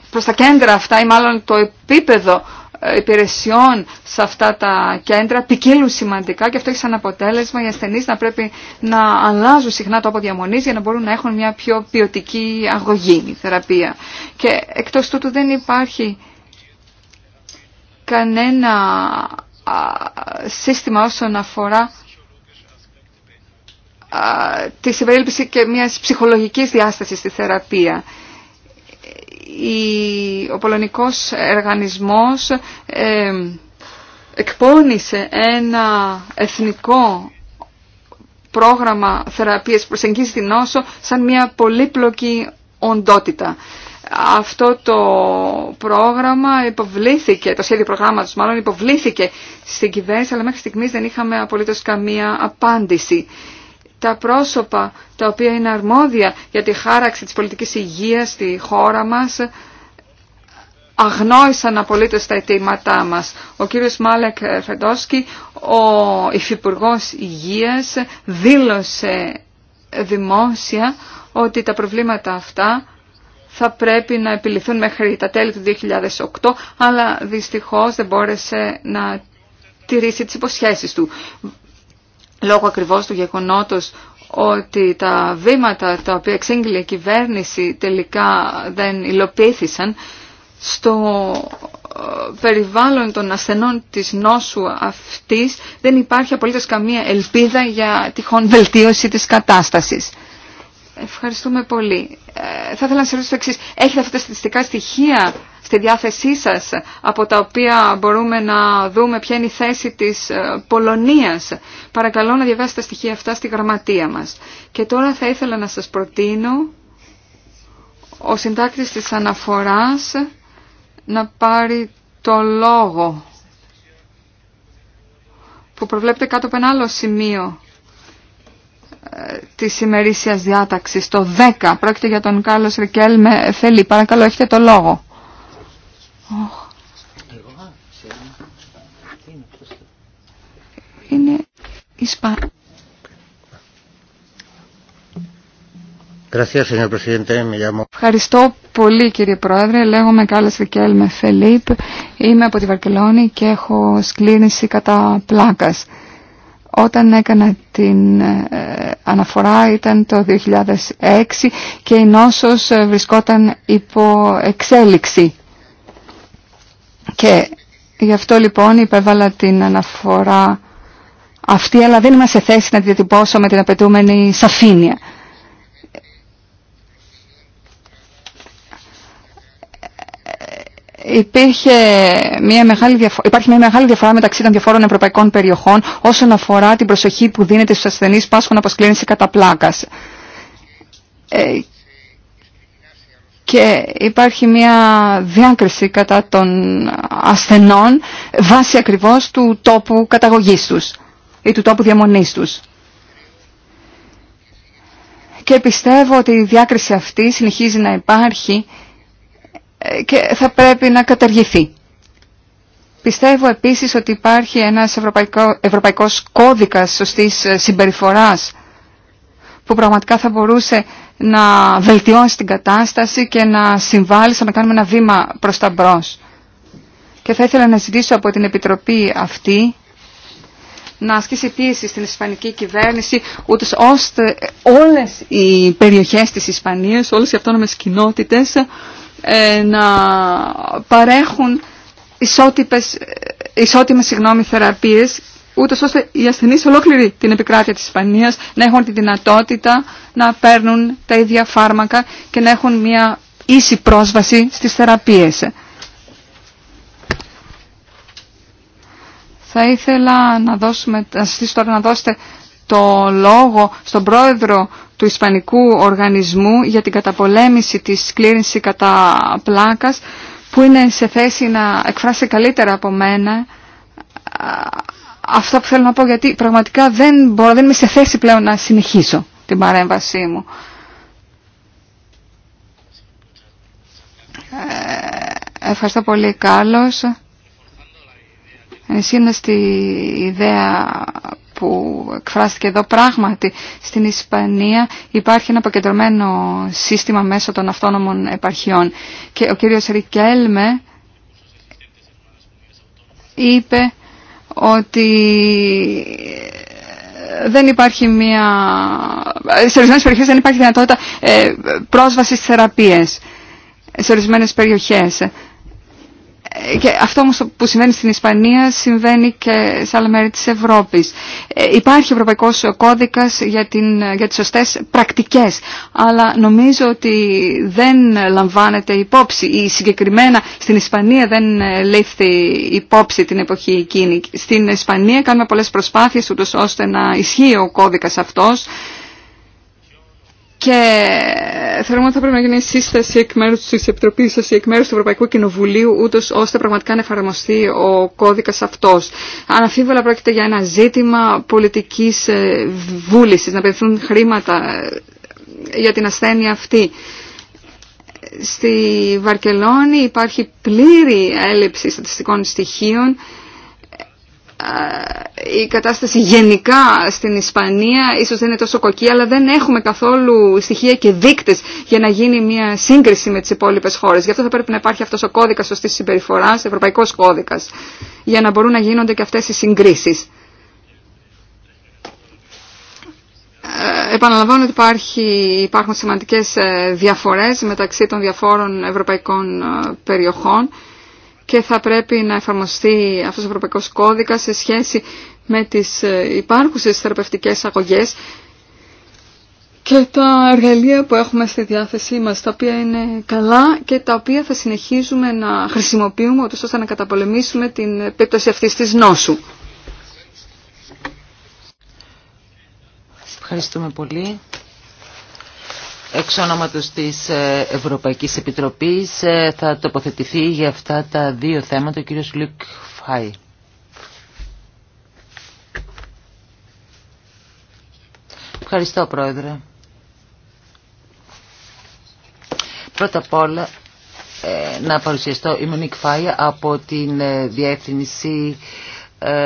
προς τα κέντρα αυτά ή μάλλον το επίπεδο ε, υπηρεσιών σε αυτά τα κέντρα ποικίλουν σημαντικά και αυτό έχει σαν αποτέλεσμα οι ασθενείς να πρέπει να αλλάζουν συχνά το από διαμονής για να μπορούν να έχουν μια πιο ποιοτική αγωγή, θεραπεία. Και εκτός τούτου δεν υπάρχει κανένα σύστημα όσον αφορά τη συμπερίληψη και μια ψυχολογικής διάσταση στη θεραπεία. ο πολωνικός εργανισμός εκπώνησε ένα εθνικό πρόγραμμα θεραπείας που προσεγγίζει την νόσο σαν μια πολύπλοκη οντότητα. Αυτό το πρόγραμμα υποβλήθηκε, το σχέδιο προγράμματος μάλλον υποβλήθηκε στην κυβέρνηση αλλά μέχρι στιγμής δεν είχαμε απολύτως καμία απάντηση τα πρόσωπα τα οποία είναι αρμόδια για τη χάραξη της πολιτικής υγείας στη χώρα μας αγνόησαν απολύτως τα αιτήματά μας. Ο κύριος Μάλεκ Φεντόσκι, ο υφυπουργό Υγείας, δήλωσε δημόσια ότι τα προβλήματα αυτά θα πρέπει να επιληθούν μέχρι τα τέλη του 2008, αλλά δυστυχώς δεν μπόρεσε να τηρήσει τις υποσχέσεις του λόγω ακριβώς του γεγονότος ότι τα βήματα τα οποία εξήγηλε η κυβέρνηση τελικά δεν υλοποιήθησαν στο ε, περιβάλλον των ασθενών της νόσου αυτής δεν υπάρχει απολύτως καμία ελπίδα για τυχόν βελτίωση της κατάστασης. Ευχαριστούμε πολύ. Ε, θα ήθελα να σα ρωτήσω το εξή. Έχετε αυτά τα στατιστικά στοιχεία στη διάθεσή σας από τα οποία μπορούμε να δούμε ποια είναι η θέση της ε, Πολωνίας. Παρακαλώ να διαβάσετε τα στοιχεία αυτά στη γραμματεία μας. Και τώρα θα ήθελα να σας προτείνω ο συντάκτης της αναφοράς να πάρει το λόγο που προβλέπεται κάτω από ένα άλλο σημείο της ημερήσιας διάταξης, το 10. Πρόκειται για τον Κάλλος Ρικέλ με θέλει. Παρακαλώ, έχετε το λόγο. Είναι Ισπα... Ευχαριστώ πολύ κύριε Πρόεδρε. Λέγομαι Κάλλος Ρικέλ με Φελίπ. Είμαι από τη Βαρκελόνη και έχω σκλήνηση κατά πλάκας. Όταν έκανα την ε, αναφορά ήταν το 2006 και η νόσος ε, βρισκόταν υπό εξέλιξη. Και γι' αυτό λοιπόν υπέβαλα την αναφορά αυτή, αλλά δεν είμαι σε να τη διατυπώσω με την απαιτούμενη σαφήνεια. μια μεγάλη υπάρχει μια μεγάλη διαφορά μεταξύ των διαφόρων ευρωπαϊκών περιοχών όσον αφορά την προσοχή που δίνεται στους ασθενείς πάσχων από σκλήνηση κατά πλάκας. Ε, και υπάρχει μια διάκριση κατά των ασθενών βάσει ακριβώς του τόπου καταγωγής τους ή του τόπου διαμονής τους. Και πιστεύω ότι η διάκριση αυτή συνεχίζει να υπάρχει ε, και θα πρέπει να καταργηθεί. Πιστεύω επίσης ότι υπάρχει ένας ευρωπαϊκό, ευρωπαϊκός κώδικας σωστής ε, συμπεριφοράς που πραγματικά θα μπορούσε να βελτιώσει την κατάσταση και να συμβάλλει στο να κάνουμε ένα βήμα προς τα μπρος. Και θα ήθελα να ζητήσω από την Επιτροπή αυτή να ασκήσει πίεση στην Ισπανική κυβέρνηση, ούτως ώστε όλες οι περιοχές της Ισπανίας, όλες οι αυτόνομες κοινότητες ε, να παρέχουν ισότιμες, ε, ισότιμες συγγνώμη, θεραπείες ούτω ώστε οι ασθενείς ολόκληρη την επικράτεια της Ισπανίας να έχουν τη δυνατότητα να παίρνουν τα ίδια φάρμακα και να έχουν μια ίση πρόσβαση στις θεραπείες. Θα ήθελα να δώσουμε, να τώρα να δώσετε το λόγο στον πρόεδρο του Ισπανικού Οργανισμού για την καταπολέμηση της κλήρυνσης κατά πλάκας που είναι σε θέση να εκφράσει καλύτερα από μένα Αυτό που θέλω να πω γιατί πραγματικά δεν μπορώ, δεν είμαι σε θέση πλέον να συνεχίσω την παρέμβασή μου. Ε, ευχαριστώ πολύ Κάλλος. Εσύ στη ιδέα που εκφράστηκε εδώ πράγματι στην Ισπανία υπάρχει ένα αποκεντρωμένο σύστημα μέσω των αυτόνομων επαρχιών και ο κύριος Ρικέλμε είπε ότι δεν υπάρχει μια... σε ορισμένες περιοχές δεν υπάρχει δυνατότητα ε, πρόσβασης θεραπείες σε ορισμένες περιοχές. Ε, και αυτό όμως που συμβαίνει στην Ισπανία συμβαίνει και σε άλλα μέρη της Ευρώπης. Ε, υπάρχει ευρωπαϊκός κώδικας για, την, για τις σωστές πρακτικές, αλλά νομίζω ότι δεν λαμβάνεται υπόψη ή συγκεκριμένα στην Ισπανία δεν ε, λήφθη υπόψη την εποχή εκείνη. Στην Ισπανία κάνουμε πολλές προσπάθειες ούτως ώστε να ισχύει ο κώδικας αυτός και θεωρούμε ότι θα πρέπει να γίνει σύσταση εκ μέρου τη Επιτροπή σα ή εκ μέρου του Ευρωπαϊκού Κοινοβουλίου, ούτω ώστε πραγματικά να εφαρμοστεί ο κώδικα αυτό. Αναφίβολα πρόκειται για ένα ζήτημα πολιτική ε, βούληση, να πετύχουν χρήματα ε, για την ασθένεια αυτή. Στη Βαρκελόνη υπάρχει πλήρη έλλειψη στατιστικών στοιχείων η κατάσταση γενικά στην Ισπανία ίσως δεν είναι τόσο κοκκή αλλά δεν έχουμε καθόλου στοιχεία και δείκτες για να γίνει μια σύγκριση με τις υπόλοιπες χώρες. Γι' αυτό θα πρέπει να υπάρχει αυτός ο κώδικας σωστής συμπεριφοράς, ευρωπαϊκός κώδικας, για να μπορούν να γίνονται και αυτές οι συγκρίσεις. Ε, επαναλαμβάνω ότι υπάρχει, υπάρχουν σημαντικές ε, διαφορές μεταξύ των διαφόρων ευρωπαϊκών ε, περιοχών και θα πρέπει να εφαρμοστεί αυτός ο Ευρωπαϊκός Κώδικας σε σχέση με τις ε, υπάρχουσες θεραπευτικές αγωγές και τα εργαλεία που έχουμε στη διάθεσή μας, τα οποία είναι καλά και τα οποία θα συνεχίζουμε να χρησιμοποιούμε ώστε να καταπολεμήσουμε την επίπτωση αυτής της νόσου. Ευχαριστούμε πολύ. Εξ ονόματος της ε, Ευρωπαϊκής Επιτροπής ε, θα τοποθετηθεί για αυτά τα δύο θέματα ο κύριος Λουκ Φάι. Ευχαριστώ Πρόεδρε. Πρώτα απ' όλα ε, να παρουσιαστώ η Μονίκ Φάι από την Διεύθυνση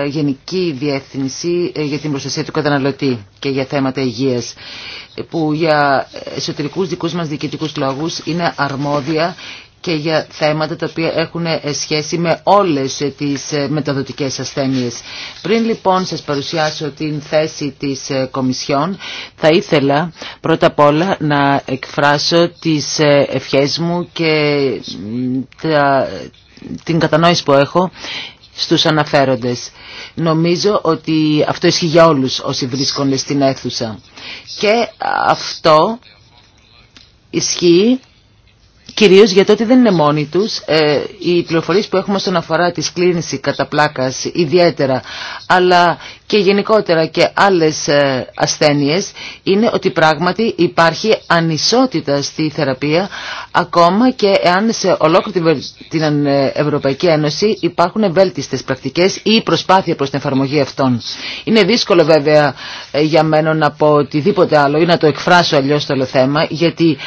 Γενική Διεύθυνση για την Προστασία του Καταναλωτή και για θέματα υγείας που για εσωτερικούς δικούς μας διοικητικούς λόγους είναι αρμόδια και για θέματα τα οποία έχουν σχέση με όλες τις μεταδοτικές ασθένειες. Πριν λοιπόν σας παρουσιάσω την θέση της Κομισιόν, θα ήθελα πρώτα απ' όλα να εκφράσω τις ευχές μου και την κατανόηση που έχω στους αναφέροντες. Νομίζω ότι αυτό ισχύει για όλους όσοι βρίσκονται στην αίθουσα. Και αυτό ισχύει Κυρίως για το ότι δεν είναι μόνοι τους, ε, οι πληροφορίες που έχουμε στον αφορά τη σκλήνηση κατά πλάκας ιδιαίτερα, αλλά και γενικότερα και άλλες ε, ασθένειες, είναι ότι πράγματι υπάρχει ανισότητα στη θεραπεία, ακόμα και εάν σε ολόκληρη την ε, Ευρωπαϊκή Ένωση υπάρχουν ευέλτιστες πρακτικές ή προσπάθεια προς την εφαρμογή αυτών. Είναι δύσκολο βέβαια ε, για μένα να πω οτιδήποτε άλλο ή να το εκφράσω αλλιώς το θέμα, γιατί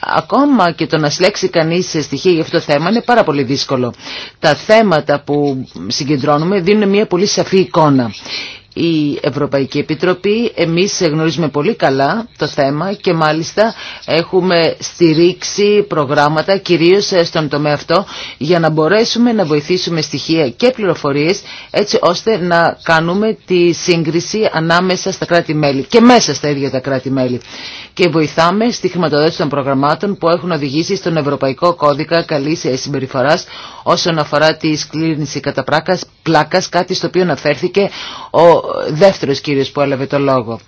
ακόμα και το να συλλέξει κανείς στοιχεία για αυτό το θέμα είναι πάρα πολύ δύσκολο. Τα θέματα που συγκεντρώνουμε δίνουν μια πολύ σαφή εικόνα η Ευρωπαϊκή Επιτροπή. Εμείς γνωρίζουμε πολύ καλά το θέμα και μάλιστα έχουμε στηρίξει προγράμματα κυρίως στον τομέα αυτό για να μπορέσουμε να βοηθήσουμε στοιχεία και πληροφορίες έτσι ώστε να κάνουμε τη σύγκριση ανάμεσα στα κράτη-μέλη και μέσα στα ίδια τα κράτη-μέλη. Και βοηθάμε στη χρηματοδότηση των προγραμμάτων που έχουν οδηγήσει στον Ευρωπαϊκό Κώδικα Καλής Συμπεριφοράς όσον αφορά τη σκλήρινση κατά πλάκας, κάτι στο οποίο αναφέρθηκε ο δεύτερος κύριος που έλαβε το λόγο.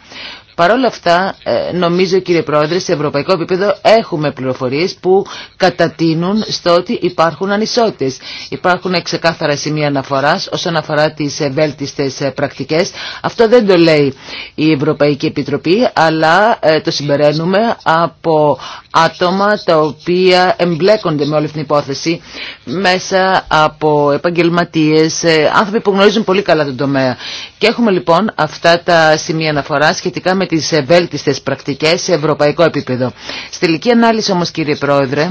Παρ' όλα αυτά, ε, νομίζω κύριε Πρόεδρε, σε ευρωπαϊκό επίπεδο έχουμε πληροφορίες που κατατείνουν στο ότι υπάρχουν ανισότητες. Υπάρχουν ξεκάθαρα σημεία αναφοράς όσον αφορά τις ε, βέλτιστες ε, πρακτικές. Αυτό δεν το λέει η Ευρωπαϊκή Επιτροπή, αλλά το συμπεραίνουμε από άτομα τα οποία εμπλέκονται με όλη αυτή την υπόθεση μέσα από επαγγελματίες, άνθρωποι που γνωρίζουν πολύ καλά τον τομέα. Και έχουμε λοιπόν αυτά τα σημεία αναφορά σχετικά με τις ευέλτιστες πρακτικές σε ευρωπαϊκό επίπεδο. Στη τελική ανάλυση όμως κύριε Πρόεδρε,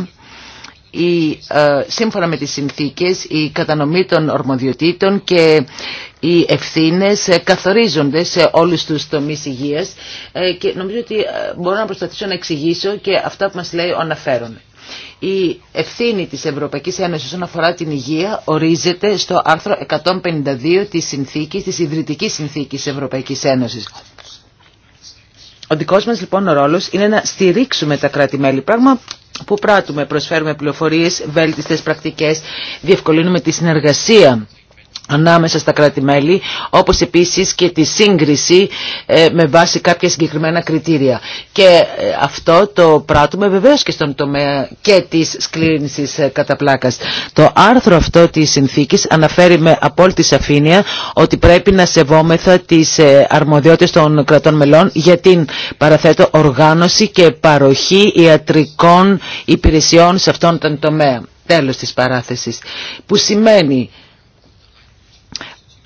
η, ε, σύμφωνα με τις συνθήκες η κατανομή των ορμοδιοτήτων και οι ευθύνες ε, καθορίζονται σε όλους τους τομείς υγείας ε, και νομίζω ότι ε, μπορώ να προσπαθήσω να εξηγήσω και αυτά που μας λέει ο αναφέρον. Η ευθύνη της Ευρωπαϊκής Ένωσης όσον αφορά την υγεία ορίζεται στο άρθρο 152 της συνθήκης, της ιδρυτικής συνθήκης Ευρωπαϊκής Ένωσης. Ο δικός μας λοιπόν ο ρόλος είναι να στηρίξουμε τα κράτη-μέλη, πράγμα που πράττουμε, προσφέρουμε πληροφορίες, βέλτιστες πρακτικές, διευκολύνουμε τη συνεργασία ανάμεσα στα κράτη-μέλη, όπως επίσης και τη σύγκριση ε, με βάση κάποια συγκεκριμένα κριτήρια. Και ε, αυτό το πράττουμε βεβαίως και στον τομέα και της σκλήρινσης ε, κατά πλάκας. Το άρθρο αυτό της συνθήκης αναφέρει με απόλυτη σαφήνεια ότι πρέπει να σεβόμεθα τις αρμοδιότητες των κρατών μελών για την παραθέτω οργάνωση και παροχή ιατρικών υπηρεσιών σε αυτόν τον τομέα. Τέλος της παράθεσης. Που σημαίνει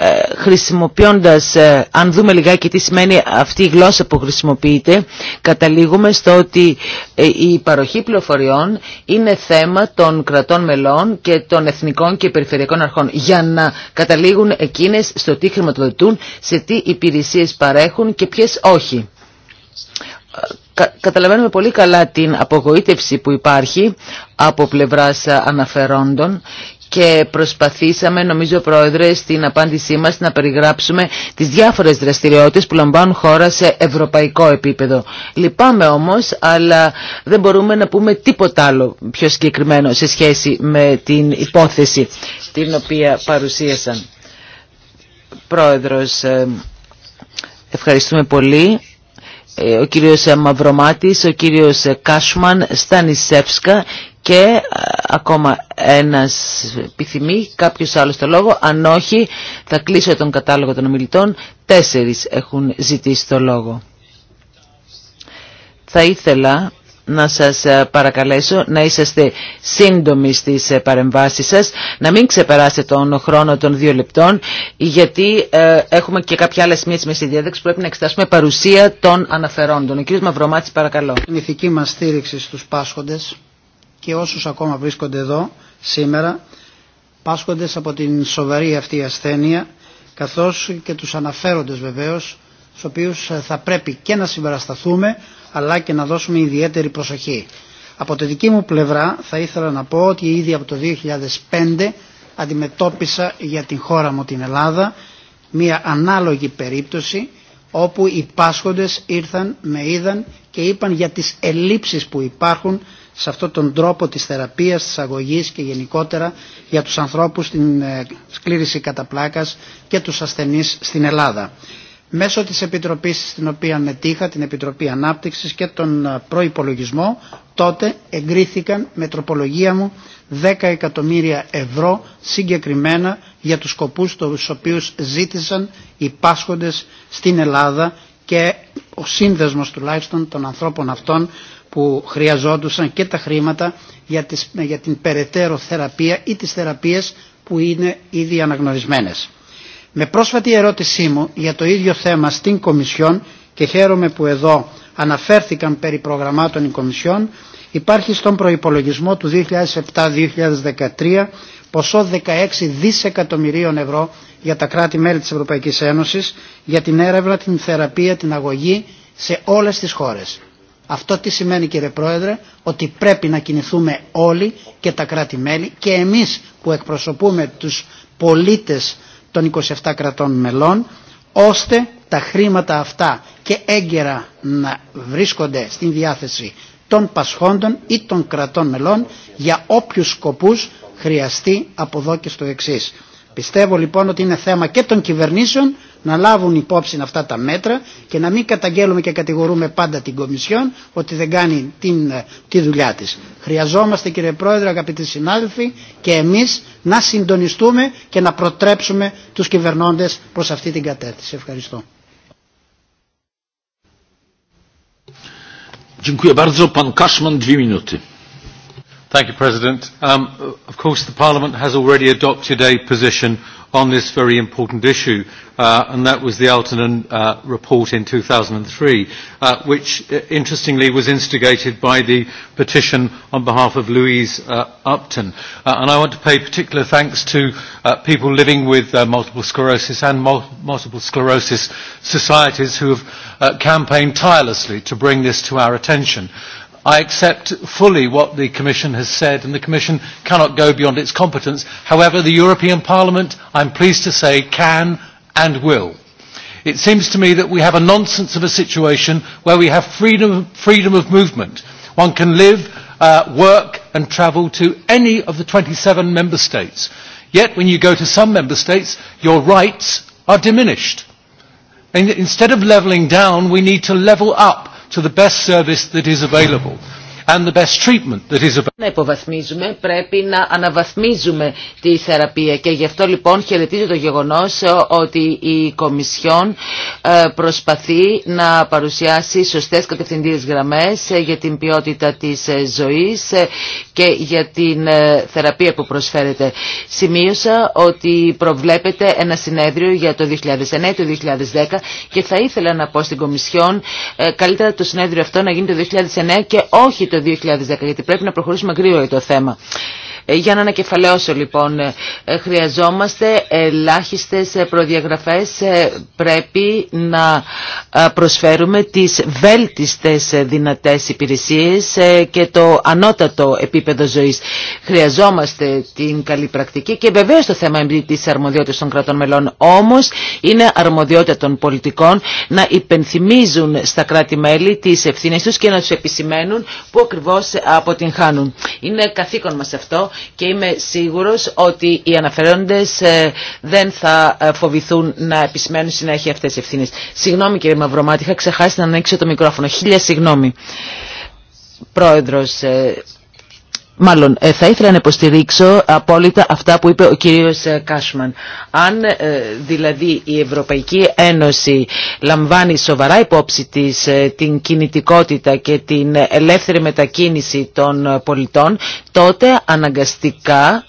ε, χρησιμοποιώντας, ε, αν δούμε λιγάκι τι σημαίνει αυτή η γλώσσα που χρησιμοποιείται, καταλήγουμε στο ότι ε, η παροχή πληροφοριών είναι θέμα των κρατών μελών και των εθνικών και περιφερειακών αρχών για να καταλήγουν εκείνες στο τι χρηματοδοτούν, σε τι υπηρεσίες παρέχουν και ποιες όχι. καταλαβαίνουμε πολύ καλά την απογοήτευση που υπάρχει από πλευράς αναφερόντων και προσπαθήσαμε, νομίζω Πρόεδρε, στην απάντησή μας να περιγράψουμε τις διάφορες δραστηριότητες που λαμβάνουν χώρα σε ευρωπαϊκό επίπεδο. Λυπάμαι όμως, αλλά δεν μπορούμε να πούμε τίποτα άλλο πιο συγκεκριμένο σε σχέση με την υπόθεση την οποία παρουσίασαν. Πρόεδρος, ε, ευχαριστούμε πολύ. Ε, ο κύριος ε, Μαυρομάτης, ο κύριος ε, Κάσμαν, Στανισεύσκα και ακόμα ένας επιθυμεί, κάποιος άλλος το λόγο. Αν όχι, θα κλείσω τον κατάλογο των ομιλητών. Τέσσερις έχουν ζητήσει το λόγο. Θα ήθελα να σας ε, παρακαλέσω να είσαστε σύντομοι στις ε, παρεμβάσεις σας, να μην ξεπεράσετε τον χρόνο των δύο λεπτών, γιατί ε, έχουμε και κάποια άλλα σημεία της μεσηδιάδεξης που πρέπει να εξετάσουμε παρουσία των αναφερόντων. Ο κ. Μαυρομάτης παρακαλώ. Η ηθική μας στήριξη στους πάσχοντες και όσους ακόμα βρίσκονται εδώ σήμερα, πάσχοντες από την σοβαρή αυτή ασθένεια, καθώς και τους αναφέροντες βεβαίως, στους οποίους θα πρέπει και να συμπαρασταθούμε, αλλά και να δώσουμε ιδιαίτερη προσοχή. Από τη δική μου πλευρά θα ήθελα να πω ότι ήδη από το 2005 αντιμετώπισα για την χώρα μου την Ελλάδα μια ανάλογη περίπτωση όπου οι πάσχοντες ήρθαν, με είδαν και είπαν για τις ελλείψεις που υπάρχουν σε αυτόν τον τρόπο της θεραπείας, της αγωγής και γενικότερα για τους ανθρώπους στην ε, σκλήρηση κατά και τους ασθενείς στην Ελλάδα μέσω της Επιτροπής στην οποία μετήχα, την Επιτροπή Ανάπτυξης και τον ε, προϋπολογισμό, τότε εγκρίθηκαν με τροπολογία μου 10 εκατομμύρια ευρώ συγκεκριμένα για τους σκοπούς τους οποίους ζήτησαν οι πάσχοντες στην Ελλάδα και ο σύνδεσμος τουλάχιστον των ανθρώπων αυτών που χρειαζόντουσαν και τα χρήματα για, την περαιτέρω θεραπεία ή τις θεραπείες που είναι ήδη αναγνωρισμένες. Με πρόσφατη ερώτησή μου για το ίδιο θέμα στην Κομισιόν και χαίρομαι που εδώ αναφέρθηκαν περί προγραμμάτων η Κομισιόν υπάρχει στον προϋπολογισμό του 2007-2013 ποσό 16 δισεκατομμυρίων ευρώ για τα κράτη-μέλη της Ευρωπαϊκής Ένωσης για την έρευνα, την θεραπεία, την αγωγή σε όλες τις χώρες. Αυτό τι σημαίνει κύριε Πρόεδρε, ότι πρέπει να κινηθούμε όλοι και τα κράτη-μέλη και εμείς που εκπροσωπούμε τους πολίτες των 27 κρατών μελών ώστε τα χρήματα αυτά και έγκαιρα να βρίσκονται στην διάθεση των πασχόντων ή των κρατών μελών για όποιους σκοπούς χρειαστεί από εδώ και στο εξής. Πιστεύω λοιπόν ότι είναι θέμα και των κυβερνήσεων να λάβουν υπόψη αυτά τα μέτρα και να μην καταγγέλουμε και κατηγορούμε πάντα την Κομισιόν ότι δεν κάνει την, ε, τη δουλειά της. Χρειαζόμαστε κύριε Πρόεδρε, αγαπητοί συνάδελφοι και εμείς να συντονιστούμε και να προτρέψουμε τους κυβερνώντες προς αυτή την κατεύθυνση. Ευχαριστώ. Dziękuję bardzo. Pan Kaszman, dwie minuty. Thank you, President. of course, the Parliament has already adopted a position on this very important issue, and that was the Altonen report in 2003, which, interestingly, was instigated by the petition on behalf of Louise Upton. And I want to pay particular thanks to people living with multiple sclerosis and multiple sclerosis societies who have campaigned tirelessly to bring this to our attention. I accept fully what the Commission has said, and the Commission cannot go beyond its competence. However, the European Parliament, I I'm pleased to say, can and will. It seems to me that we have a nonsense of a situation where we have freedom of movement. One can live, work and travel to any of the twenty seven member states. Yet, when you go to some member states, your rights are diminished. Instead of levelling down, we need to level up to the best service that is available and the best treatment that is available. Να υποβαθμίζουμε, πρέπει να αναβαθμίζουμε τη θεραπεία και γι' αυτό λοιπόν χαιρετίζω το γεγονός ότι η Κομισιόν ε, προσπαθεί να παρουσιάσει σωστές κατευθυντήριες γραμμές ε, για την ποιότητα της ε, ζωής και για την θεραπεία που προσφέρεται. Σημείωσα ότι προβλέπεται ένα συνέδριο για το 2009 το 2010 και θα ήθελα να πω στην Κομισιόν καλύτερα το συνέδριο αυτό να γίνει το 2009 και όχι το 2010 γιατί πρέπει να προχωρήσουμε γρήγορα το θέμα. Ε, για να ανακεφαλαιώσω λοιπόν, ε, ε, χρειαζόμαστε ελάχιστες προδιαγραφές, πρέπει να προσφέρουμε τις βέλτιστες δυνατές υπηρεσίες και το ανώτατο επίπεδο ζωής. Χρειαζόμαστε την καλή πρακτική και βεβαίως το θέμα της αρμοδιότητας των κρατών μελών, όμως είναι αρμοδιότητα των πολιτικών να υπενθυμίζουν στα κράτη-μέλη τις ευθύνες τους και να τους επισημαίνουν που ακριβώς αποτυγχάνουν. Είναι καθήκον μας αυτό και είμαι σίγουρος ότι οι αναφέροντες ε, δεν θα ε, φοβηθούν να επισημαίνουν συνέχεια αυτές τις ευθύνες. Συγγνώμη κύριε Μαυρομάτη, είχα ξεχάσει να ανοίξω το μικρόφωνο. Χίλια συγγνώμη. Πρόεδρος, ε, Μάλλον, ε, θα ήθελα να υποστηρίξω απόλυτα αυτά που είπε ο κύριος ε, Κάσμαν. Αν ε, δηλαδή η Ευρωπαϊκή Ένωση λαμβάνει σοβαρά υπόψη της την κινητικότητα και την ελεύθερη μετακίνηση των πολιτών, τότε αναγκαστικά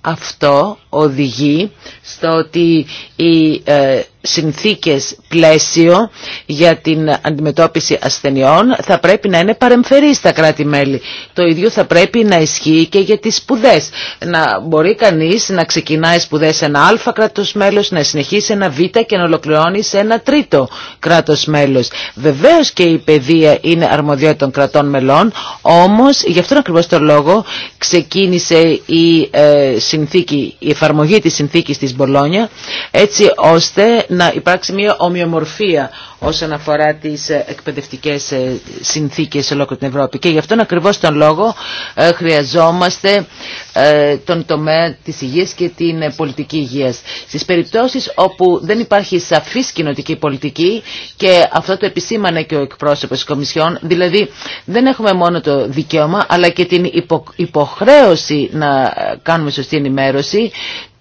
αυτό οδηγεί στο ότι οι ε, συνθήκες πλαίσιο για την αντιμετώπιση ασθενειών θα πρέπει να είναι παρεμφερή στα κράτη-μέλη. Το ίδιο θα πρέπει να ισχύει και για τις σπουδέ. Να μπορεί κανείς να ξεκινάει σπουδέ σε ένα α κράτος μέλος, να συνεχίσει ένα β και να ολοκληρώνει σε ένα τρίτο κράτος μέλος. Βεβαίως και η παιδεία είναι αρμοδιότητα των κρατών μελών, όμως γι' αυτόν ακριβώς τον λόγο ξεκίνησε η, ε, συνθήκη, η εφαρμογή της συνθήκης της Μπολόνια έτσι ώστε να υπάρξει μια ομοιομορφία όσον αφορά τις ε, εκπαιδευτικές ε, συνθήκες σε ολόκληρη την Ευρώπη. Και γι' αυτόν ακριβώς τον λόγο ε, χρειαζόμαστε τον τομέα της υγείας και την πολιτική υγείας. Στις περιπτώσεις όπου δεν υπάρχει σαφής κοινοτική πολιτική και αυτό το επισήμανε και ο εκπρόσωπος της Κομισιόν, δηλαδή δεν έχουμε μόνο το δικαίωμα αλλά και την υποχρέωση να κάνουμε σωστή ενημέρωση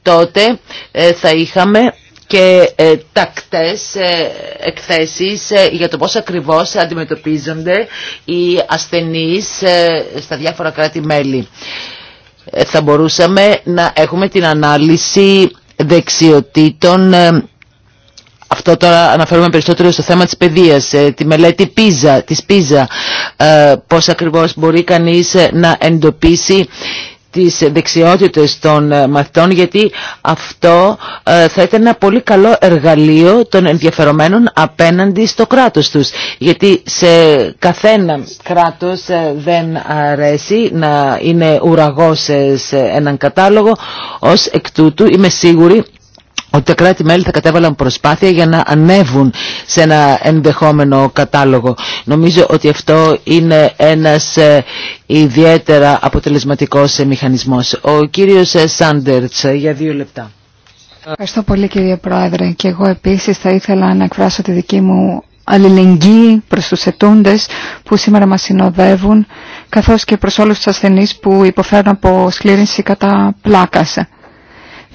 τότε ε, θα είχαμε και ε, τακτές ε, εκθέσεις για το πώς ακριβώς αντιμετωπίζονται οι ασθενείς στα διάφορα κράτη-μέλη. Θα μπορούσαμε να έχουμε την ανάλυση δεξιοτήτων αυτό τώρα αναφέρουμε περισσότερο στο θέμα της παιδείας, τη μελέτη πίζα, της πίζα, πώς ακριβώς μπορεί κανείς να εντοπίσει τις δεξιότητες των ε, μαθητών γιατί αυτό ε, θα ήταν ένα πολύ καλό εργαλείο των ενδιαφερομένων απέναντι στο κράτος τους. Γιατί σε καθένα κράτος ε, δεν αρέσει να είναι ουραγός σε έναν κατάλογο. Ως εκ τούτου είμαι σίγουρη ότι τα κράτη-μέλη θα κατέβαλαν προσπάθεια για να ανέβουν σε ένα ενδεχόμενο κατάλογο. Νομίζω ότι αυτό είναι ένας ε, ιδιαίτερα αποτελεσματικός ε, μηχανισμός. Ο κύριος ε, Σάντερτς για δύο λεπτά. Ευχαριστώ πολύ κύριε Πρόεδρε και εγώ επίσης θα ήθελα να εκφράσω τη δική μου αλληλεγγύη προς τους ετούντες που σήμερα μας συνοδεύουν καθώς και προς όλους τους ασθενείς που υποφέρουν από σκλήρυνση κατά πλάκας.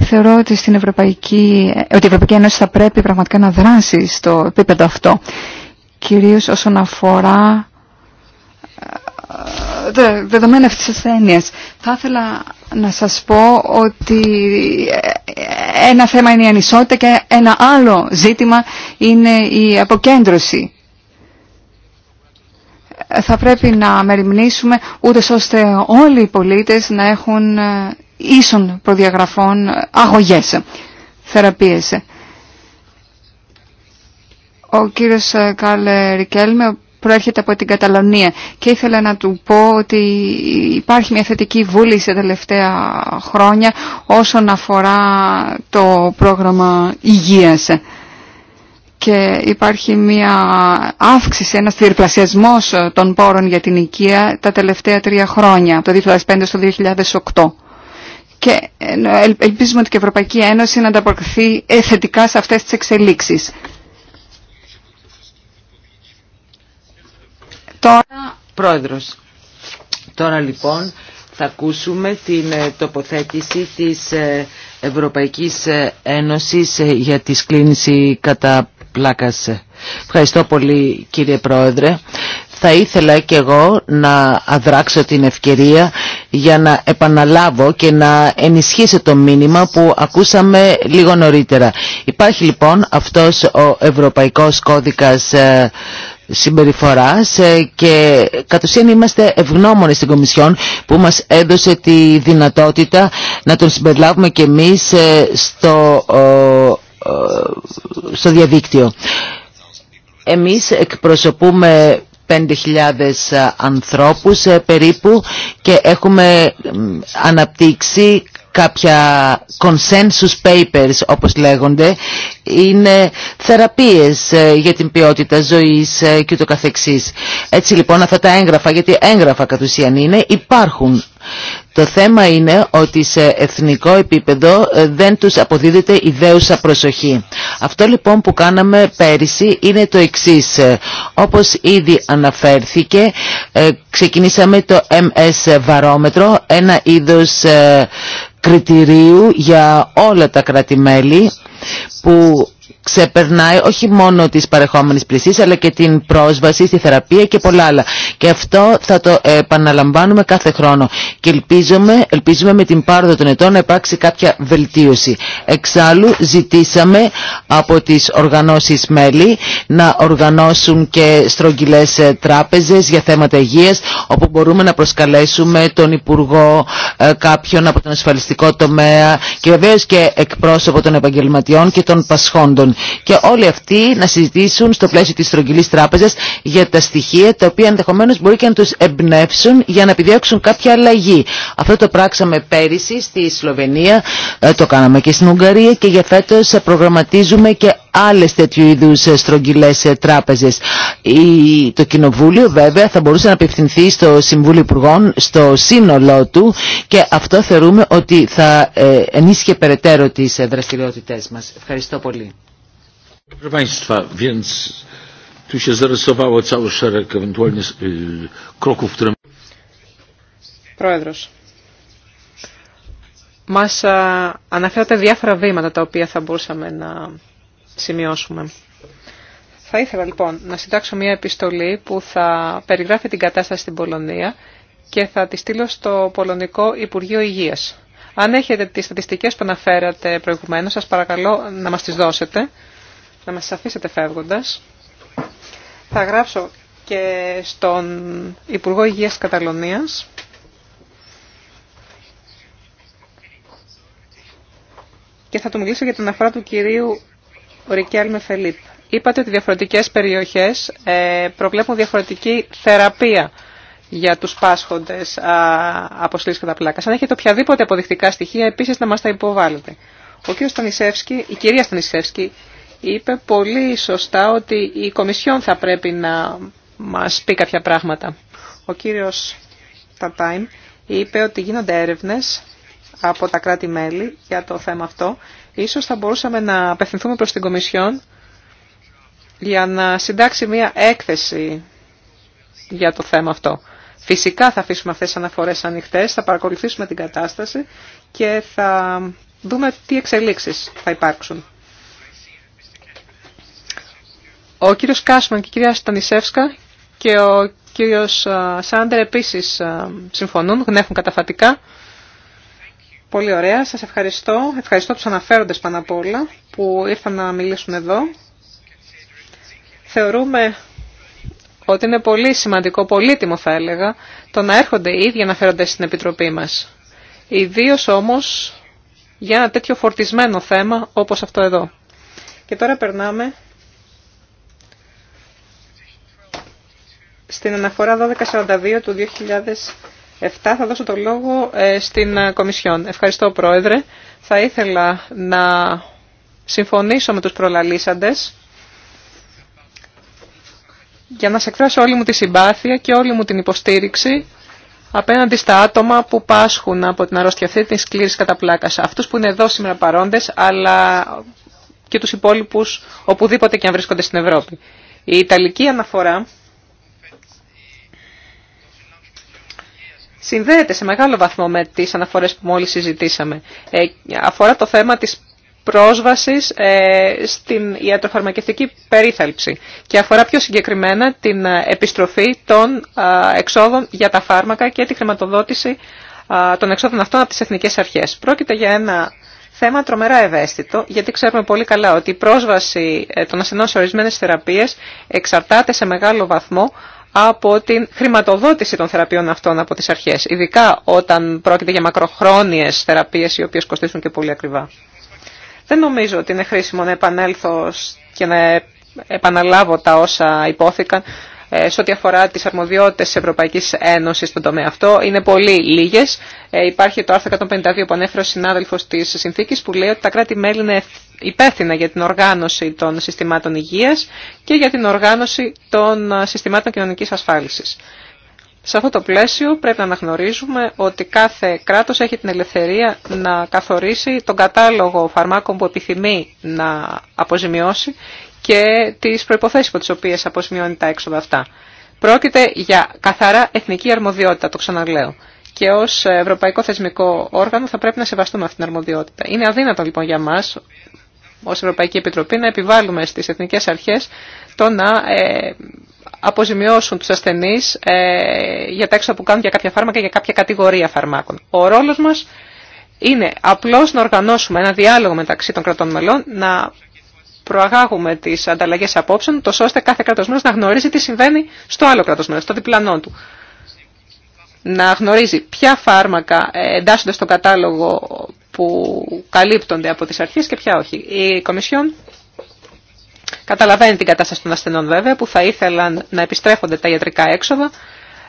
Θεωρώ ότι, στην Ευρωπαϊκή, ότι η Ευρωπαϊκή Ένωση θα πρέπει πραγματικά να δράσει στο επίπεδο αυτό. Κυρίως όσον αφορά ε, δεδομένα αυτής της ασθένειας. Θα ήθελα να σας πω ότι ε, ένα θέμα είναι η ανισότητα και ένα άλλο ζήτημα είναι η αποκέντρωση. Θα πρέπει να μεριμνήσουμε ούτε ώστε όλοι οι πολίτες να έχουν ε, ίσων προδιαγραφών αγωγές, θεραπείες. Ο κύριος ε, Καρλ Ρικέλμε προέρχεται από την Καταλωνία και ήθελα να του πω ότι υπάρχει μια θετική βούληση τα τελευταία χρόνια όσον αφορά το πρόγραμμα υγείας και υπάρχει μια αύξηση, ένας τριπλασιασμό των πόρων για την οικία τα τελευταία τρία χρόνια, από το 2005 στο 2008 και ε, ε, ελπίζουμε ότι και η Ευρωπαϊκή Ένωση να ανταποκριθεί ε, θετικά σε αυτές τις εξελίξεις. Τώρα... Πρόεδρος, τώρα λοιπόν θα ακούσουμε την τοποθέτηση της Ευρωπαϊκής Ένωσης για τη σκλήνηση κατά πλάκας. Ευχαριστώ πολύ κύριε Πρόεδρε θα ήθελα και εγώ να αδράξω την ευκαιρία για να επαναλάβω και να ενισχύσω το μήνυμα που ακούσαμε λίγο νωρίτερα. Υπάρχει λοιπόν αυτός ο Ευρωπαϊκός Κώδικας ε, συμπεριφοράς ε, και κατ' ουσίαν είμαστε ευγνώμονες στην Κομισιόν που μας έδωσε τη δυνατότητα να τον συμπεριλάβουμε και εμείς ε, στο, στο διαδίκτυο. Εμείς εκπροσωπούμε 5.000 ε, ανθρώπους ε, περίπου και έχουμε αναπτύξει κάποια consensus papers όπως λέγονται είναι θεραπείες ε, για την ποιότητα ζωής και το καθεξής. Έτσι λοιπόν αυτά τα έγγραφα, γιατί έγγραφα κατ' ουσίαν είναι, υπάρχουν. Το θέμα είναι ότι σε εθνικό επίπεδο ε, δεν τους αποδίδεται ιδέουσα προσοχή. Αυτό λοιπόν που κάναμε πέρυσι είναι το εξής. Ε, όπως ήδη αναφέρθηκε, ε, ξεκινήσαμε το MS βαρόμετρο, ένα είδος κριτηρίου για όλα τα κράτη-μέλη που ξεπερνάει όχι μόνο τις παρεχόμενες πλησίες αλλά και την πρόσβαση στη θεραπεία και πολλά άλλα. Και αυτό θα το επαναλαμβάνουμε κάθε χρόνο και ελπίζουμε, με την πάροδο των ετών να υπάρξει κάποια βελτίωση. Εξάλλου ζητήσαμε από τις οργανώσεις μέλη να οργανώσουν και στρογγυλές ε, τράπεζες για θέματα υγείας όπου μπορούμε να προσκαλέσουμε τον Υπουργό ε, κάποιον από τον ασφαλιστικό τομέα και βεβαίω και εκπρόσωπο των επαγγελματιών και των πασχόντων και όλοι αυτοί να συζητήσουν στο πλαίσιο της στρογγυλής τράπεζας για τα στοιχεία τα οποία ενδεχομένως μπορεί και να τους εμπνεύσουν για να επιδιώξουν κάποια αλλαγή. Αυτό το πράξαμε πέρυσι στη Σλοβενία, ε, το κάναμε και στην Ουγγαρία και για φέτος προγραμματίζουμε και άλλες τέτοιου είδους ε, στρογγυλές ε, τράπεζες. Το Κοινοβούλιο βέβαια θα μπορούσε να απευθυνθεί στο Συμβούλιο Υπουργών, στο σύνολό του και αυτό θεωρούμε ότι θα ενίσχυε περαιτέρω τις δραστηριότητές μας. Ευχαριστώ πολύ. Proszę Państwa, więc tu μας αναφέρατε διάφορα βήματα τα οποία θα μπορούσαμε να σημειώσουμε. Θα ήθελα λοιπόν να συντάξω μια επιστολή που θα περιγράφει την κατάσταση στην Πολωνία και θα τη στείλω στο Πολωνικό Υπουργείο Υγείας. Αν έχετε τις στατιστικές που αναφέρατε προηγουμένως, σας παρακαλώ να μας τις δώσετε να μας αφήσετε φεύγοντας. Θα γράψω και στον Υπουργό Υγείας Καταλωνίας. Και θα του μιλήσω για την αφορά του κυρίου Ρικέλ Φελίπ. Είπατε ότι διαφορετικές περιοχές ε, προβλέπουν διαφορετική θεραπεία για τους πάσχοντες από κατά πλάκα. Αν έχετε οποιαδήποτε αποδεικτικά στοιχεία, επίσης να μας τα υποβάλλετε. Ο κύριος Στανισεύσκη, η κυρία Στανισεύσκη είπε πολύ σωστά ότι η Κομισιόν θα πρέπει να μας πει κάποια πράγματα. Ο κύριος Τατάιμ είπε ότι γίνονται έρευνες από τα κράτη-μέλη για το θέμα αυτό. Ίσως θα μπορούσαμε να απευθυνθούμε προς την Κομισιόν για να συντάξει μία έκθεση για το θέμα αυτό. Φυσικά θα αφήσουμε αυτές τις αναφορές ανοιχτές, θα παρακολουθήσουμε την κατάσταση και θα δούμε τι εξελίξεις θα υπάρξουν. Ο κύριος Κάσμαν και η κυρία Στανισεύσκα και ο κύριος Σάντερ επίσης συμφωνούν, γνέφουν καταφατικά. Πολύ ωραία, σας ευχαριστώ. Ευχαριστώ τους αναφέροντες πάνω απ' όλα που ήρθαν να μιλήσουν εδώ. Θεωρούμε ότι είναι πολύ σημαντικό, πολύτιμο θα έλεγα, το να έρχονται οι ίδιοι αναφέροντες στην Επιτροπή μας. Ιδίω όμως για ένα τέτοιο φορτισμένο θέμα όπως αυτό εδώ. Και τώρα περνάμε Στην αναφορά 1242 του 2007 θα δώσω το λόγο ε, στην ε, Κομισιόν. Ευχαριστώ Πρόεδρε. Θα ήθελα να συμφωνήσω με τους προλαλήσαντες για να σε εκφράσω όλη μου τη συμπάθεια και όλη μου την υποστήριξη απέναντι στα άτομα που πάσχουν από την αρρώστια αυτή κατά καταπλάκας. Αυτούς που είναι εδώ σήμερα παρόντες, αλλά και τους υπόλοιπους οπουδήποτε και αν βρίσκονται στην Ευρώπη. Η Ιταλική αναφορά συνδέεται σε μεγάλο βαθμό με τις αναφορές που μόλις συζητήσαμε. Ε, αφορά το θέμα της πρόσβασης ε, στην ιατροφαρμακευτική περίθαλψη και αφορά πιο συγκεκριμένα την ε, επιστροφή των εξόδων για τα φάρμακα και τη χρηματοδότηση των εξόδων αυτών από τις εθνικές αρχές. Πρόκειται για ένα θέμα τρομερά ευαίσθητο, γιατί ξέρουμε πολύ καλά ότι η πρόσβαση των ασθενών σε ορισμένες θεραπείες εξαρτάται σε μεγάλο βαθμό από την χρηματοδότηση των θεραπείων αυτών από τις αρχές, ειδικά όταν πρόκειται για μακροχρόνιες θεραπείες οι οποίες κοστίζουν και πολύ ακριβά. Δεν νομίζω ότι είναι χρήσιμο να επανέλθω και να επαναλάβω τα όσα υπόθηκαν ε, σε ό,τι αφορά τις αρμοδιότητες της Ευρωπαϊκής Ένωσης στον τομέα αυτό είναι πολύ λίγες. Ε, υπάρχει το άρθρο 152 που ανέφερε ο συνάδελφος της συνθήκης που λέει ότι τα κράτη-μέλη είναι υπεύθυνα για την οργάνωση των συστημάτων υγείας και για την οργάνωση των συστημάτων κοινωνικής ασφάλισης. Σε αυτό το πλαίσιο πρέπει να αναγνωρίζουμε ότι κάθε κράτος έχει την ελευθερία να καθορίσει τον κατάλογο φαρμάκων που επιθυμεί να αποζημιώσει και τις προϋποθέσεις από τις οποίες αποσμιώνει τα έξοδα αυτά. Πρόκειται για καθαρά εθνική αρμοδιότητα, το ξαναλέω. Και ω ευρωπαϊκό θεσμικό όργανο θα πρέπει να σεβαστούμε αυτήν την αρμοδιότητα. Είναι αδύνατο λοιπόν για μα, ω Ευρωπαϊκή Επιτροπή, να επιβάλλουμε στι εθνικέ αρχέ το να ε, αποζημιώσουν του ασθενεί ε, για τα έξοδα που κάνουν για κάποια φάρμακα, για κάποια κατηγορία φαρμάκων. Ο ρόλο μα είναι απλώ να οργανώσουμε ένα διάλογο μεταξύ των κρατών μελών, να προαγάγουμε τις ανταλλαγές απόψεων, τόσο ώστε κάθε κράτος μέλο να γνωρίζει τι συμβαίνει στο άλλο κράτος μέλο, στο διπλανό του. Να γνωρίζει ποια φάρμακα εντάσσονται στο κατάλογο που καλύπτονται από τις αρχές και ποια όχι. Η Κομισιόν καταλαβαίνει την κατάσταση των ασθενών βέβαια, που θα ήθελαν να επιστρέφονται τα ιατρικά έξοδα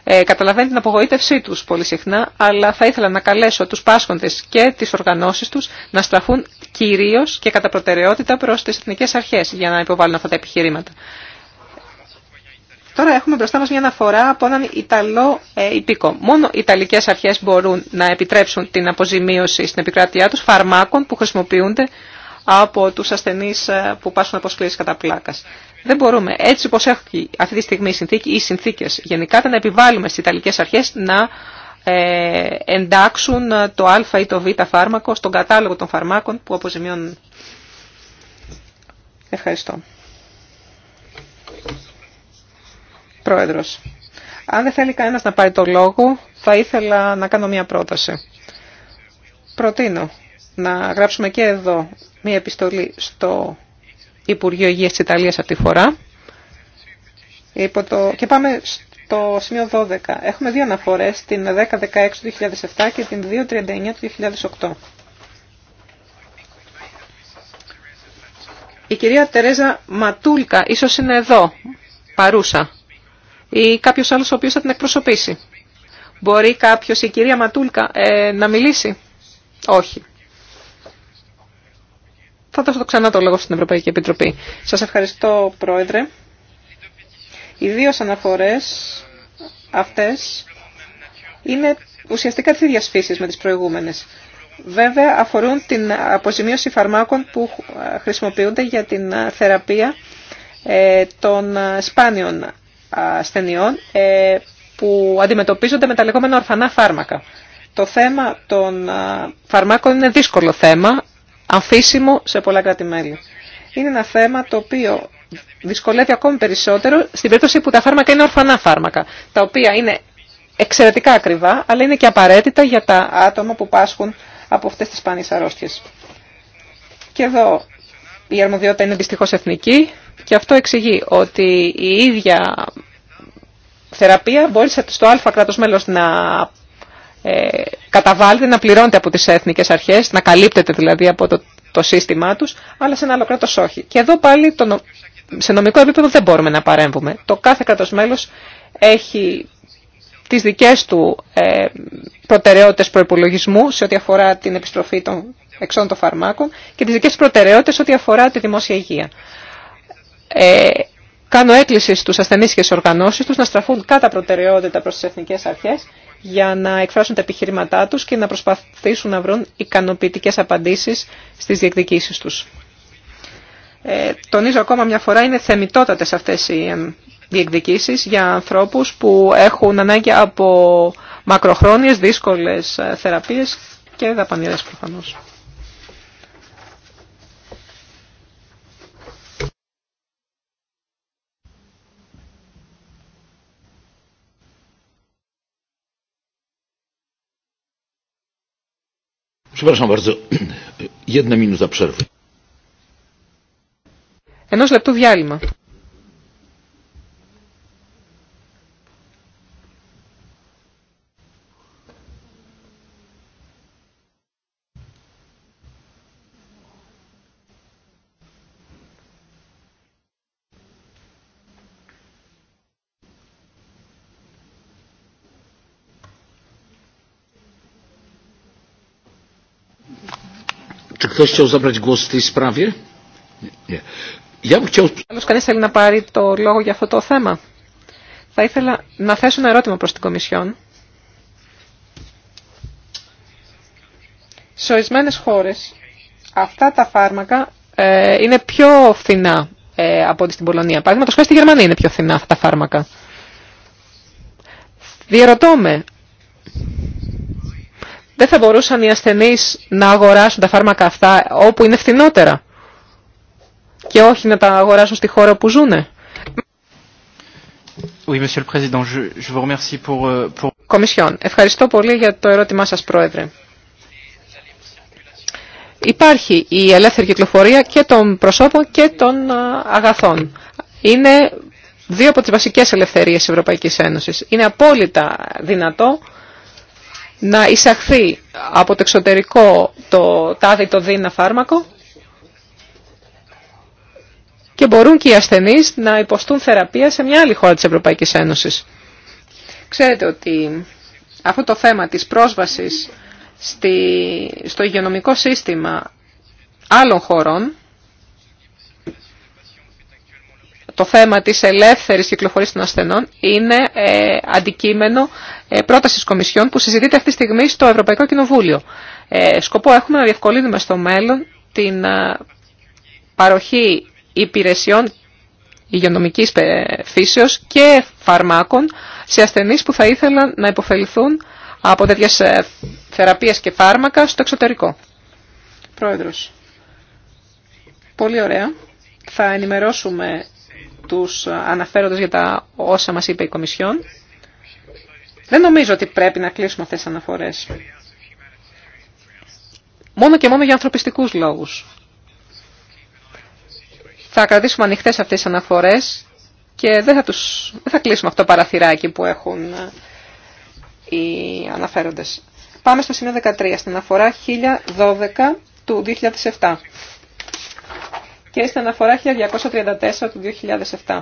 ε, την απογοήτευσή του πολύ συχνά, αλλά θα ήθελα να καλέσω του πάσχοντες και τι οργανώσει του να στραφούν κυρίω και κατά προτεραιότητα προ τι εθνικέ αρχέ για να υποβάλουν αυτά τα επιχειρήματα. Τώρα έχουμε μπροστά μα μια αναφορά από έναν Ιταλό ε, υπήκο. Μόνο οι Ιταλικέ αρχέ μπορούν να επιτρέψουν την αποζημίωση στην επικράτειά του φαρμάκων που χρησιμοποιούνται από τους ασθενείς ε, που πάσχουν από σκλήσει κατά πλάκα. Δεν μπορούμε έτσι όπως έχει αυτή τη στιγμή η συνθήκη ή οι συνθήκες γενικά να επιβάλλουμε στις Ιταλικές αρχές να ε, εντάξουν το α ή το β φάρμακο στον κατάλογο των φαρμάκων που αποζημιώνουν. Ευχαριστώ. Πρόεδρος, αν δεν θέλει κανένας να πάρει το λόγο, θα ήθελα να κάνω μια πρόταση. Προτείνω να γράψουμε και εδώ μια επιστολή στο Υπουργείο Υγείας της Ιταλία αυτή τη φορά. Και πάμε στο σημείο 12. Έχουμε δύο αναφορές, την 1016 του 2007 και την 239 του 2008. Η κυρία Τερέζα Ματούλκα ίσως είναι εδώ, παρούσα, ή κάποιος άλλος ο οποίος θα την εκπροσωπήσει. Μπορεί κάποιος, η κυρία Ματούλκα, ε, να μιλήσει. Όχι. Θα δώσω το ξανά το λόγο στην Ευρωπαϊκή Επιτροπή. Σας ευχαριστώ, Πρόεδρε. Οι δύο αναφορές αυτές είναι ουσιαστικά της ίδιας με τις προηγούμενες. Βέβαια, αφορούν την αποζημίωση φαρμάκων που χρησιμοποιούνται για την θεραπεία ε, των σπάνιων ασθενειών ε, που αντιμετωπίζονται με τα λεγόμενα ορφανά φάρμακα. Το θέμα των φαρμάκων είναι δύσκολο θέμα, αμφίσιμο σε πολλά κράτη-μέλη. Είναι ένα θέμα το οποίο δυσκολεύει ακόμη περισσότερο στην περίπτωση που τα φάρμακα είναι ορφανά φάρμακα, τα οποία είναι εξαιρετικά ακριβά, αλλά είναι και απαραίτητα για τα άτομα που πάσχουν από αυτές τις σπάνιες αρρώστιες. Και εδώ η αρμοδιότητα είναι δυστυχώ εθνική και αυτό εξηγεί ότι η ίδια θεραπεία μπορεί στο α κράτος μέλος να ε, καταβάλλεται να πληρώνεται από τις εθνικές αρχές, να καλύπτεται δηλαδή από το, το σύστημά τους, αλλά σε ένα άλλο κράτος όχι. Και εδώ πάλι το, σε νομικό επίπεδο δεν μπορούμε να παρέμβουμε. Το κάθε κράτος μέλος έχει τις δικές του ε, προτεραιότητες προϋπολογισμού σε ό,τι αφορά την επιστροφή των εξών των φαρμάκων και τις δικές του προτεραιότητες ό,τι αφορά τη δημόσια υγεία. Ε, κάνω έκκληση στους ασθενείς και στις οργανώσεις τους να στραφούν κατά προτεραιότητα προς τις εθνικές αρχές για να εκφράσουν τα επιχειρήματά τους και να προσπαθήσουν να βρουν ικανοποιητικές απαντήσεις στις διεκδικήσεις τους. Ε, τονίζω ακόμα μια φορά, είναι θεμητότατες αυτές οι διεκδικήσεις για ανθρώπους που έχουν ανάγκη από μακροχρόνιες, δύσκολες ε, θεραπείες και δαπανηρές προφανώς. Przepraszam bardzo. Jedna minuta przerwy. Ενό λεπτού διάλειμμα. Czy ktoś chciał zabrać θέλει να πάρει το λόγο για αυτό το θέμα. Θα ήθελα να θέσω ένα ερώτημα προς την Κομισιόν. Σε ορισμένες χώρες αυτά τα φάρμακα είναι πιο φθηνά ε, από ό,τι στην Πολωνία. Παραδείγματος χάρη στη Γερμανία είναι πιο φθηνά αυτά τα φάρμακα. Διερωτώ με, δεν θα μπορούσαν οι ασθενείς να αγοράσουν τα φάρμακα αυτά όπου είναι φθηνότερα και όχι να τα αγοράσουν στη χώρα που ζούνε. Oui, Monsieur le Président, je, vous remercie pour, euh, pour... Κομισιόν, ευχαριστώ πολύ για το ερώτημά σας, Πρόεδρε. Υπάρχει η ελεύθερη κυκλοφορία και των προσώπων και των αγαθών. Είναι δύο από τις βασικές ελευθερίες της Ευρωπαϊκής Ένωσης. Είναι απόλυτα δυνατό να εισαχθεί από το εξωτερικό το τάδι το δίνα φάρμακο και μπορούν και οι ασθενείς να υποστούν θεραπεία σε μια άλλη χώρα της Ευρωπαϊκής Ένωσης. Ξέρετε ότι αυτό το θέμα της πρόσβασης στη, στο υγειονομικό σύστημα άλλων χωρών το θέμα της ελεύθερης κυκλοφορίας των ασθενών είναι ε, αντικείμενο ε, πρότασης Κομισιόν που συζητείται αυτή τη στιγμή στο Ευρωπαϊκό Κοινοβούλιο. Ε, σκοπό έχουμε να διευκολύνουμε στο μέλλον την ε, παροχή υπηρεσιών υγειονομικής ε, φύσεως και φαρμάκων σε ασθενείς που θα ήθελαν να υποφεληθούν από τέτοιες θεραπείες και φάρμακα στο εξωτερικό. Πρόεδρος. Πολύ ωραία. Θα ενημερώσουμε τους αναφέροντες για τα όσα μας είπε η Κομισιόν. Δεν νομίζω ότι πρέπει να κλείσουμε αυτές τις αναφορές. Μόνο και μόνο για ανθρωπιστικούς λόγους. Θα κρατήσουμε ανοιχτές αυτές τις αναφορές και δεν θα, τους, δεν θα κλείσουμε αυτό το παραθυράκι που έχουν ε, οι αναφέροντες. Πάμε στο σημείο 13, στην αναφορά 1012 του 2007 και στην αναφορά 1234 του 2007.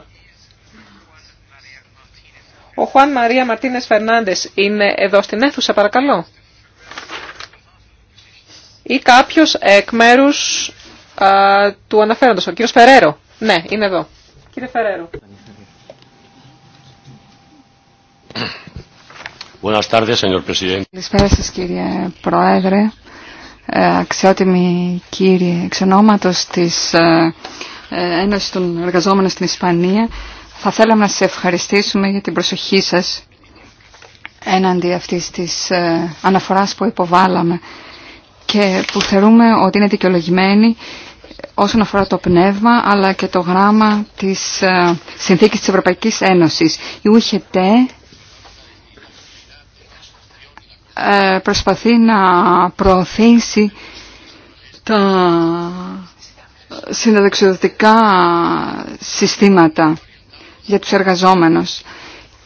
Ο Χουάν Μαρία Μαρτίνες Φερνάντες είναι εδώ στην αίθουσα, παρακαλώ. Ή κάποιος εκ μέρους του αναφέροντος, ο κύριος Φερέρο. Ναι, είναι εδώ. Κύριε Φερέρο. Καλησπέρα σας κύριε Πρόεδρε. Ε, αξιότιμοι κύριε, εξ ονόματος της ε, ε, Ένωσης των Εργαζόμενων στην Ισπανία, θα θέλαμε να σας ευχαριστήσουμε για την προσοχή σας έναντι αυτής της αναφοράς που υποβάλαμε και που θεωρούμε ότι είναι δικαιολογημένη όσον αφορά το πνεύμα αλλά και το γράμμα της Συνθήκης της Ευρωπαϊκής Ένωσης. Η ουχετέ ε, προσπαθεί να προωθήσει τα συναδεξιοδοτικά συστήματα για τους εργαζόμενους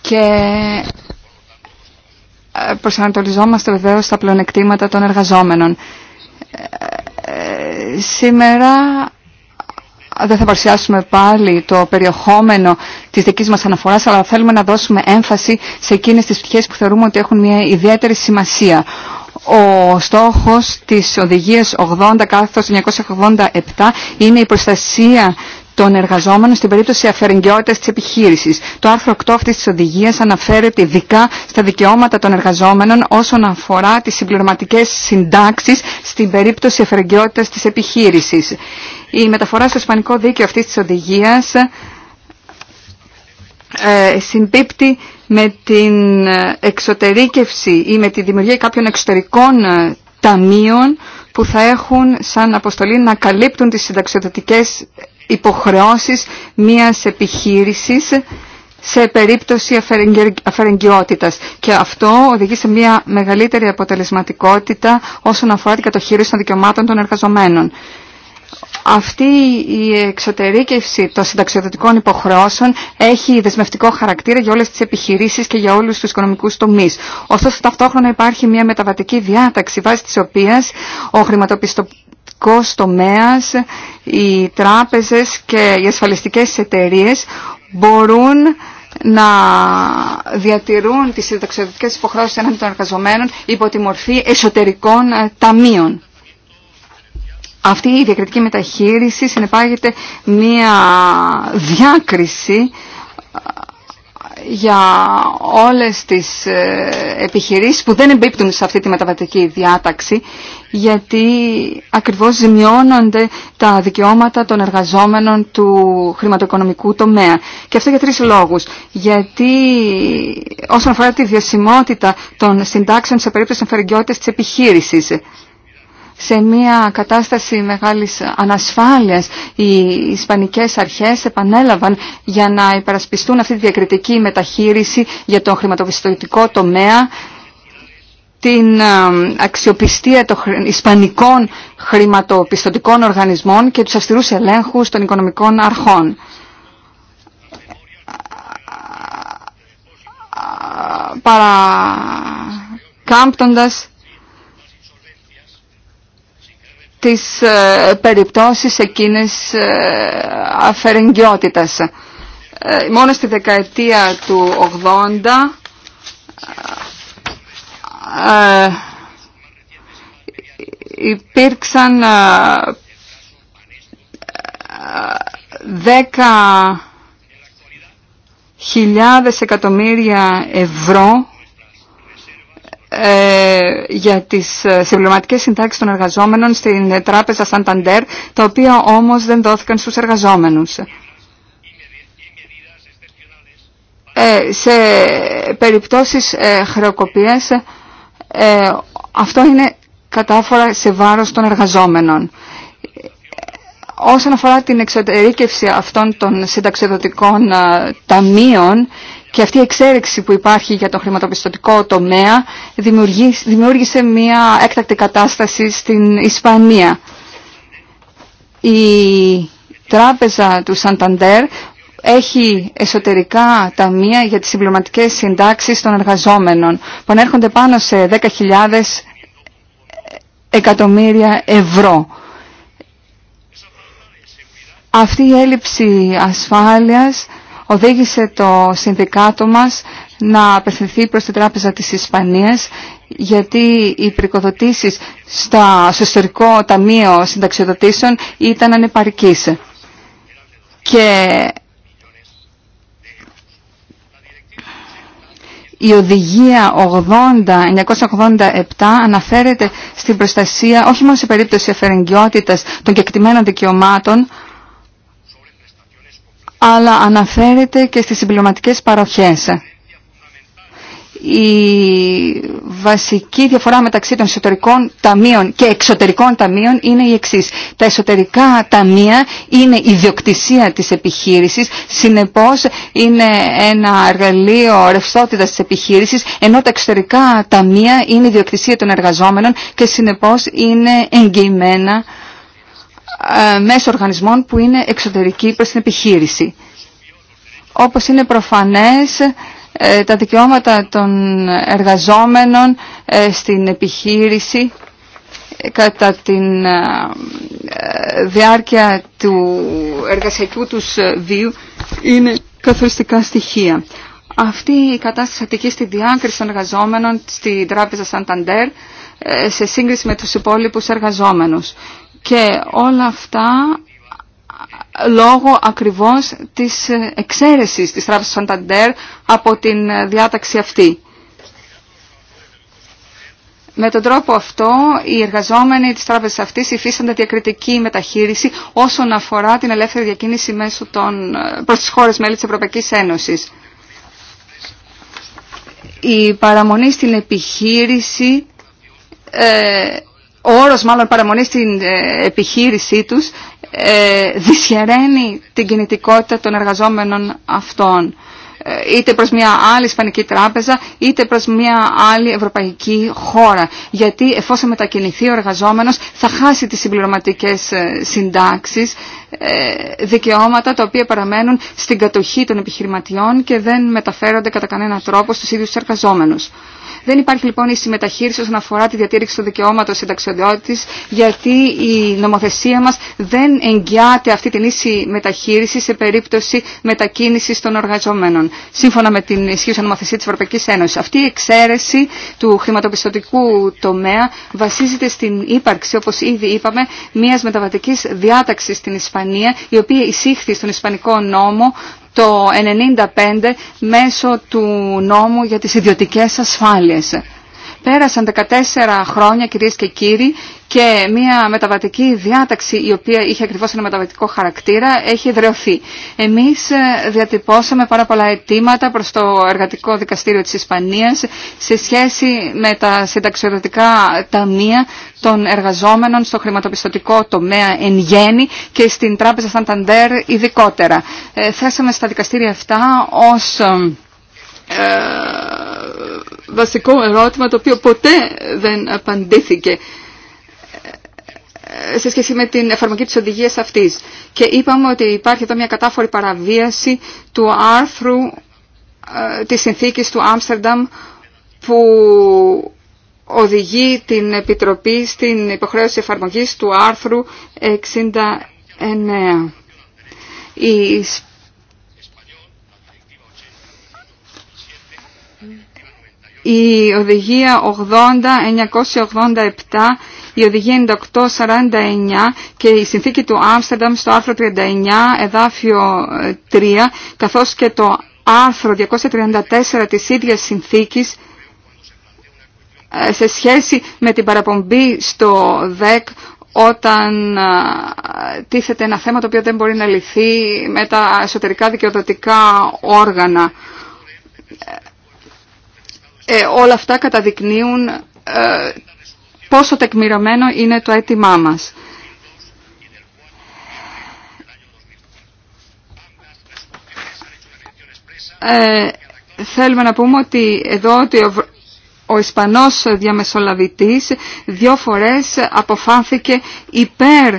και ε, προσανατολιζόμαστε βεβαίω στα πλεονεκτήματα των εργαζόμενων. Ε, σήμερα δεν θα παρουσιάσουμε πάλι το περιεχόμενο της δικής μας αναφοράς, αλλά θέλουμε να δώσουμε έμφαση σε εκείνες τις πτυχές που θεωρούμε ότι έχουν μια ιδιαίτερη σημασία. Ο στόχος της οδηγίας 80 987 είναι η προστασία των εργαζόμενων στην περίπτωση αφαιρεγγιότητας της επιχείρησης. Το άρθρο 8 αυτής της οδηγίας αναφέρεται ειδικά στα δικαιώματα των εργαζόμενων όσον αφορά τις συμπληρωματικές συντάξεις στην περίπτωση αφαιρεγγιότητας της επιχείρησης. Η μεταφορά στο ισπανικό δίκαιο αυτής της οδηγίας ε, συμπίπτει με την ε, εξωτερήκευση ή με τη δημιουργία κάποιων εξωτερικών ε, ταμείων που θα έχουν σαν αποστολή να καλύπτουν τις συνταξιοδοτικές υποχρεώσεις μιας επιχείρησης σε περίπτωση αφαιρεγγιότητας. Και αυτό οδηγεί σε μια μεγαλύτερη αποτελεσματικότητα όσον αφορά την κατοχήρωση των δικαιωμάτων των εργαζομένων. Αυτή η εξωτερήκευση των συνταξιοδοτικών υποχρεώσεων έχει δεσμευτικό χαρακτήρα για όλες τις επιχειρήσεις και για όλους τους οικονομικούς τομείς. Ωστόσο ταυτόχρονα υπάρχει μια μεταβατική διάταξη βάσει της οποίας ο ιδιωτικός τομέας, οι τράπεζες και οι ασφαλιστικές εταιρείες μπορούν να διατηρούν τις συνταξιδοτικές υποχρεώσεις έναντι των εργαζομένων υπό τη μορφή εσωτερικών ε, ταμείων. Αυτή η διακριτική μεταχείριση συνεπάγεται μία διάκριση ε, για όλες τις ε, επιχειρήσεις που δεν εμπίπτουν σε αυτή τη μεταβατική διάταξη γιατί ακριβώς ζημιώνονται τα δικαιώματα των εργαζόμενων του χρηματοοικονομικού τομέα. Και αυτό για τρεις λόγους. Γιατί όσον αφορά τη βιωσιμότητα των συντάξεων σε περίπτωση εμφαρικιότητας της επιχείρησης, σε μια κατάσταση μεγάλης ανασφάλειας οι ισπανικές αρχές επανέλαβαν για να υπερασπιστούν αυτή τη διακριτική μεταχείριση για τον χρηματοπιστωτικό τομέα την ε, αξιοπιστία των ισπανικών χρηματοπιστωτικών οργανισμών και τους αυστηρούς ελέγχους των οικονομικών αρχών. Παρακάμπτοντας τις ε, περιπτώσεις εκείνες ε, αφαιρεγγιότητας. Μόνο στη δεκαετία του 80 ε, υπήρξαν ε, δέκα χιλιάδες εκατομμύρια ευρώ ε, για τις συμπληρωματικές συντάξεις των εργαζόμενων στην τράπεζα Σανταντέρ, τα οποία όμως δεν δόθηκαν στους εργαζόμενους. σε περιπτώσεις χρεοκοπίας ε, αυτό είναι κατάφορα σε βάρος των εργαζόμενων. Όσον αφορά την εξωτερήκευση αυτών των συνταξιδοτικών ε, ταμείων και αυτή η εξέρεξη που υπάρχει για το χρηματοπιστωτικό τομέα δημιούργησε μια έκτακτη κατάσταση στην Ισπανία. Η τράπεζα του Σανταντέρ έχει εσωτερικά ταμεία για τις συμπληρωματικές συντάξεις των εργαζόμενων που ανέρχονται πάνω σε 10.000 εκατομμύρια ευρώ. Αυτή η έλλειψη ασφάλειας οδήγησε το συνδικάτο μας να απευθυνθεί προς την Τράπεζα της Ισπανίας γιατί οι πρικοδοτήσεις στα, στο ιστορικό ταμείο συνταξιοδοτήσεων ήταν ανεπαρκής. Και Η οδηγία 80, 987 αναφέρεται στην προστασία όχι μόνο σε περίπτωση αφαιρεγγιότητας των κεκτημένων δικαιωμάτων, αλλά αναφέρεται και στις συμπληρωματικές παροχές η βασική διαφορά μεταξύ των εσωτερικών ταμείων και εξωτερικών ταμείων είναι η εξή. Τα εσωτερικά ταμεία είναι η ιδιοκτησία της επιχείρησης, συνεπώς είναι ένα εργαλείο ρευστότητας της επιχείρησης, ενώ τα εξωτερικά ταμεία είναι ιδιοκτησία των εργαζόμενων και συνεπώς είναι εγγυημένα ε, μέσω οργανισμών που είναι εξωτερικοί προς την επιχείρηση. Όπως είναι προφανές, ε, τα δικαιώματα των εργαζόμενων ε, στην επιχείρηση ε, κατά τη διάρκεια του εργασιακού τους βίου είναι καθοριστικά στοιχεία. Αυτή η κατάσταση αττική στη διάκριση των εργαζόμενων στη τράπεζα Σανταντέρ σε σύγκριση με τους υπόλοιπους εργαζόμενους. Και όλα αυτά λόγω ακριβώς της ε, εξαίρεσης της Τράπεζας Σανταντέρ από την ε, διάταξη αυτή. Με τον τρόπο αυτό, οι εργαζόμενοι της τράπεζας αυτής υφίστανται διακριτική μεταχείριση όσον αφορά την ελεύθερη διακίνηση μέσω των, ε, προς τις χώρες μέλη της Ευρωπαϊκής Ένωσης. Η παραμονή στην επιχείρηση ο όρος μάλλον παραμονή στην ε, επιχείρησή τους ε, δυσχεραίνει την κινητικότητα των εργαζόμενων αυτών ε, είτε προς μια άλλη Ισπανική τράπεζα, είτε προς μια άλλη Ευρωπαϊκή χώρα. Γιατί εφόσον μετακινηθεί ο εργαζόμενος θα χάσει τις συμπληρωματικές συντάξεις, δικαιώματα τα οποία παραμένουν στην κατοχή των επιχειρηματιών και δεν μεταφέρονται κατά κανένα τρόπο στους ίδιους τους εργαζόμενους. Δεν υπάρχει λοιπόν η συμμεταχείριση όσον αφορά τη διατήρηξη του δικαιώματο συνταξιοδότη, γιατί η νομοθεσία μα δεν εγγυάται αυτή την ίση μεταχείριση σε περίπτωση μετακίνηση των εργαζομένων. Σύμφωνα με την ισχύουσα νομοθεσία τη Ευρωπαϊκή Ένωση. Αυτή η εξαίρεση του χρηματοπιστωτικού τομέα βασίζεται στην ύπαρξη, όπω ήδη είπαμε, μια μεταβατική διάταξη στην Ισπανία, η οποία εισήχθη στον Ισπανικό νόμο το 1995 μέσω του νόμου για τις ιδιωτικές ασφάλειες. Πέρασαν 14 χρόνια κυρίες και κύριοι και μια μεταβατική διάταξη η οποία είχε ακριβώς ένα μεταβατικό χαρακτήρα έχει εδρεωθεί. Εμείς ε, διατυπώσαμε πάρα πολλά αιτήματα προς το Εργατικό Δικαστήριο της Ισπανίας σε σχέση με τα συνταξιοδοτικά ταμεία των εργαζόμενων στο χρηματοπιστωτικό τομέα εν γέννη και στην Τράπεζα Σανταντέρ ειδικότερα. Ε, θέσαμε στα δικαστήρια αυτά ως ε, ε, βασικό ερώτημα το οποίο ποτέ δεν απαντήθηκε ε, σε σχέση με την εφαρμογή της οδηγίας αυτής. Και είπαμε ότι υπάρχει εδώ μια κατάφορη παραβίαση του άρθρου ε, της συνθήκης του Άμστερνταμ που οδηγεί την Επιτροπή στην υποχρέωση εφαρμογής του άρθρου 69. Η η οδηγία 80-987, η οδηγία 98-49 και η συνθήκη του Άμστερνταμ στο άρθρο 39, εδάφιο 3, ε, καθώς και το άρθρο 234 της ίδιας συνθήκης ε, σε σχέση με την παραπομπή στο ΔΕΚ όταν ε, τίθεται ένα θέμα το οποίο δεν μπορεί να λυθεί με τα εσωτερικά δικαιοδοτικά όργανα ε, όλα αυτά καταδεικνύουν ε, πόσο τεκμηρωμένο είναι το αίτημά μας. Ε, θέλουμε να πούμε ότι εδώ ότι ο, ο Ισπανός διαμεσολαβητής δύο φορές αποφάνθηκε υπέρ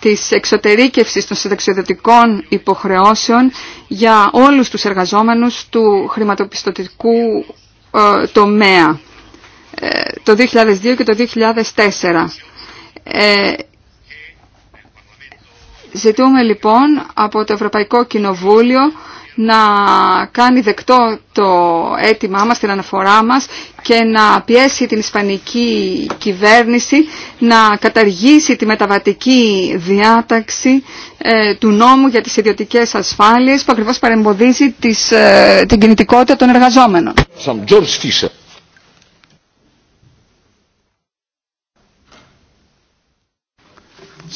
της εξωτερήκευσης των συνταξιοδοτικών υποχρεώσεων για όλους τους εργαζόμενους του χρηματοπιστωτικού ε, τομέα ε, το 2002 και το 2004. Ε, ζητούμε λοιπόν από το Ευρωπαϊκό Κοινοβούλιο να κάνει δεκτό το αίτημά μας, την αναφορά μας και να πιέσει την Ισπανική κυβέρνηση να καταργήσει τη μεταβατική διάταξη ε, του νόμου για τις ιδιωτικές ασφάλειες που ακριβώς παρεμποδίζει τις, ε, την κινητικότητα των εργαζόμενων.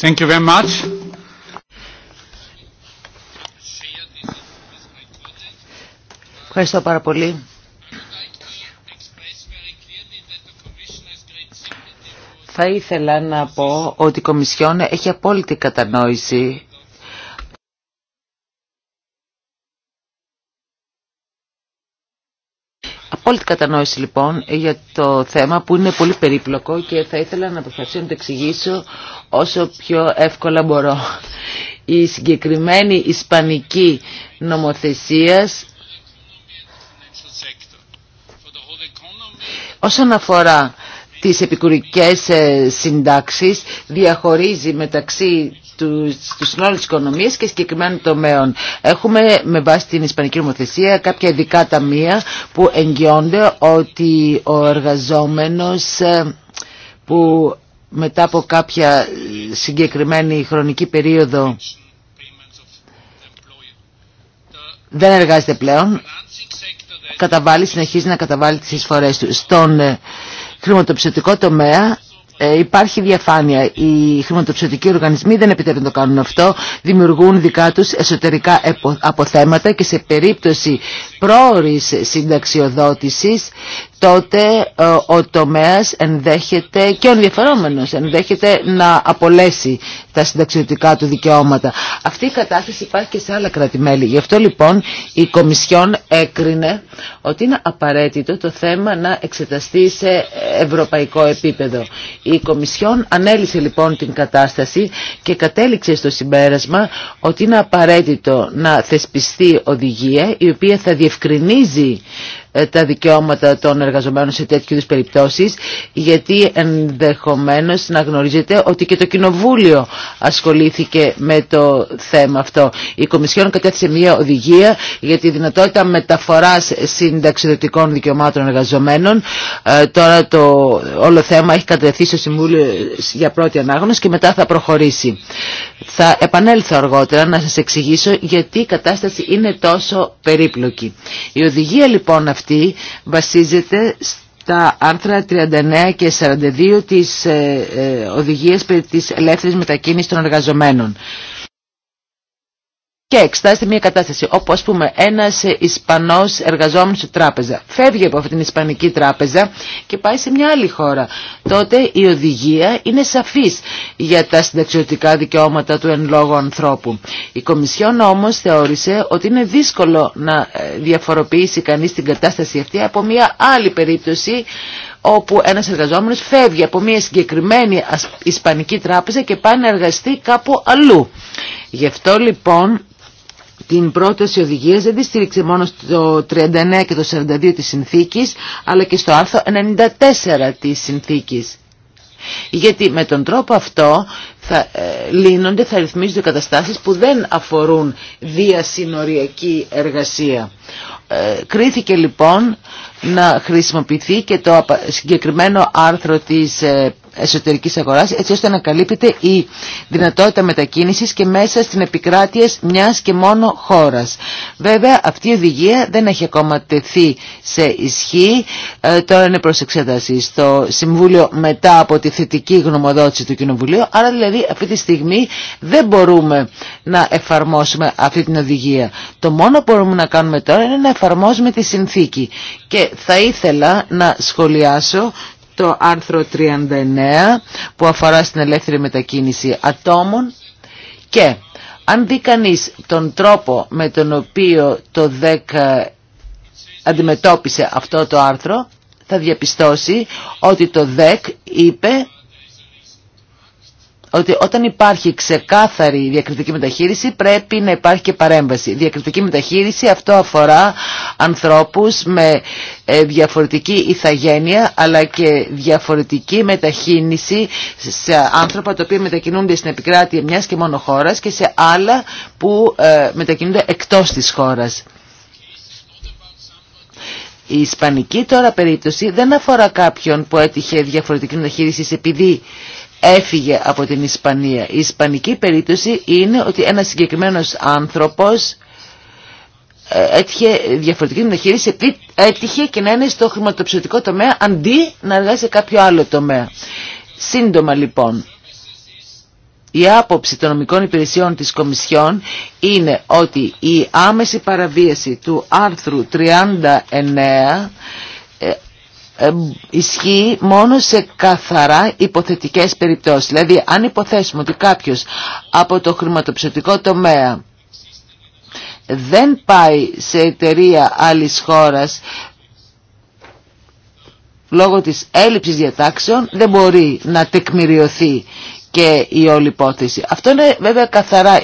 Thank you Ευχαριστώ πάρα πολύ. Θα ήθελα να πω ότι η Κομισιόν έχει απόλυτη κατανόηση Απόλυτη κατανόηση λοιπόν για το θέμα που είναι πολύ περίπλοκο και θα ήθελα να προσπαθήσω να το εξηγήσω όσο πιο εύκολα μπορώ. Η συγκεκριμένη ισπανική νομοθεσία Όσον αφορά τις επικουρικές ε, συντάξεις διαχωρίζει μεταξύ του, συνόλου της οικονομίας και συγκεκριμένων τομέων. Έχουμε με βάση την Ισπανική νομοθεσία κάποια ειδικά ταμεία που εγγυώνται ότι ο εργαζόμενος ε, που μετά από κάποια συγκεκριμένη χρονική περίοδο δεν εργάζεται πλέον καταβάλει, συνεχίζει να καταβάλει τις εισφορές του. Στον ε, χρηματοπιστωτικό τομέα ε, υπάρχει διαφάνεια. Οι χρηματοψηφιακοί οργανισμοί δεν επιτρέπουν να το κάνουν αυτό. Δημιουργούν δικά τους εσωτερικά αποθέματα και σε περίπτωση πρόορης συνταξιοδότησης τότε ε, ο τομέας ενδέχεται και ο ενδιαφερόμενος ενδέχεται να απολέσει τα συνταξιωτικά του δικαιώματα. Αυτή η κατάσταση υπάρχει και σε άλλα κράτη-μέλη. Γι' αυτό λοιπόν η Κομισιόν έκρινε ότι είναι απαραίτητο το θέμα να εξεταστεί σε ευρωπαϊκό επίπεδο. Η Κομισιόν ανέλησε λοιπόν την κατάσταση και κατέληξε στο συμπέρασμα ότι είναι απαραίτητο να θεσπιστεί οδηγία η οποία θα διευκρινίζει ε, τα δικαιώματα των εργαζομένων σε τέτοιου είδου περιπτώσει, γιατί ενδεχομένω να γνωρίζετε ότι και το Κοινοβούλιο ασχολήθηκε με το θέμα αυτό. Η Κομισιόν κατέθεσε μια οδηγία για τη δυνατότητα μεταφορά συνταξιδοτικών δικαιωμάτων εργαζομένων. Ε, τώρα το όλο θέμα έχει κατευθύνει στο Συμβούλιο για πρώτη ανάγνωση και μετά θα προχωρήσει. Θα επανέλθω αργότερα να σα εξηγήσω γιατί η κατάσταση είναι τόσο περίπλοκη. Η οδηγία λοιπόν αυτή αυτή βασίζεται στα άρθρα 39 και 42 της ε, ε, οδηγίας περί της ελεύθερης μετακίνησης των εργαζομένων και εξετάζεται μια κατάσταση όπου ας πούμε ένας Ισπανός εργαζόμενος σε τράπεζα φεύγει από αυτή την Ισπανική τράπεζα και πάει σε μια άλλη χώρα. Τότε η οδηγία είναι σαφής για τα συνταξιωτικά δικαιώματα του εν λόγω ανθρώπου. Η Κομισιόν όμως θεώρησε ότι είναι δύσκολο να ε, διαφοροποιήσει κανείς την κατάσταση αυτή από μια άλλη περίπτωση όπου ένας εργαζόμενος φεύγει από μια συγκεκριμένη Ισπανική τράπεζα και πάει να εργαστεί κάπου αλλού. Γι' αυτό λοιπόν την πρόταση οδηγίας δεν τη στήριξε μόνο στο 39 και το 42 της συνθήκης αλλά και στο άρθρο 94 της συνθήκης. Γιατί με τον τρόπο αυτό θα ε, λύνονται, θα ρυθμίζονται καταστάσεις που δεν αφορούν διασυνοριακή εργασία. Ε, κρίθηκε λοιπόν να χρησιμοποιηθεί και το συγκεκριμένο άρθρο της ε, εσωτερικής αγοράς έτσι ώστε να καλύπτεται η δυνατότητα μετακίνησης και μέσα στην επικράτεια μιας και μόνο χώρας. Βέβαια αυτή η οδηγία δεν έχει ακόμα τεθεί σε ισχύ, ε, τώρα είναι προς εξέταση στο Συμβούλιο μετά από τη θετική γνωμοδότηση του Κοινοβουλίου, άρα δηλαδή αυτή τη στιγμή δεν μπορούμε να εφαρμόσουμε αυτή την οδηγία. Το μόνο που μπορούμε να κάνουμε τώρα είναι να εφαρμόσουμε τη συνθήκη και θα ήθελα να σχολιάσω το άρθρο 39 που αφορά στην ελεύθερη μετακίνηση ατόμων και αν δει κανεί τον τρόπο με τον οποίο το 10 αντιμετώπισε αυτό το άρθρο θα διαπιστώσει ότι το ΔΕΚ είπε ότι όταν υπάρχει ξεκάθαρη διακριτική μεταχείριση πρέπει να υπάρχει και παρέμβαση. Διακριτική μεταχείριση αυτό αφορά ανθρώπους με ε, διαφορετική ηθαγένεια αλλά και διαφορετική μεταχείριση σε άνθρωπα τα οποία μετακινούνται στην επικράτεια μιας και μόνο χώρας και σε άλλα που ε, μετακινούνται εκτός της χώρας. Η ισπανική τώρα περίπτωση δεν αφορά κάποιον που έτυχε διαφορετική μεταχείριση επειδή έφυγε από την Ισπανία. Η ισπανική περίπτωση είναι ότι ένας συγκεκριμένος άνθρωπος ε, έτυχε διαφορετική μεταχείριση, έτυχε και να είναι στο χρηματοψηφιακό τομέα αντί να εργάζεται σε κάποιο άλλο τομέα. Σύντομα λοιπόν, η άποψη των νομικών υπηρεσιών της Κομισιόν είναι ότι η άμεση παραβίαση του άρθρου 39 ισχύει μόνο σε καθαρά υποθετικές περιπτώσεις. Δηλαδή αν υποθέσουμε ότι κάποιος από το χρηματοψηφικό τομέα δεν πάει σε εταιρεία άλλης χώρας λόγω της έλλειψης διατάξεων δεν μπορεί να τεκμηριωθεί και η όλη υπόθεση. Αυτό είναι βέβαια καθαρά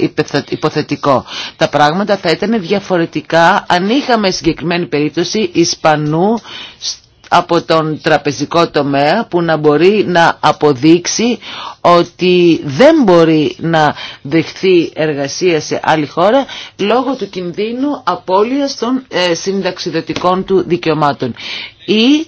υποθετικό. Τα πράγματα θα ήταν διαφορετικά αν είχαμε συγκεκριμένη περίπτωση Ισπανού από τον τραπεζικό τομέα που να μπορεί να αποδείξει ότι δεν μπορεί να δεχθεί εργασία σε άλλη χώρα λόγω του κινδύνου απώλειας των ε, συνταξιδοτικών του δικαιωμάτων ή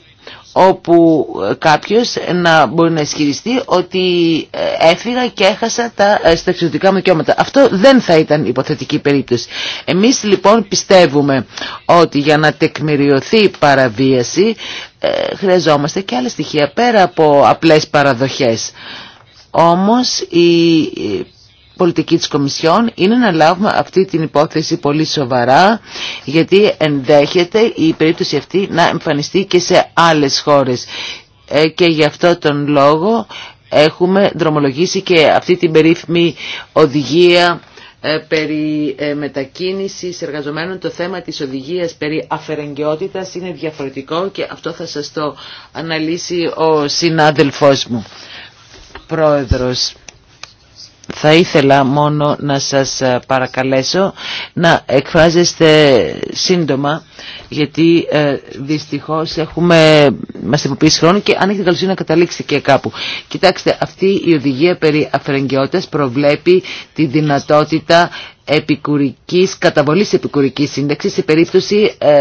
όπου ε, κάποιος να μπορεί να ισχυριστεί ότι ε, έφυγα και έχασα τα ε, στεξιωτικά μου δικαιώματα. Αυτό δεν θα ήταν υποθετική περίπτωση. Εμείς λοιπόν πιστεύουμε ότι για να τεκμηριωθεί παραβίαση χρειαζόμαστε και άλλα στοιχεία πέρα από απλές παραδοχές. Όμως η πολιτική της Κομισιόν είναι να λάβουμε αυτή την υπόθεση πολύ σοβαρά γιατί ενδέχεται η περίπτωση αυτή να εμφανιστεί και σε άλλες χώρες. Ε, και γι' αυτό τον λόγο έχουμε δρομολογήσει και αυτή την περίφημη οδηγία ε, περί ε, μετακίνησης εργαζομένων το θέμα της οδηγίας περί αφαιρεγγιότητας είναι διαφορετικό και αυτό θα σας το αναλύσει ο συνάδελφός μου. Πρόεδρος, θα ήθελα μόνο να σας ε, παρακαλέσω να εκφράζεστε σύντομα γιατί ε, δυστυχώς έχουμε, μας υποποιήσει χρόνο και αν έχετε καλοσύνη να καταλήξετε και κάπου. Κοιτάξτε, αυτή η οδηγία περί αφαιρεγγιότητας προβλέπει τη δυνατότητα επικουρικής, καταβολής επικουρικής σύνταξης σε περίπτωση ε,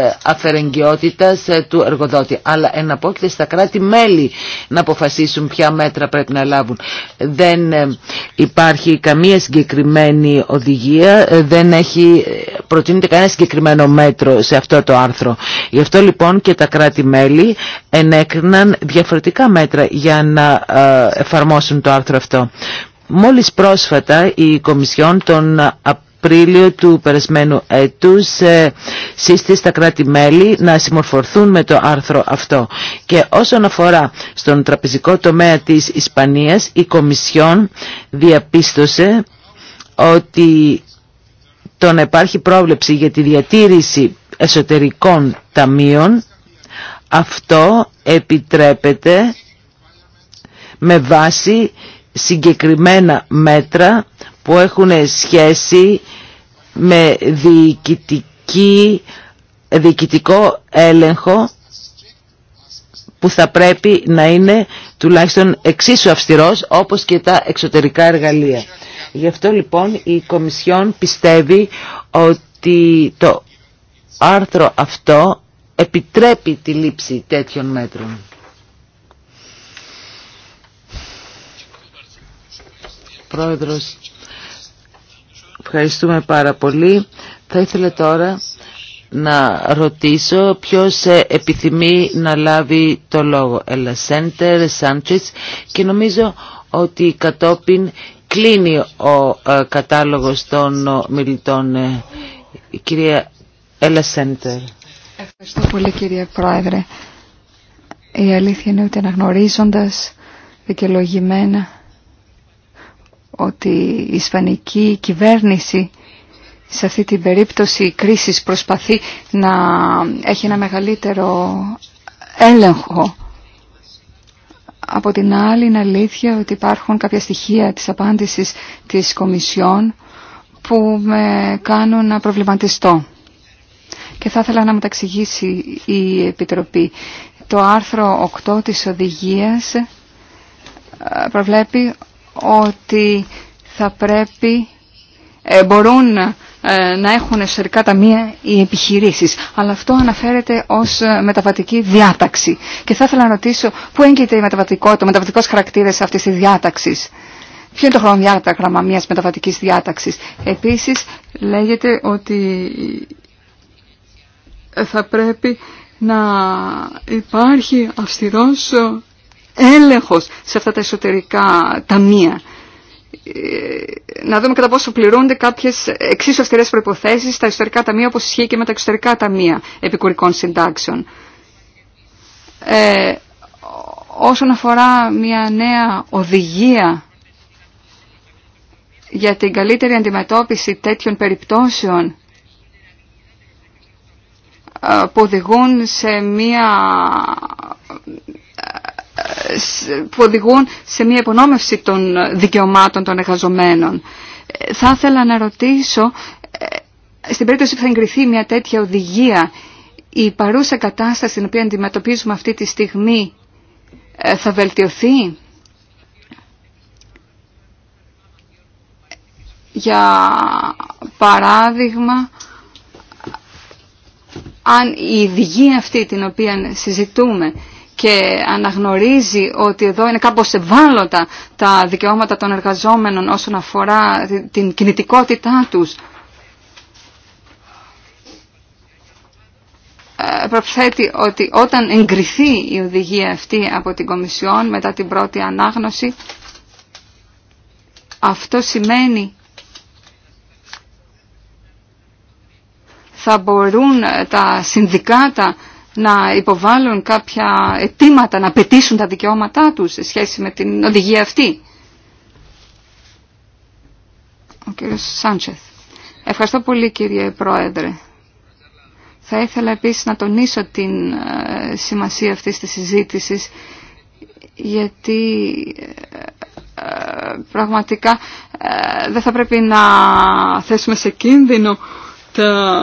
ε, του εργοδότη. Αλλά εναπόκειται στα κράτη-μέλη να αποφασίσουν ποια μέτρα πρέπει να λάβουν. Δεν ε, υπάρχει καμία συγκεκριμένη οδηγία, ε, δεν έχει προτείνεται κανένα συγκεκριμένο μέτρο σε αυτό το άρθρο. Γι' αυτό λοιπόν και τα κράτη-μέλη ενέκριναν διαφορετικά μέτρα για να εφαρμόσουν το άρθρο αυτό. Μόλις πρόσφατα η Κομισιόν τον Απρίλιο του περασμένου έτους ε, σύστη στα κράτη-μέλη να συμμορφωθούν με το άρθρο αυτό. Και όσον αφορά στον τραπεζικό τομέα της Ισπανίας, η Κομισιόν διαπίστωσε ότι το να υπάρχει πρόβλεψη για τη διατήρηση εσωτερικών ταμείων, αυτό επιτρέπεται με βάση συγκεκριμένα μέτρα που έχουν σχέση με διοικητική, διοικητικό έλεγχο που θα πρέπει να είναι τουλάχιστον εξίσου αυστηρός όπως και τα εξωτερικά εργαλεία. Γι' αυτό λοιπόν η Κομισιόν πιστεύει ότι το άρθρο αυτό επιτρέπει τη λήψη τέτοιων μέτρων. Πρόεδρος, Ευχαριστούμε πάρα πολύ. Θα ήθελα τώρα να ρωτήσω ποιος επιθυμεί να λάβει το λόγο. Ελασέντερ, Σάντσες και νομίζω ότι κατόπιν κλείνει ο ε, κατάλογος των μιλητών. Ε, η κυρία Ελασέντερ. Ευχαριστώ πολύ κύριε Πρόεδρε. Η αλήθεια είναι ότι αναγνωρίζοντας δικαιολογημένα ότι η Ισπανική κυβέρνηση σε αυτή την περίπτωση κρίσης προσπαθεί να έχει ένα μεγαλύτερο έλεγχο. Από την άλλη είναι αλήθεια ότι υπάρχουν κάποια στοιχεία της απάντησης της Κομισιόν που με κάνουν να προβληματιστώ. Και θα ήθελα να μου τα η Επιτροπή. Το άρθρο 8 της οδηγίας ε, προβλέπει ότι θα πρέπει, ε, μπορούν ε, να έχουν εσωτερικά ταμεία οι επιχειρήσεις. Αλλά αυτό αναφέρεται ως ε, μεταβατική διάταξη. Και θα ήθελα να ρωτήσω πού έγκυται η μεταβατικό, το μεταβατικός χαρακτήρας αυτής της διάταξης. Ποιο είναι το χρονοδιάγραμμα μιας μεταβατικής διάταξης. Επίσης λέγεται ότι θα πρέπει να υπάρχει αυστηρός έλεγχος σε αυτά τα εσωτερικά ταμεία. Ε, να δούμε κατά πόσο πληρούνται κάποιε εξίσου αυστηρέ προποθέσει στα εσωτερικά ταμεία όπως ισχύει και με τα εξωτερικά ταμεία επικουρικών συντάξεων. Ε, όσον αφορά μια νέα οδηγία για την καλύτερη αντιμετώπιση τέτοιων περιπτώσεων ε, που οδηγούν σε μια που οδηγούν σε μια υπονόμευση των δικαιωμάτων των εργαζομένων. Θα ήθελα να ρωτήσω, ε, στην περίπτωση που θα εγκριθεί μια τέτοια οδηγία, η παρούσα κατάσταση την οποία αντιμετωπίζουμε αυτή τη στιγμή ε, θα βελτιωθεί. Για παράδειγμα, αν η οδηγία αυτή την οποία συζητούμε και αναγνωρίζει ότι εδώ είναι κάπως ευάλωτα τα δικαιώματα των εργαζόμενων όσον αφορά την κινητικότητά τους. Ε, Προφθέτει ότι όταν εγκριθεί η οδηγία αυτή από την Κομισιόν μετά την πρώτη ανάγνωση, αυτό σημαίνει θα μπορούν τα συνδικάτα να υποβάλουν κάποια αιτήματα, να πετήσουν τα δικαιώματά τους σε σχέση με την οδηγία αυτή. Ο κύριος Σάντσεθ. Ευχαριστώ πολύ κύριε Πρόεδρε. Θα ήθελα επίσης να τονίσω την ε, σημασία αυτής της συζήτησης γιατί ε, πραγματικά ε, δεν θα πρέπει να θέσουμε σε κίνδυνο τα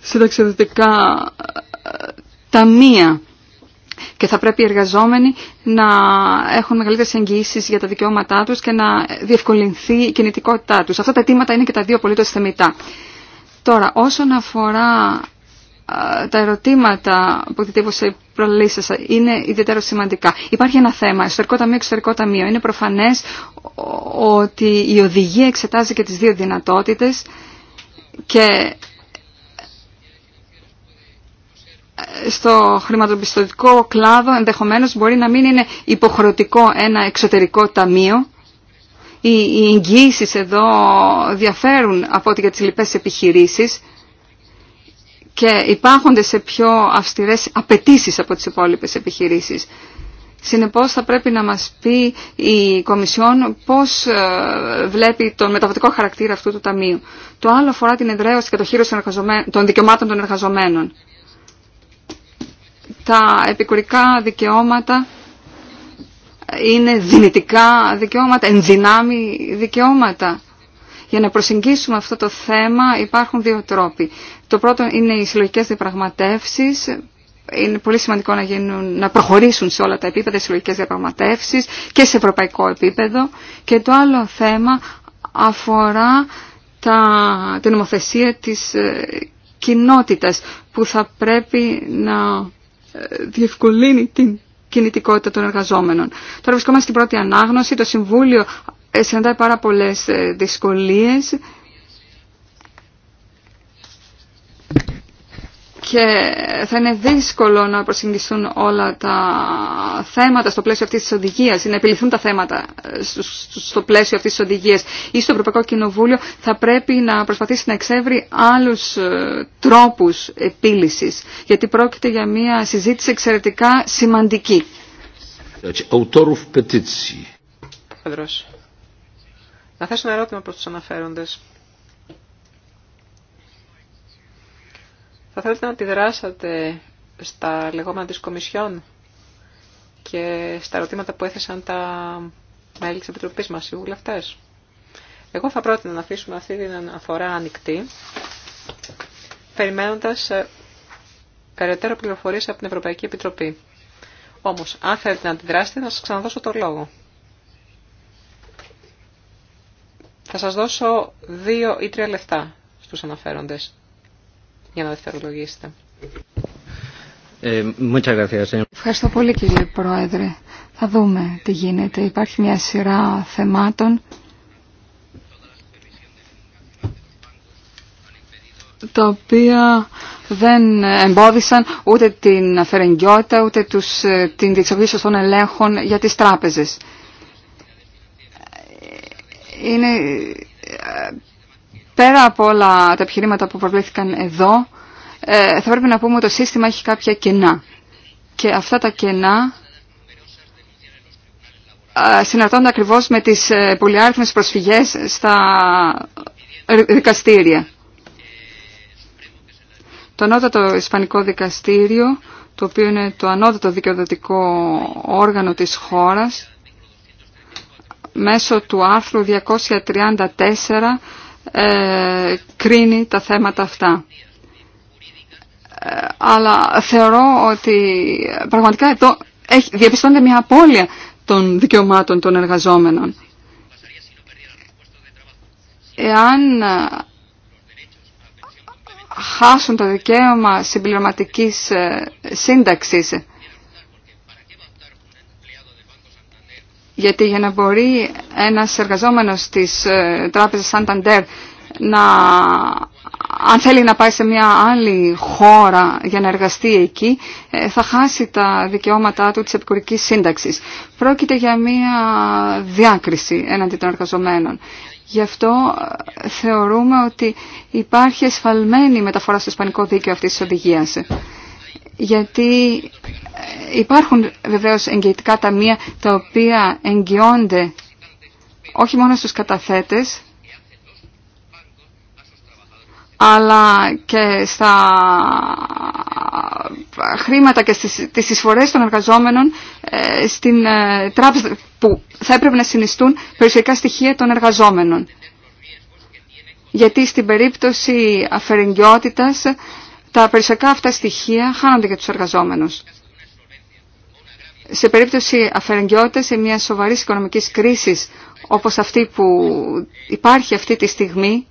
συνταξιδοτικά ταμεία και θα πρέπει οι εργαζόμενοι να έχουν μεγαλύτερες εγγυήσει για τα δικαιώματά τους και να διευκολυνθεί η κινητικότητά του. Αυτά τα αιτήματα είναι και τα δύο απολύτω θεμητά. Τώρα, όσον αφορά τα ερωτήματα που διτύπωσε προλύσασα είναι ιδιαίτερα σημαντικά. Υπάρχει ένα θέμα, εσωτερικό ταμείο, εξωτερικό ταμείο. Είναι προφανές ότι η οδηγία εξετάζει και τις δύο δυνατότητες και στο χρηματοπιστωτικό κλάδο ενδεχομένως μπορεί να μην είναι υποχρεωτικό ένα εξωτερικό ταμείο. Οι εγγύησεις εδώ διαφέρουν από ό,τι για τις λοιπές επιχειρήσεις και υπάρχονται σε πιο αυστηρές απαιτήσει από τις υπόλοιπες επιχειρήσεις. Συνεπώς θα πρέπει να μας πει η Κομισιόν πώς ε, βλέπει τον μεταβατικό χαρακτήρα αυτού του ταμείου. Το άλλο αφορά την εδραίωση και το χείρο των δικαιωμάτων των εργαζομένων τα επικουρικά δικαιώματα είναι δυνητικά δικαιώματα, ενδυνάμει δικαιώματα. Για να προσεγγίσουμε αυτό το θέμα υπάρχουν δύο τρόποι. Το πρώτο είναι οι συλλογικέ διαπραγματεύσει. Είναι πολύ σημαντικό να, γίνουν, να προχωρήσουν σε όλα τα επίπεδα οι συλλογικέ διαπραγματεύσει και σε ευρωπαϊκό επίπεδο. Και το άλλο θέμα αφορά τα, την νομοθεσία της ε, κοινότητας που θα πρέπει να διευκολύνει την κινητικότητα των εργαζόμενων. Τώρα βρισκόμαστε στην πρώτη ανάγνωση. Το Συμβούλιο ε, συναντάει πάρα πολλές ε, δυσκολίες και θα είναι δύσκολο να προσεγγιστούν όλα τα θέματα στο πλαίσιο αυτής της οδηγίας ή να επιληθούν τα θέματα ε, στο πλαίσιο αυτής της οδηγίας. ή στο Ευρωπαϊκό Κοινοβούλιο θα πρέπει να προσπαθήσει να εξεύρει άλλους ε, τρόπους επίλυσης, γιατί πρόκειται για μια συζήτηση εξαιρετικά σημαντική. Να θέσω ένα ερώτημα προς τους αναφέροντες. Θα θέλετε να αντιδράσατε στα λεγόμενα της Κομισιόν και στα ερωτήματα που έθεσαν τα μέλη της Επιτροπής μας, οι βουλευτές. Εγώ θα πρότεινα να αφήσουμε αυτή την αναφορά ανοιχτή, περιμένοντας ε, περαιτέρω πληροφορίες από την Ευρωπαϊκή Επιτροπή. Όμως, αν θέλετε να αντιδράσετε, θα σας ξαναδώσω το λόγο. Θα σας δώσω δύο ή τρία λεφτά στους αναφέροντες για να δευτερολογήσετε. Ε, Ευχαριστώ πολύ κύριε Πρόεδρε. Θα δούμε τι γίνεται. Υπάρχει μια σειρά θεμάτων. τα οποία δεν εμπόδισαν ούτε την αφαιρεγγιότητα ούτε τους, ε, την διεξαγωγή σωστών ελέγχων για τις τράπεζες. Είναι ε, Πέρα από όλα τα επιχειρήματα που προβλήθηκαν εδώ, ε, θα πρέπει να πούμε ότι το σύστημα έχει κάποια κενά. Και αυτά τα κενά ε, συναρτώνται ακριβώς με τις ε, πολυάριθμες προσφυγές στα δικαστήρια. Το ανώτατο Ισπανικό Δικαστήριο, το οποίο είναι το ανώτατο δικαιοδοτικό όργανο της χώρας, μέσω του άρθρου 234 ε, κρίνει τα θέματα αυτά. Ε, αλλά θεωρώ ότι πραγματικά εδώ διαπιστώνεται μια απώλεια των δικαιωμάτων των εργαζόμενων. Εάν ε, χάσουν το δικαίωμα συμπληρωματικής σύνταξης, Γιατί για να μπορεί ένας εργαζόμενος της ε, τράπεζας Santander να, αν θέλει να πάει σε μια άλλη χώρα για να εργαστεί εκεί, ε, θα χάσει τα δικαιώματά του της επικουρικής σύνταξης. Πρόκειται για μια διάκριση έναντι των εργαζομένων. Γι' αυτό ε, θεωρούμε ότι υπάρχει εσφαλμένη μεταφορά στο Ισπανικό Δίκαιο αυτής της οδηγίας γιατί υπάρχουν βεβαίως εγγυητικά ταμεία τα οποία εγγυώνται όχι μόνο στους καταθέτες αλλά και στα χρήματα και στις, τις εισφορές των εργαζόμενων ε, στην ε, τράπεζα που θα έπρεπε να συνιστούν περιουσιακά στοιχεία των εργαζόμενων. Γιατί στην περίπτωση αφαιρεγγιότητας τα περισσοκά αυτά στοιχεία χάνονται για τους εργαζόμενους. Σε περίπτωση αφαιρεγγιότητας σε μια σοβαρή οικονομική κρίση όπως αυτή που υπάρχει αυτή τη στιγμή,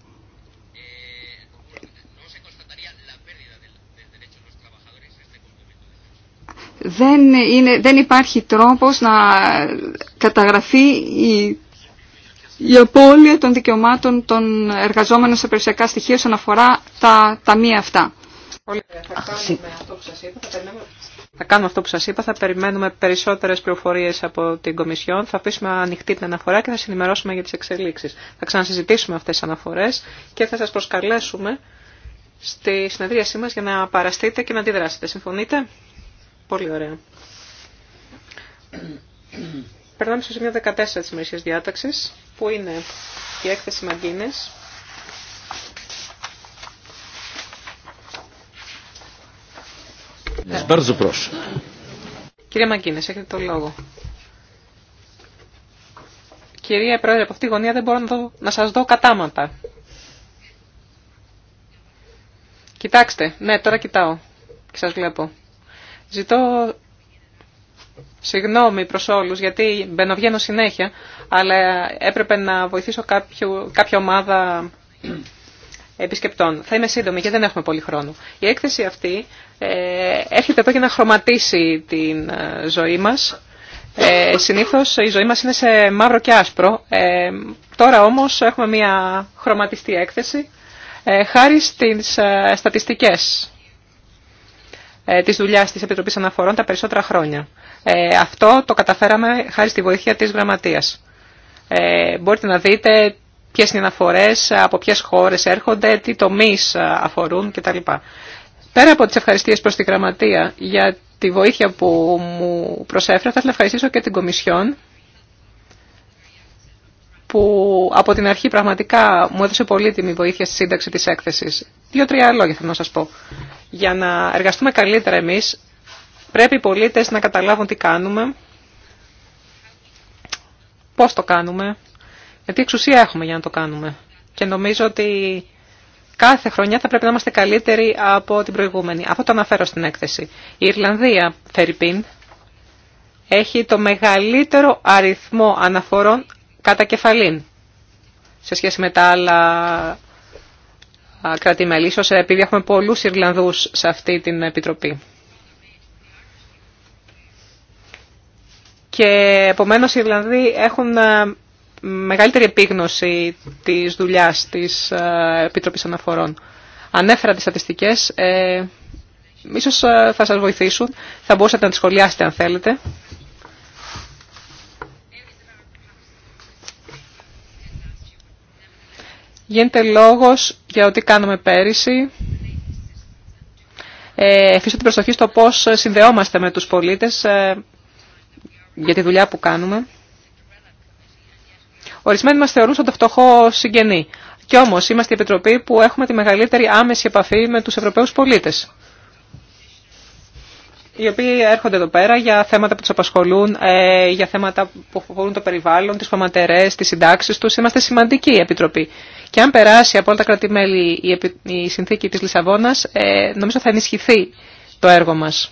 δεν, δεν υπάρχει τρόπος να καταγραφεί η, η απώλεια των δικαιωμάτων των εργαζόμενων σε περιουσιακά στοιχεία όσον αφορά τα ταμεία αυτά. Πολύ θα κάνουμε αυτό που σας είπα. Θα, περιμένουμε... θα κάνουμε αυτό που είπα. Θα περιμένουμε περισσότερες πληροφορίες από την Κομισιόν. Θα αφήσουμε ανοιχτή την αναφορά και θα συνημερώσουμε για τις εξελίξεις. Θα ξανασυζητήσουμε αυτές τις αναφορές και θα σας προσκαλέσουμε στη συνεδρίασή μας για να παραστείτε και να αντιδράσετε. Συμφωνείτε? Πολύ ωραία. Περνάμε στο σημείο 14 της μερικής διάταξης, που είναι η έκθεση Μαγκίνες. Ναι. Κύριε Μαγκίνε, έχετε το λόγο. Κυρία Πρόεδρε, από αυτή τη γωνία δεν μπορώ να, να σας δω κατάματα. Κοιτάξτε, ναι, τώρα κοιτάω και σας βλέπω. Ζητώ συγγνώμη προ όλου, γιατί βγαίνω συνέχεια, αλλά έπρεπε να βοηθήσω κάποιο, κάποια ομάδα [clears throat] επισκεπτών. Θα είμαι σύντομη γιατί δεν έχουμε πολύ χρόνο. Η έκθεση αυτή ε, έρχεται εδώ για να χρωματίσει την ε, ζωή μας. Ε, συνήθως η ζωή μας είναι σε μαύρο και άσπρο. Ε, τώρα όμως έχουμε μια χρωματιστή έκθεση ε, χάρη στις στατιστικές της δουλειάς της Επιτροπής Αναφορών τα περισσότερα χρόνια. Αυτό το καταφέραμε χάρη στη βοήθεια της Γραμματείας. Μπορείτε να δείτε ποιες είναι οι αναφορές, από ποιες χώρες έρχονται, τι τομείς αφορούν κτλ. Πέρα από τις ευχαριστίες προς τη Γραμματεία για τη βοήθεια που μου προσέφερα, θα ήθελα να ευχαριστήσω και την Κομισιόν που από την αρχή πραγματικά μου έδωσε πολύτιμη βοήθεια στη σύνταξη της έκθεσης. Δύο-τρία λόγια θέλω να σας πω. Για να εργαστούμε καλύτερα εμείς, πρέπει οι πολίτες να καταλάβουν τι κάνουμε, πώς το κάνουμε, γιατί εξουσία έχουμε για να το κάνουμε. Και νομίζω ότι Κάθε χρονιά θα πρέπει να είμαστε καλύτεροι από την προηγούμενη. Αυτό το αναφέρω στην έκθεση. Η Ιρλανδία, Φερρυπίν, έχει το μεγαλύτερο αριθμό αναφορών κατά κεφαλήν σε σχέση με τα άλλα κρατημέλη. Ίσως επειδή έχουμε πολλούς Ιρλανδούς σε αυτή την επιτροπή. Και επομένως οι Ιρλανδοί έχουν μεγαλύτερη επίγνωση της δουλειάς της ε, Επιτροπής Αναφορών. Ανέφερα τις στατιστικές, ε, ίσως ε, θα σας βοηθήσουν, θα μπορούσατε να τις σχολιάσετε αν θέλετε. Γίνεται λόγος για ό,τι κάνουμε πέρυσι. Ε, την προσοχή στο πώς συνδεόμαστε με τους πολίτες ε, για τη δουλειά που κάνουμε. Ορισμένοι μας σαν το φτωχό συγγενή. Κι όμω είμαστε η Επιτροπή που έχουμε τη μεγαλύτερη άμεση επαφή με του Ευρωπαίου πολίτε. οι οποίοι έρχονται εδώ πέρα για θέματα που του απασχολούν, ε, για θέματα που αφορούν το περιβάλλον, τι φαματερές, τι συντάξει του. Είμαστε σημαντική Επιτροπή. Και αν περάσει από όλα τα μέλη η, συνθήκη της Λισαβόνας, ε, νομίζω θα ενισχυθεί το έργο μας.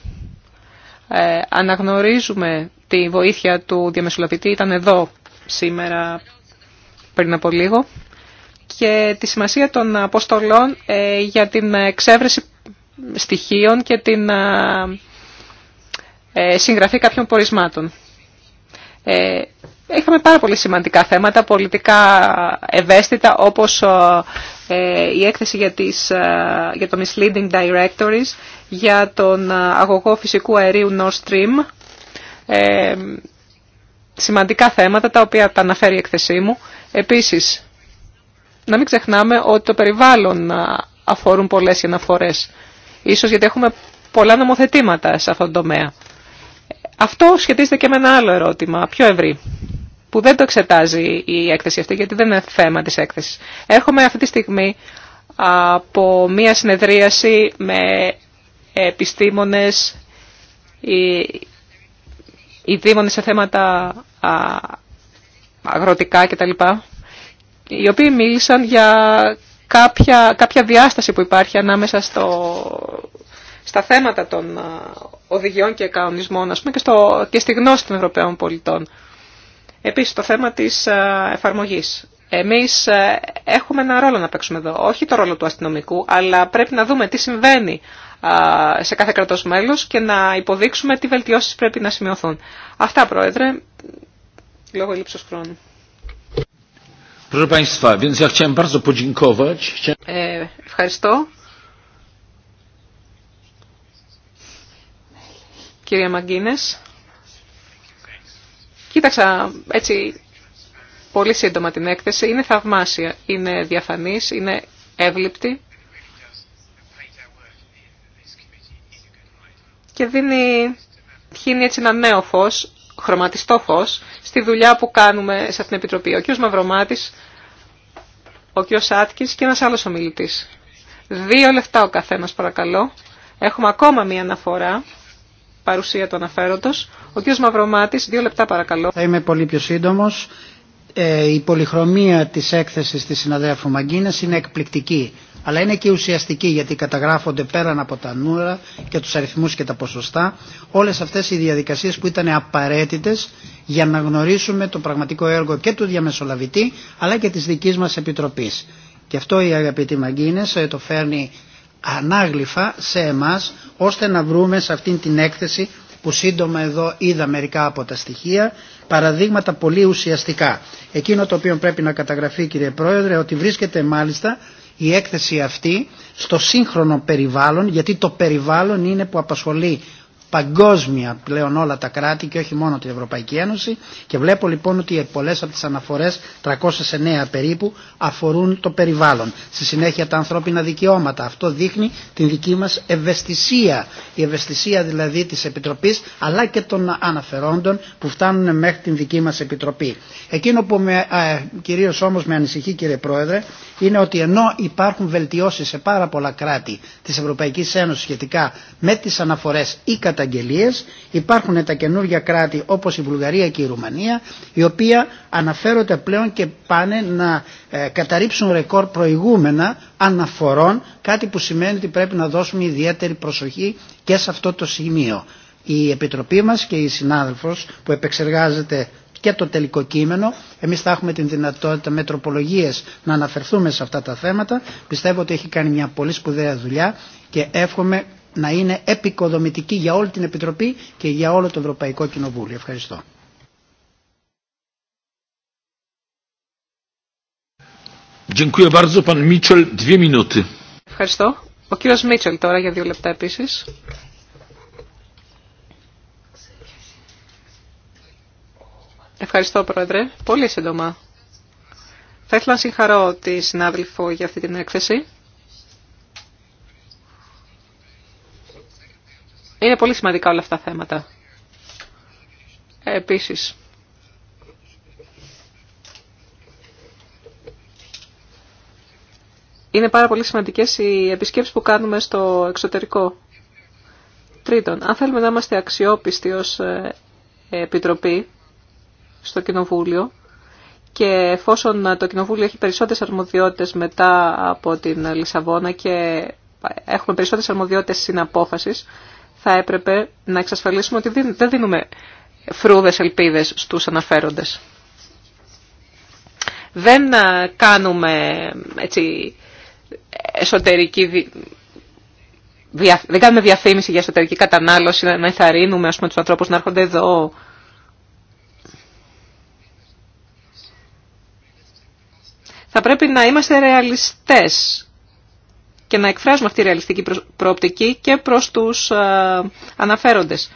Ε, αναγνωρίζουμε τη βοήθεια του διαμεσολαβητή, ήταν εδώ σήμερα πριν από λίγο και τη σημασία των αποστολών ε, για την εξέβρεση στοιχείων και την ε, ε, συγγραφή κάποιων πορισμάτων. Είχαμε πάρα πολύ σημαντικά θέματα, πολιτικά ευαίσθητα, όπως η έκθεση για, τις, για το Misleading Directories, για τον αγωγό φυσικού αερίου Nord Stream. σημαντικά θέματα, τα οποία τα αναφέρει η έκθεσή μου. Επίσης, να μην ξεχνάμε ότι το περιβάλλον αφορούν πολλές οι αναφορές. Ίσως γιατί έχουμε πολλά νομοθετήματα σε αυτόν τον τομέα. Αυτό σχετίζεται και με ένα άλλο ερώτημα, πιο ευρύ, που δεν το εξετάζει η έκθεση αυτή, γιατί δεν είναι θέμα της έκθεσης. Έρχομαι αυτή τη στιγμή από μία συνεδρίαση με επιστήμονες, οι, οι δήμονες σε θέματα αγροτικά κτλ. Οι οποίοι μίλησαν για κάποια, κάποια διάσταση που υπάρχει ανάμεσα στο, στα θέματα των οδηγιών και κανονισμών ας και, στο, και στη γνώση των Ευρωπαίων πολιτών. Επίσης το θέμα της εφαρμογής. Εμείς έχουμε ένα ρόλο να παίξουμε εδώ, όχι το ρόλο του αστυνομικού, αλλά πρέπει να δούμε τι συμβαίνει σε κάθε κρατός μέλος και να υποδείξουμε τι βελτιώσεις πρέπει να σημειωθούν. Αυτά, Πρόεδρε, λόγω ελλείψεως χρόνου. Ε, ευχαριστώ. Κυρία Μαγκίνες. Κοίταξα έτσι πολύ σύντομα την έκθεση. Είναι θαυμάσια, είναι διαφανής, είναι εύληπτη. Και δίνει, χύνει έτσι ένα νέο φως χρωματιστό φως στη δουλειά που κάνουμε σε αυτήν την Επιτροπή. Ο κ. Μαυρομάτης, ο κ. Σάτκης και ένα άλλο ομιλητή. Δύο λεπτά ο καθένα παρακαλώ. Έχουμε ακόμα μία αναφορά, παρουσία του αναφέροντος. Ο κ. Μαυρομάτης, δύο λεπτά παρακαλώ. Θα είμαι πολύ πιο σύντομος. Ε, η πολυχρωμία της έκθεσης της συναδέλφου Μαγκίνας είναι εκπληκτική αλλά είναι και ουσιαστική γιατί καταγράφονται πέραν από τα νούμερα και τους αριθμούς και τα ποσοστά όλες αυτές οι διαδικασίες που ήταν απαραίτητες για να γνωρίσουμε το πραγματικό έργο και του διαμεσολαβητή αλλά και της δικής μας Επιτροπής. Και αυτό η αγαπητή Μαγκίνες ε, το φέρνει ανάγλυφα σε εμάς ώστε να βρούμε σε αυτήν την έκθεση που σύντομα εδώ είδα μερικά από τα στοιχεία, παραδείγματα πολύ ουσιαστικά. Εκείνο το οποίο πρέπει να καταγραφεί κύριε Πρόεδρε, ότι βρίσκεται μάλιστα η έκθεση αυτή στο σύγχρονο περιβάλλον, γιατί το περιβάλλον είναι που απασχολεί παγκόσμια πλέον όλα τα κράτη και όχι μόνο την Ευρωπαϊκή Ένωση και βλέπω λοιπόν ότι πολλές από τις αναφορές, 309 περίπου, αφορούν το περιβάλλον. Στη συνέχεια τα ανθρώπινα δικαιώματα. Αυτό δείχνει την δική μας ευαισθησία. Η ευαισθησία δηλαδή της Επιτροπής αλλά και των αναφερόντων που φτάνουν μέχρι την δική μας Επιτροπή. Εκείνο που με, α, κυρίως όμως με ανησυχεί κύριε Πρόεδρε είναι ότι ενώ υπάρχουν βελτιώσεις σε πάρα πολλά κράτη της Ευρωπαϊκής Ένωσης σχετικά με τις αναφορές ή Υπάρχουν τα καινούργια κράτη όπως η Βουλγαρία και η Ρουμανία η οποία αναφέρονται πλέον και πάνε να ε, καταρρύψουν ρεκόρ προηγούμενα αναφορών κάτι που σημαίνει ότι πρέπει να δώσουμε ιδιαίτερη προσοχή και σε αυτό το σημείο. Η Επιτροπή μας και η συνάδελφος που επεξεργάζεται και το τελικό κείμενο. Εμείς θα έχουμε την δυνατότητα με τροπολογίες να αναφερθούμε σε αυτά τα θέματα. Πιστεύω ότι έχει κάνει μια πολύ σπουδαία δουλειά και εύχομαι να είναι επικοδομητική για όλη την Επιτροπή και για όλο το Ευρωπαϊκό Κοινοβούλιο. Ευχαριστώ. Ευχαριστώ. Ο κύριος Μίτσελ τώρα για δύο λεπτά επίσης. Ευχαριστώ, Πρόεδρε. Πολύ σύντομα. Θα ήθελα να συγχαρώ τη συνάδελφο για αυτή την έκθεση. Είναι πολύ σημαντικά όλα αυτά τα θέματα. Επίσης, είναι πάρα πολύ σημαντικές οι επισκέψεις που κάνουμε στο εξωτερικό. Τρίτον, αν θέλουμε να είμαστε αξιόπιστοι ως ε, Επιτροπή στο Κοινοβούλιο και εφόσον το Κοινοβούλιο έχει περισσότερες αρμοδιότητες μετά από την Λισαβόνα και έχουμε περισσότερες αρμοδιότητες συναπόφασης, θα έπρεπε να εξασφαλίσουμε ότι δεν δίνουμε φρούδες ελπίδες στους αναφέροντες. Δεν κάνουμε έτσι, εσωτερική δεν κάνουμε διαφήμιση για εσωτερική κατανάλωση, να ενθαρρύνουμε ας πούμε, τους ανθρώπους να έρχονται εδώ. Θα πρέπει να είμαστε ρεαλιστές και να εκφράζουμε αυτή τη ρεαλιστική προοπτική και προς τους ε, αναφέροντες.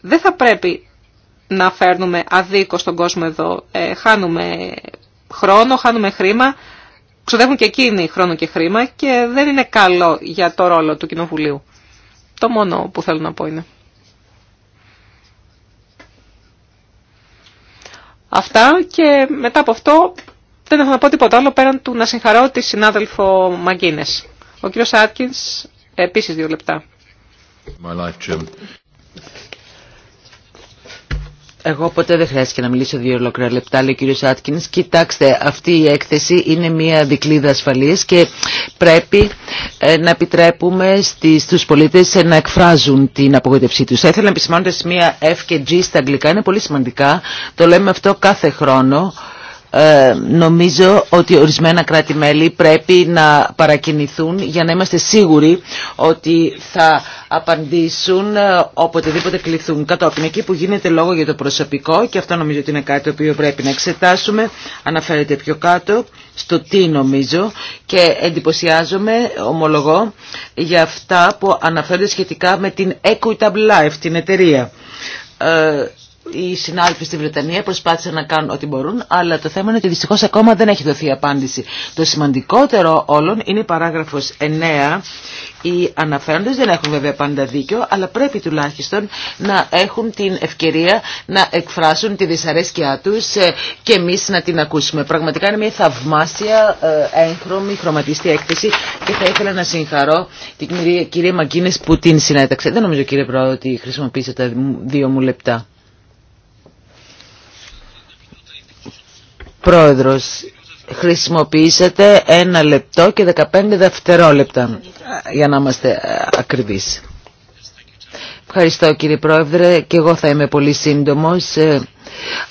Δεν θα πρέπει να φέρνουμε αδίκο στον κόσμο εδώ. Ε, χάνουμε χρόνο, χάνουμε χρήμα, ξοδεύουν και εκείνοι χρόνο και χρήμα και δεν είναι καλό για το ρόλο του Κοινοβουλίου. Το μόνο που θέλω να πω είναι. Αυτά και μετά από αυτό δεν έχω να πω τίποτα άλλο πέραν του να συγχαρώ τη συνάδελφο Μαγκίνε. Ο κύριο Άτκιν, επίση δύο λεπτά. εγώ ποτέ δεν χρειάστηκε να μιλήσω δύο ολόκληρα λεπτά, λέει ο κύριο Άτκινς. Κοιτάξτε, αυτή η έκθεση είναι μια δικλίδα ασφαλεία και πρέπει ε, να επιτρέπουμε στους πολίτες ε, να εκφράζουν την απογοητευσή του. Θα ήθελα να επισημάνω ότι μία F και G στα αγγλικά είναι πολύ σημαντικά. Το λέμε αυτό κάθε χρόνο. Ε, νομίζω ότι ορισμένα κράτη-μέλη πρέπει να παρακινηθούν για να είμαστε σίγουροι ότι θα απαντήσουν ε, οποτεδήποτε κληθούν. Κατόπιν εκεί που γίνεται λόγο για το προσωπικό και αυτό νομίζω ότι είναι κάτι το οποίο πρέπει να εξετάσουμε. Αναφέρεται πιο κάτω στο τι νομίζω και εντυπωσιάζομαι, ομολογώ, για αυτά που αναφέρονται σχετικά με την Equitable Life, την εταιρεία ε, οι συνάλφοι στη Βρετανία προσπάθησαν να κάνουν ό,τι μπορούν, αλλά το θέμα είναι ότι δυστυχώ ακόμα δεν έχει δοθεί απάντηση. Το σημαντικότερο όλων είναι η παράγραφο 9. Οι αναφέροντε δεν έχουν βέβαια πάντα δίκιο, αλλά πρέπει τουλάχιστον να έχουν την ευκαιρία να εκφράσουν τη δυσαρέσκειά του ε, και εμεί να την ακούσουμε. Πραγματικά είναι μια θαυμάσια, ε, έγχρωμη, χρωματιστή έκθεση και θα ήθελα να συγχαρώ την κυρία Μαγκίνε που την συνέταξε. Δεν νομίζω κύριε Πρόεδρε ότι χρησιμοποίησα τα δύο μου λεπτά. Πρόεδρος, χρησιμοποιήσατε ένα λεπτό και 15 δευτερόλεπτα για να είμαστε ε, ακριβείς. Ευχαριστώ κύριε Πρόεδρε και εγώ θα είμαι πολύ σύντομος. Ε,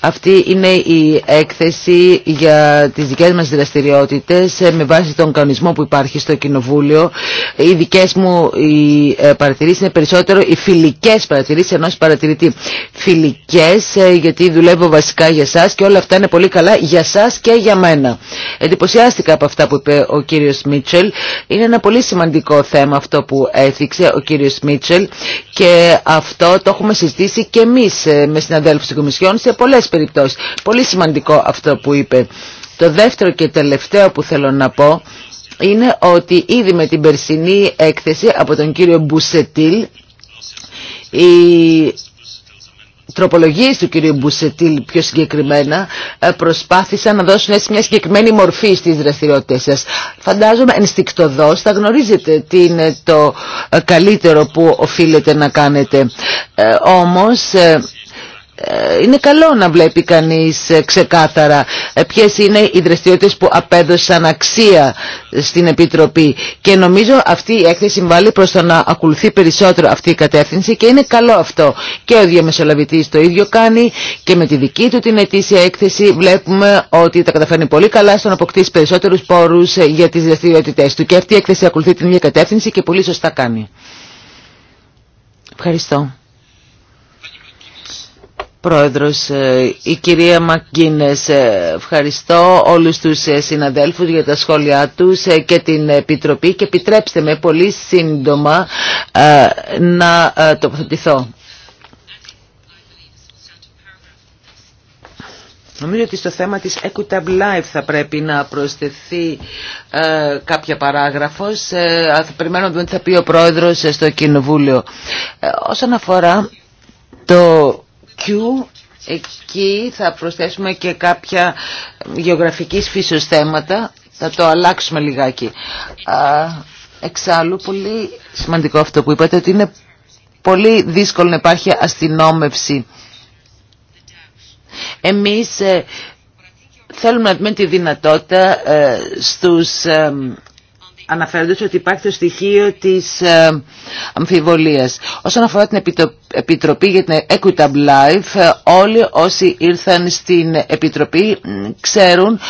αυτή είναι η έκθεση για τις δικές μας δραστηριότητες ε, με βάση τον κανονισμό που υπάρχει στο Κοινοβούλιο. Οι δικές μου οι ε, παρατηρήσεις είναι περισσότερο οι φιλικές παρατηρήσεις ενός παρατηρητή. Φιλικές ε, γιατί δουλεύω βασικά για σας και όλα αυτά είναι πολύ καλά για σας και για μένα. Εντυπωσιάστηκα από αυτά που είπε ο κύριος Μίτσελ. Είναι ένα πολύ σημαντικό θέμα αυτό που έθιξε ο κύριος Μίτσελ και αυτό το έχουμε συζητήσει και εμείς με συναδέλφους της Κομισιόν πολλές περιπτώσεις. Πολύ σημαντικό αυτό που είπε. Το δεύτερο και τελευταίο που θέλω να πω είναι ότι ήδη με την περσινή έκθεση από τον κύριο Μπουσετήλ οι τροπολογίες του κυρίου Μπουσετήλ πιο συγκεκριμένα ε, προσπάθησαν να δώσουν έτσι μια συγκεκριμένη μορφή στις δραστηριότητες σας. Φαντάζομαι ενστικτοδός θα γνωρίζετε τι είναι το ε, καλύτερο που οφείλετε να κάνετε. Ε, όμως ε, είναι καλό να βλέπει κανείς ε, ξεκάθαρα ε, ποιες είναι οι δραστηριότητες που απέδωσαν αξία στην Επιτροπή και νομίζω αυτή η έκθεση συμβάλλει προς το να ακολουθεί περισσότερο αυτή η κατεύθυνση και είναι καλό αυτό και ο διαμεσολαβητής το ίδιο κάνει και με τη δική του την ετήσια έκθεση βλέπουμε ότι τα καταφέρνει πολύ καλά στο να αποκτήσει περισσότερους πόρους για τις δραστηριότητες του και αυτή η έκθεση ακολουθεί την ίδια κατεύθυνση και πολύ σωστά κάνει. Ευχαριστώ. Πρόεδρος, ε, η κυρία Μακκίνες, ε, ευχαριστώ όλους τους ε, συναδέλφους για τα σχόλιά τους και την Επιτροπή και επιτρέψτε με πολύ σύντομα να τοποθετηθώ. Νομίζω ότι στο θέμα της Equitable Life θα πρέπει να προσθεθεί κάποια παράγραφος. Ε, θα περιμένω ότι θα πει ο πρόεδρος στο Κοινοβούλιο. Ε, όσον αφορά το εκεί θα προσθέσουμε και κάποια γεωγραφικής φύσεως θέματα θα το αλλάξουμε λιγάκι εξάλλου πολύ σημαντικό αυτό που είπατε ότι είναι πολύ δύσκολο να υπάρχει αστυνόμευση εμείς ε, θέλουμε να δούμε τη δυνατότητα ε, στους ε, αναφέροντας ότι υπάρχει το στοιχείο της ε, αμφιβολίας. Όσον αφορά την Επιτροπή για την Equitable Life, ε, όλοι όσοι ήρθαν στην Επιτροπή ξέρουν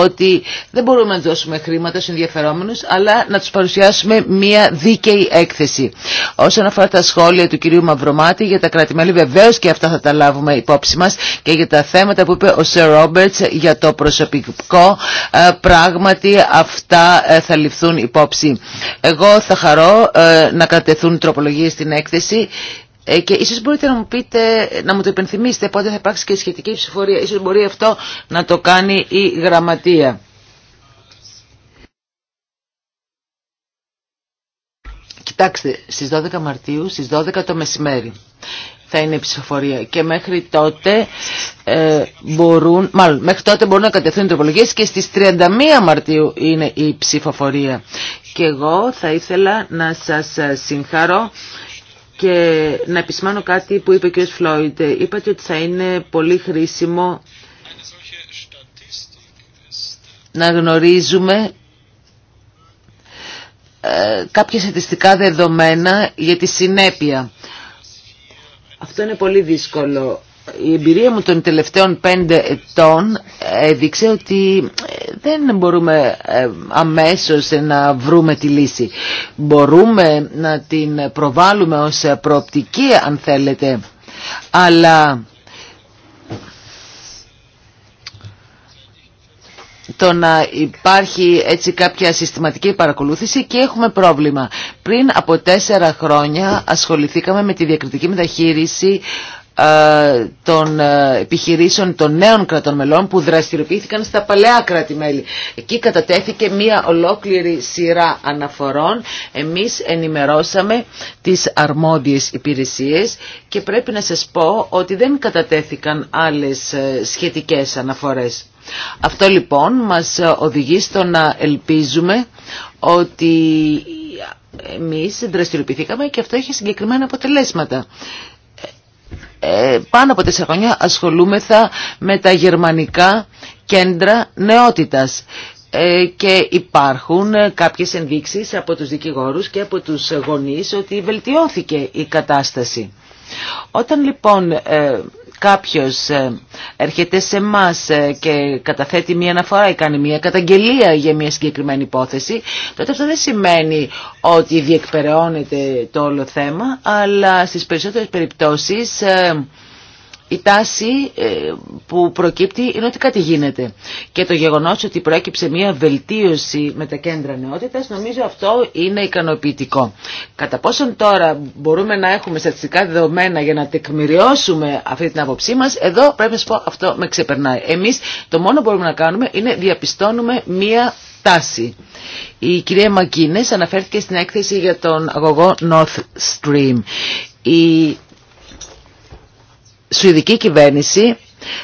ότι δεν μπορούμε να δώσουμε χρήματα στους ενδιαφερόμενους αλλά να τους παρουσιάσουμε μια δίκαιη έκθεση. Όσον αφορά τα σχόλια του κυρίου Μαυρομάτη για τα κράτη-μέλη βεβαίως και αυτά θα τα λάβουμε υπόψη μας και για τα θέματα που είπε ο Σερ Ρόμπερτς για το προσωπικό ε, πράγματι αυτά ε, θα ληφθούν υπόψη. Εγώ θα χαρώ ε, να κατεθούν τροπολογίες στην έκθεση ε, και ίσως μπορείτε να μου πείτε, να μου το υπενθυμίσετε πότε θα υπάρξει και η σχετική ψηφοφορία Ίσως μπορεί αυτό να το κάνει η γραμματεία. Κοιτάξτε, στις 12 Μαρτίου, στις 12 το μεσημέρι θα είναι η ψηφοφορία και μέχρι τότε ε, μπορούν, μάλλον, μέχρι τότε μπορούν να κατευθύνουν τροπολογίες και στις 31 Μαρτίου είναι η ψηφοφορία. Και εγώ θα ήθελα να σας ε, συγχαρώ και να επισημάνω κάτι που είπε ο κ. Φλόιντ. Είπατε ότι θα είναι πολύ χρήσιμο να γνωρίζουμε ε, κάποια στατιστικά δεδομένα για τη συνέπεια. Αυτό είναι πολύ δύσκολο η εμπειρία μου των τελευταίων πέντε ετών έδειξε ότι ε, δεν μπορούμε ε, αμέσως να βρούμε τη λύση. Μπορούμε να την προβάλλουμε ως προοπτική αν θέλετε, αλλά το να υπάρχει έτσι κάποια συστηματική παρακολούθηση και έχουμε πρόβλημα. Πριν από τέσσερα χρόνια ασχοληθήκαμε με τη διακριτική μεταχείριση ε, των ε, επιχειρήσεων των νέων κρατών μελών που δραστηριοποιήθηκαν στα παλαιά κράτη-μέλη. Εκεί κατατέθηκε μία ολόκληρη σειρά αναφορών. Εμείς ενημερώσαμε τις αρμόδιες υπηρεσίες και πρέπει να σας πω ότι δεν κατατέθηκαν άλλες ε, σχετικές αναφορές. Αυτό λοιπόν μας οδηγεί στο να ελπίζουμε ότι εμείς δραστηριοποιηθήκαμε και αυτό έχει συγκεκριμένα αποτελέσματα. Ε, πάνω από τέσσερα χρόνια ασχολούμεθα με τα γερμανικά κέντρα νεότητας ε, και υπάρχουν ε, κάποιες ενδείξεις από τους δικηγόρους και από τους γονείς ότι βελτιώθηκε η κατάσταση. Όταν λοιπόν κάποιος ε, έρχεται σε εμά ε, και καταθέτει μία αναφορά ή κάνει μία καταγγελία για μία συγκεκριμένη υπόθεση, τότε αυτό δεν σημαίνει ότι διεκπεραιώνεται το όλο θέμα, αλλά στις περισσότερες περιπτώσεις ε, η τάση ε, που προκύπτει είναι ότι κάτι γίνεται. Και το γεγονός ότι προέκυψε μια βελτίωση με τα κέντρα νεότητας, νομίζω αυτό είναι ικανοποιητικό. Κατά πόσον τώρα μπορούμε να έχουμε στατιστικά δεδομένα για να τεκμηριώσουμε αυτή την άποψή μας, εδώ πρέπει να πω αυτό με ξεπερνάει. Εμείς το μόνο που μπορούμε να κάνουμε είναι διαπιστώνουμε μια τάση. Η κυρία Μακίνες αναφέρθηκε στην έκθεση για τον αγωγό North Stream. Σουηδική κυβέρνηση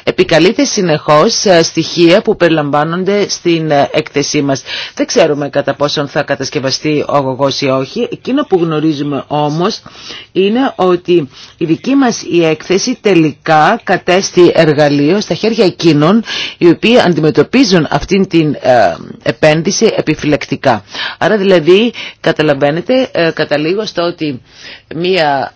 επικαλείται συνεχώς ε, στοιχεία που περιλαμβάνονται στην ε, έκθεσή μας. Δεν ξέρουμε κατά πόσον θα κατασκευαστεί ο αγωγός ή όχι. Εκείνο που γνωρίζουμε όμως είναι ότι η δική μας η έκθεση τελικά κατέστη εργαλείο στα χέρια εκείνων οι οποίοι αντιμετωπίζουν αυτήν την ε, επένδυση επιφυλακτικά. Άρα δηλαδή καταλαβαίνετε καταλήγω στο ότι μία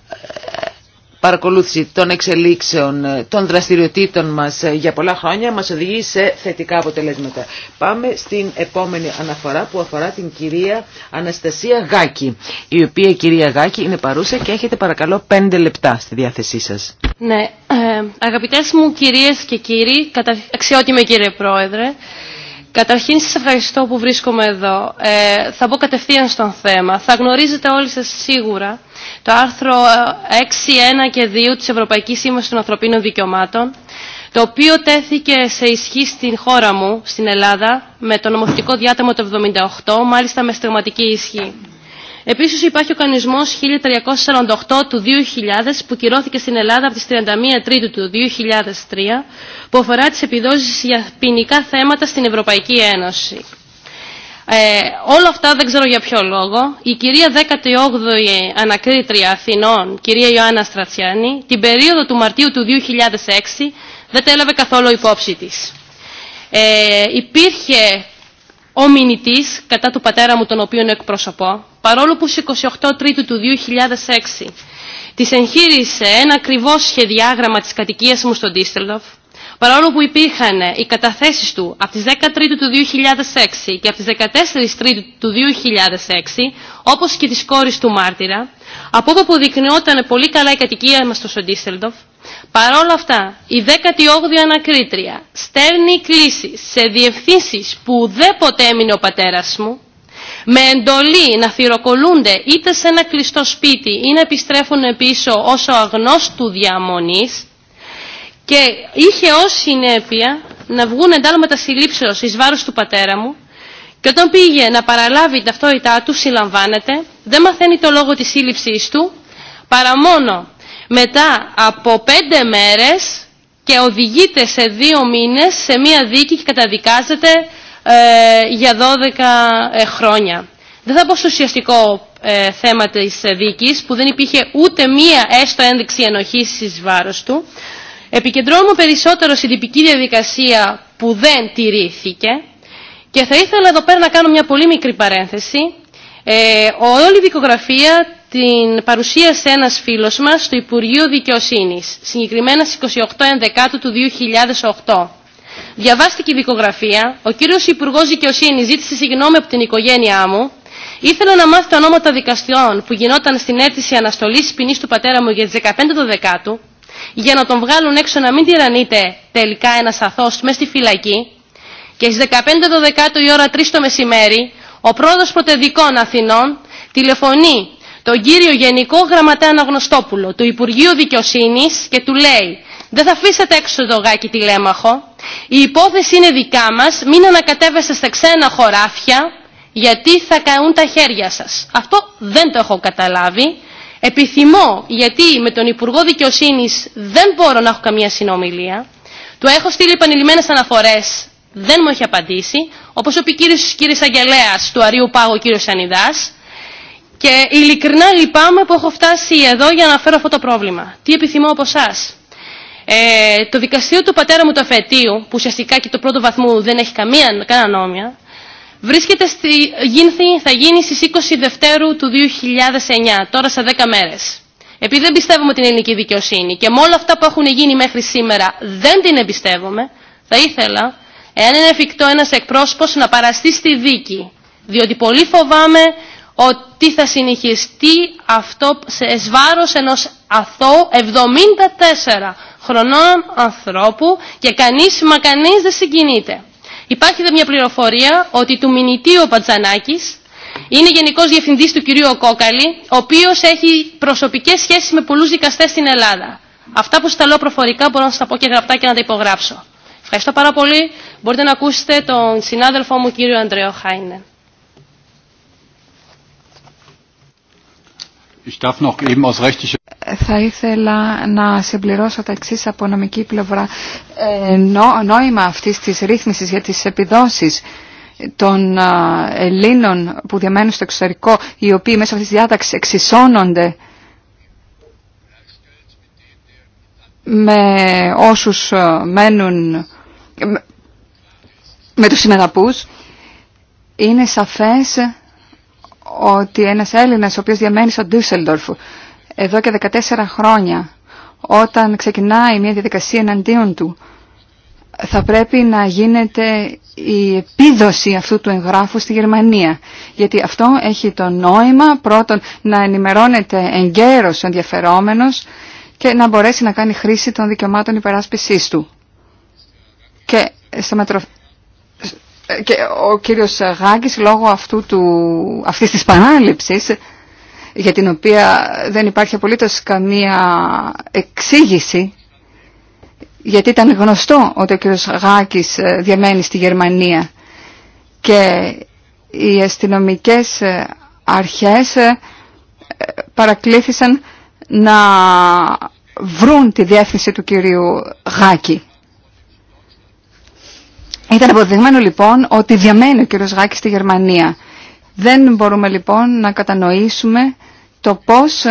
παρακολούθηση των εξελίξεων, ε, των δραστηριοτήτων μας ε, για πολλά χρόνια μας οδηγεί σε θετικά αποτελέσματα. Πάμε στην επόμενη αναφορά που αφορά την κυρία Αναστασία Γάκη, η οποία η κυρία Γάκη είναι παρούσα και έχετε παρακαλώ πέντε λεπτά στη διάθεσή σας. Ναι, ε, αγαπητές μου κυρίες και κύριοι, κατα... αξιότιμε κύριε Πρόεδρε, Καταρχήν σας ευχαριστώ που βρίσκομαι εδώ. Ε, θα μπω κατευθείαν στον θέμα. Θα γνωρίζετε όλοι σας σίγουρα το άρθρο 6.1 ε, και 2 της Ευρωπαϊκής Σύμβασης των Ανθρωπίνων Δικαιωμάτων, το οποίο τέθηκε σε ισχύ στην χώρα μου, στην Ελλάδα, με το νομοθετικό διάταμο του 78, μάλιστα με στεγματική ισχύ. Επίσης υπάρχει ο κανονισμός 1348 του 2000 που κυρώθηκε στην Ελλάδα από τις 31 Τρίτου του 2003 που αφορά τις επιδόσεις για ποινικά θέματα στην Ευρωπαϊκή Ένωση. Ε, όλα αυτά δεν ξέρω για ποιο λόγο. Η κυρία 18η ανακρίτρια Αθηνών, κυρία Ιωάννα Στρατσιάνη, την περίοδο του Μαρτίου του 2006 δεν τα έλαβε καθόλου υπόψη της. Ε, υπήρχε ο μηνυτής, κατά του πατέρα μου τον οποίον εκπροσωπώ, παρόλο που στις 28 Τρίτου του 2006 της εγχείρησε ένα ακριβώς σχεδιάγραμμα της κατοικίας μου στον Τίστελοφ, Παρόλο που υπήρχαν ε, οι καταθέσεις του από τις 13 του 2006 και από τις 14 Τρίτου του 2006, όπως και τις κόρες του μάρτυρα, από όπου αποδεικνυόταν πολύ καλά η κατοικία μας στο Σοντίστελντοφ, παρόλα αυτά η 18η ανακρίτρια στέρνει κλήσει σε διευθύνσεις που ποτέ έμεινε ο πατέρας μου, με εντολή να θυροκολούνται είτε σε ένα κλειστό σπίτι ή να επιστρέφουν πίσω όσο του διαμονής, και είχε ω συνέπεια να βγουν εντάλματα συλλήψεως ει βάρος του πατέρα μου και όταν πήγε να παραλάβει η ταυτότητά του συλλαμβάνεται, δεν μαθαίνει το λόγο τη σύλληψή του παρά μόνο μετά από πέντε μέρες και οδηγείται σε δύο μήνες σε μία δίκη και καταδικάζεται ε, για 12 ε, χρόνια. Δεν θα πω στο ουσιαστικό ε, θέμα της δίκης που δεν υπήρχε ούτε μία έστω ένδειξη ενοχής εις βάρος του Επικεντρώνομαι περισσότερο στην τυπική διαδικασία που δεν τηρήθηκε και θα ήθελα εδώ πέρα να κάνω μια πολύ μικρή παρένθεση. Ε, όλη η δικογραφία την παρουσίασε ένας φίλος μας στο Υπουργείο Δικαιοσύνης, συγκεκριμένα στις 28 Ενδεκάτου του 2008. Διαβάστηκε η δικογραφία, ο κύριος Υπουργός Δικαιοσύνης ζήτησε συγγνώμη από την οικογένειά μου, Ήθελα να μάθει τα ονόματα δικαστιών που γινόταν στην αίτηση αναστολής ποινή του πατέρα μου για τι 15 Δεκάτου, για να τον βγάλουν έξω να μην τυραννείται τελικά ένας αθώος μέσα στη φυλακή και στις 15 η ώρα 3 το μεσημέρι ο πρόεδρος Πρωτεδικών Αθηνών τηλεφωνεί τον κύριο Γενικό Γραμματέα Αναγνωστόπουλο του Υπουργείου Δικαιοσύνης και του λέει «Δεν θα αφήσετε έξω το γάκι τηλέμαχο, η υπόθεση είναι δικά μας, μην ανακατεύεστε στα ξένα χωράφια, γιατί θα καούν τα χέρια σας». Αυτό δεν το έχω καταλάβει. Επιθυμώ, γιατί με τον Υπουργό Δικαιοσύνη δεν μπορώ να έχω καμία συνομιλία. Του έχω στείλει επανειλημμένε αναφορέ, δεν μου έχει απαντήσει. Όπω ο κύριο Αγγελέα του Αρίου Πάγου, κύριο Ανιδά. Και ειλικρινά λυπάμαι που έχω φτάσει εδώ για να φέρω αυτό το πρόβλημα. Τι επιθυμώ από εσά. Ε, το δικαστήριο του πατέρα μου του αφετίου, που ουσιαστικά και το πρώτο βαθμού δεν έχει καμία κανένα νόμια, βρίσκεται στη, θα γίνει στις 20 Δευτέρου του 2009, τώρα σε 10 μέρες. Επειδή δεν πιστεύουμε την ελληνική δικαιοσύνη και με όλα αυτά που έχουν γίνει μέχρι σήμερα δεν την εμπιστεύομαι, θα ήθελα, εάν είναι εφικτό ένας εκπρόσωπος, να παραστεί στη δίκη. Διότι πολύ φοβάμαι ότι θα συνεχιστεί αυτό σε εσβάρος ενός αθώου 74 χρονών ανθρώπου και κανείς μα κανείς δεν συγκινείται. Υπάρχει μια πληροφορία ότι του μηνυτή ο Πατζανάκης είναι γενικός διευθυντής του κυρίου Κόκαλη, ο οποίος έχει προσωπικές σχέσεις με πολλούς δικαστέ στην Ελλάδα. Αυτά που σταλώ προφορικά μπορώ να σα τα πω και γραπτά και να τα υπογράψω. Ευχαριστώ πάρα πολύ. Μπορείτε να ακούσετε τον συνάδελφό μου κύριο Ανδρέο Χάινε θα ήθελα να συμπληρώσω τα εξή από νομική πλευρά. Ε, νόημα αυτής της ρύθμισης για τις επιδόσεις των Ελλήνων που διαμένουν στο εξωτερικό, οι οποίοι μέσω αυτής της διάταξης εξισώνονται με όσους μένουν με, με τους είναι σαφές ότι ένας Έλληνας ο οποίος διαμένει στο Ντούσελντορφ εδώ και 14 χρόνια όταν ξεκινάει μια διαδικασία εναντίον του θα πρέπει να γίνεται η επίδοση αυτού του εγγράφου στη Γερμανία. Γιατί αυτό έχει το νόημα πρώτον να ενημερώνεται εγκαίρως ο ενδιαφερόμενος και να μπορέσει να κάνει χρήση των δικαιωμάτων υπεράσπισής του. Και, στο μετρο... και ο κύριος Γάγκης λόγω αυτού του... αυτής της παράληψης για την οποία δεν υπάρχει απολύτως καμία εξήγηση γιατί ήταν γνωστό ότι ο κ. Γάκης ε, διαμένει στη Γερμανία και οι αστυνομικές ε, αρχές ε, παρακλήθησαν να βρουν τη διεύθυνση του κυρίου Γάκη. Ήταν αποδειγμένο λοιπόν ότι διαμένει ο κύριος Γάκης στη Γερμανία. Δεν μπορούμε λοιπόν να κατανοήσουμε το πώς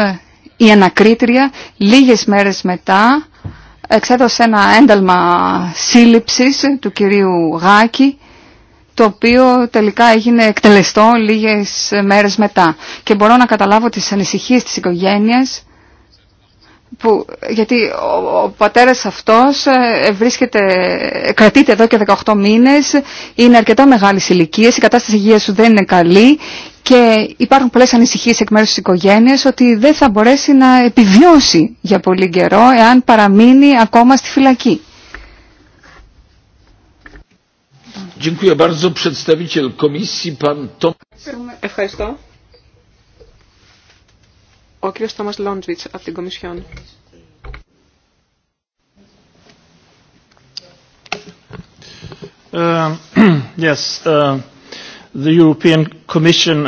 η ανακρίτρια λίγες μέρες μετά εξέδωσε ένα ένταλμα σύλληψης του κυρίου Γάκη το οποίο τελικά έγινε εκτελεστό λίγες μέρες μετά. Και μπορώ να καταλάβω τις ανησυχίες της οικογένειας που, γιατί ο, ο πατέρας αυτός ε, βρίσκεται, κρατείται εδώ και 18 μήνες, είναι αρκετά μεγαλη ηλικία, η κατάσταση υγείας σου δεν είναι καλή και υπάρχουν πολλές ανησυχίες εκ μέρους της οικογένειας ότι δεν θα μπορέσει να επιβιώσει για πολύ καιρό εάν παραμείνει ακόμα στη φυλακή. Ευχαριστώ. Ο κ. Τόμας από την Κομισιόν. Ε, ε, European Commission...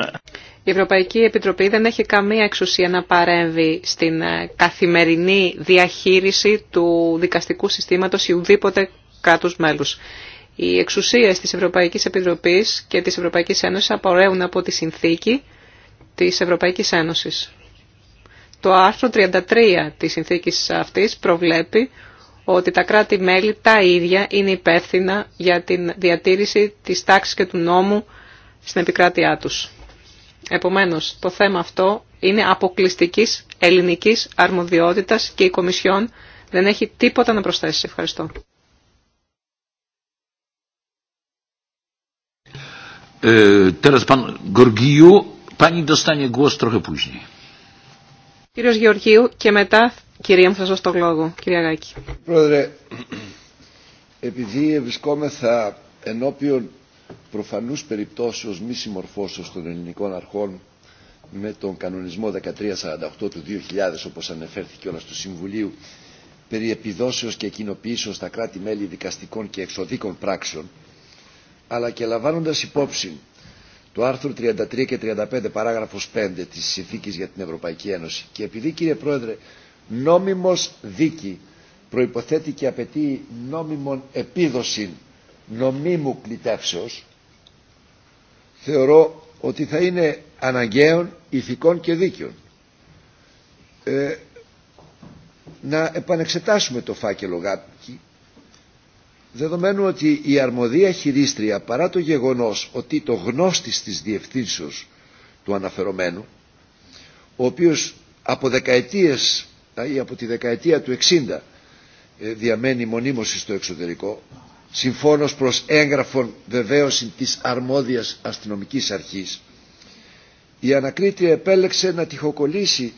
Η Ευρωπαϊκή Επιτροπή δεν έχει καμία εξουσία να παρέμβει στην ε, καθημερινή διαχείριση του δικαστικού συστήματος ή ουδήποτε κράτους μέλους. Οι εξουσίες της Ευρωπαϊκής Επιτροπής και της Ευρωπαϊκής Ένωσης απορρέουν από τη συνθήκη της Ευρωπαϊκής Ένωσης. Το άρθρο 33 της συνθήκης αυτής προβλέπει ότι τα κράτη-μέλη τα ίδια είναι υπεύθυνα για τη διατήρηση της τάξης και του νόμου στην επικράτειά τους. Επομένως, το θέμα αυτό είναι αποκλειστικής ελληνικής αρμοδιότητας και η Κομισιόν δεν έχει τίποτα να προσθέσει. Ευχαριστώ. Ε, Τώρα, pan Κύριος Γεωργίου και μετά κυρία μου θα σας το λόγο. Κυρία Γάκη. Πρόεδρε, επειδή βρισκόμεθα ενώπιον προφανούς περιπτώσεως μη συμμορφώσεως των ελληνικών αρχών με τον κανονισμό 1348 του 2000 όπως ανεφέρθηκε όλα του Συμβουλίου περί επιδόσεως και κοινοποιήσεως στα κράτη-μέλη δικαστικών και εξωδικών πράξεων αλλά και λαμβάνοντας υπόψη του άρθρου 33 και 35 παράγραφος 5 της Συνθήκης για την Ευρωπαϊκή Ένωση. Και επειδή κύριε Πρόεδρε νόμιμος δίκη προϋποθέτει και απαιτεί νόμιμον επίδοση νομίμου κλητεύσεως θεωρώ ότι θα είναι αναγκαίων ηθικών και δίκαιων ε, να επανεξετάσουμε το φάκελο ΓΑΤΚΙ, δεδομένου ότι η αρμοδία χειρίστρια παρά το γεγονός ότι το γνώστης της διευθύνσεως του αναφερομένου ο οποίος από δεκαετίες ή από τη δεκαετία του 60 ε, διαμένει μονίμωση στο εξωτερικό συμφώνως προς έγγραφον βεβαίωση της αρμόδιας αστυνομικής αρχής η ανακρίτρια επέλεξε να τυχοκολλήσει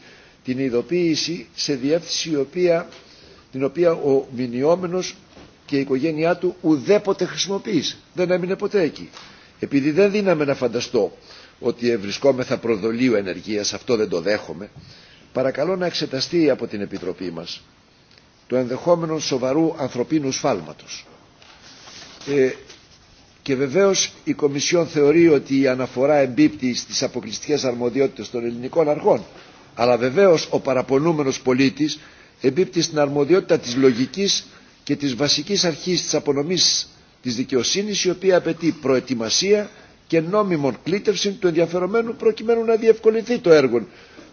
την ειδοποίηση σε διεύθυνση η την οποία ο μηνιόμενος και η οικογένειά του ουδέποτε χρησιμοποίησε. Δεν έμεινε ποτέ εκεί. Επειδή δεν δίναμε να φανταστώ ότι βρισκόμεθα προδολίου ενεργεία, αυτό δεν το δέχομαι, παρακαλώ να εξεταστεί από την Επιτροπή μα, το ενδεχόμενο σοβαρού ανθρωπίνου σφάλματο. Ε, και βεβαίω η Κομισιόν θεωρεί ότι η αναφορά εμπίπτει στι αποκλειστικέ αρμοδιότητε των ελληνικών αρχών. Αλλά βεβαίω ο παραπονούμενο πολίτη εμπίπτει στην αρμοδιότητα τη λογική και της βασικής αρχής της απονομής της δικαιοσύνης η οποία απαιτεί προετοιμασία και νόμιμον κλήτευση του ενδιαφερομένου προκειμένου να διευκολυνθεί το έργο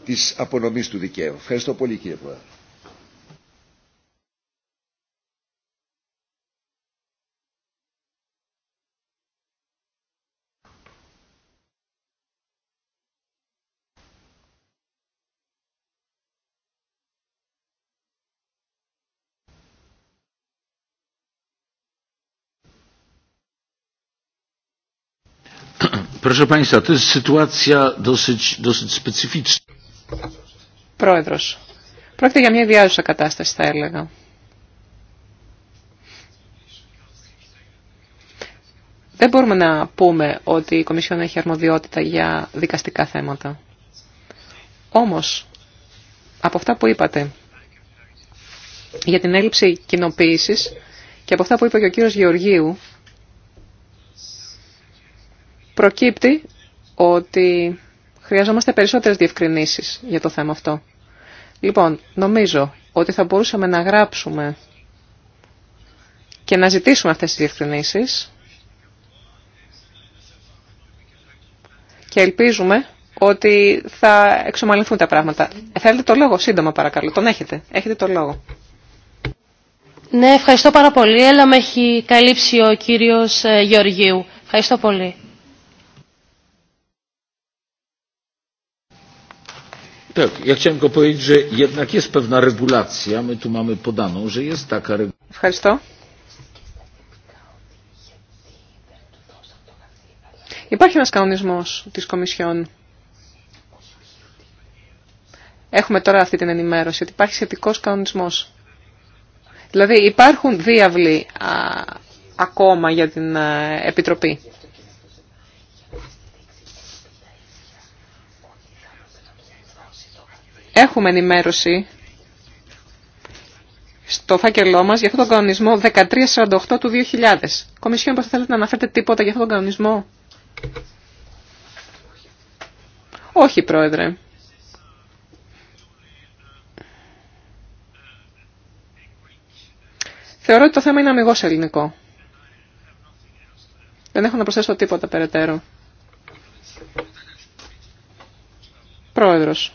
της απονομής του δικαίου. Ευχαριστώ πολύ κύριε Πρόεδρε. Proszę Państwa, Πρόεδρος, πρόκειται για μια διάρρουσα κατάσταση θα έλεγα. Δεν μπορούμε να πούμε ότι η Κομισιόν έχει αρμοδιότητα για δικαστικά θέματα. Όμως, από αυτά που είπατε για την έλλειψη κοινοποίησης και από αυτά που είπε και ο κύριος Γεωργίου προκύπτει ότι χρειαζόμαστε περισσότερες διευκρινήσεις για το θέμα αυτό. Λοιπόν, νομίζω ότι θα μπορούσαμε να γράψουμε και να ζητήσουμε αυτές τις διευκρινήσεις και ελπίζουμε ότι θα εξομαλυνθούν τα πράγματα. Θέλετε το λόγο, σύντομα παρακαλώ. Τον έχετε. Έχετε το λόγο. Ναι, ευχαριστώ πάρα πολύ. Έλα με έχει καλύψει ο κύριος ε, Γεωργίου. Ευχαριστώ πολύ. Ευχαριστώ. Υπάρχει ένας κανονισμός της Κομισιόν. Έχουμε τώρα αυτή την ενημέρωση ότι υπάρχει σχετικό κανονισμός. Δηλαδή υπάρχουν διάβλοι ακόμα για την ε, Επιτροπή. Έχουμε ενημέρωση στο φάκελό μας για αυτόν τον κανονισμό 1348 του 2000. Κομισιόν, πώς θέλετε να αναφέρετε τίποτα για αυτόν τον κανονισμό. Όχι, Πρόεδρε. Θεωρώ ότι το θέμα είναι αμυγός ελληνικό. Δεν έχω να προσθέσω τίποτα περαιτέρω. Πρόεδρος.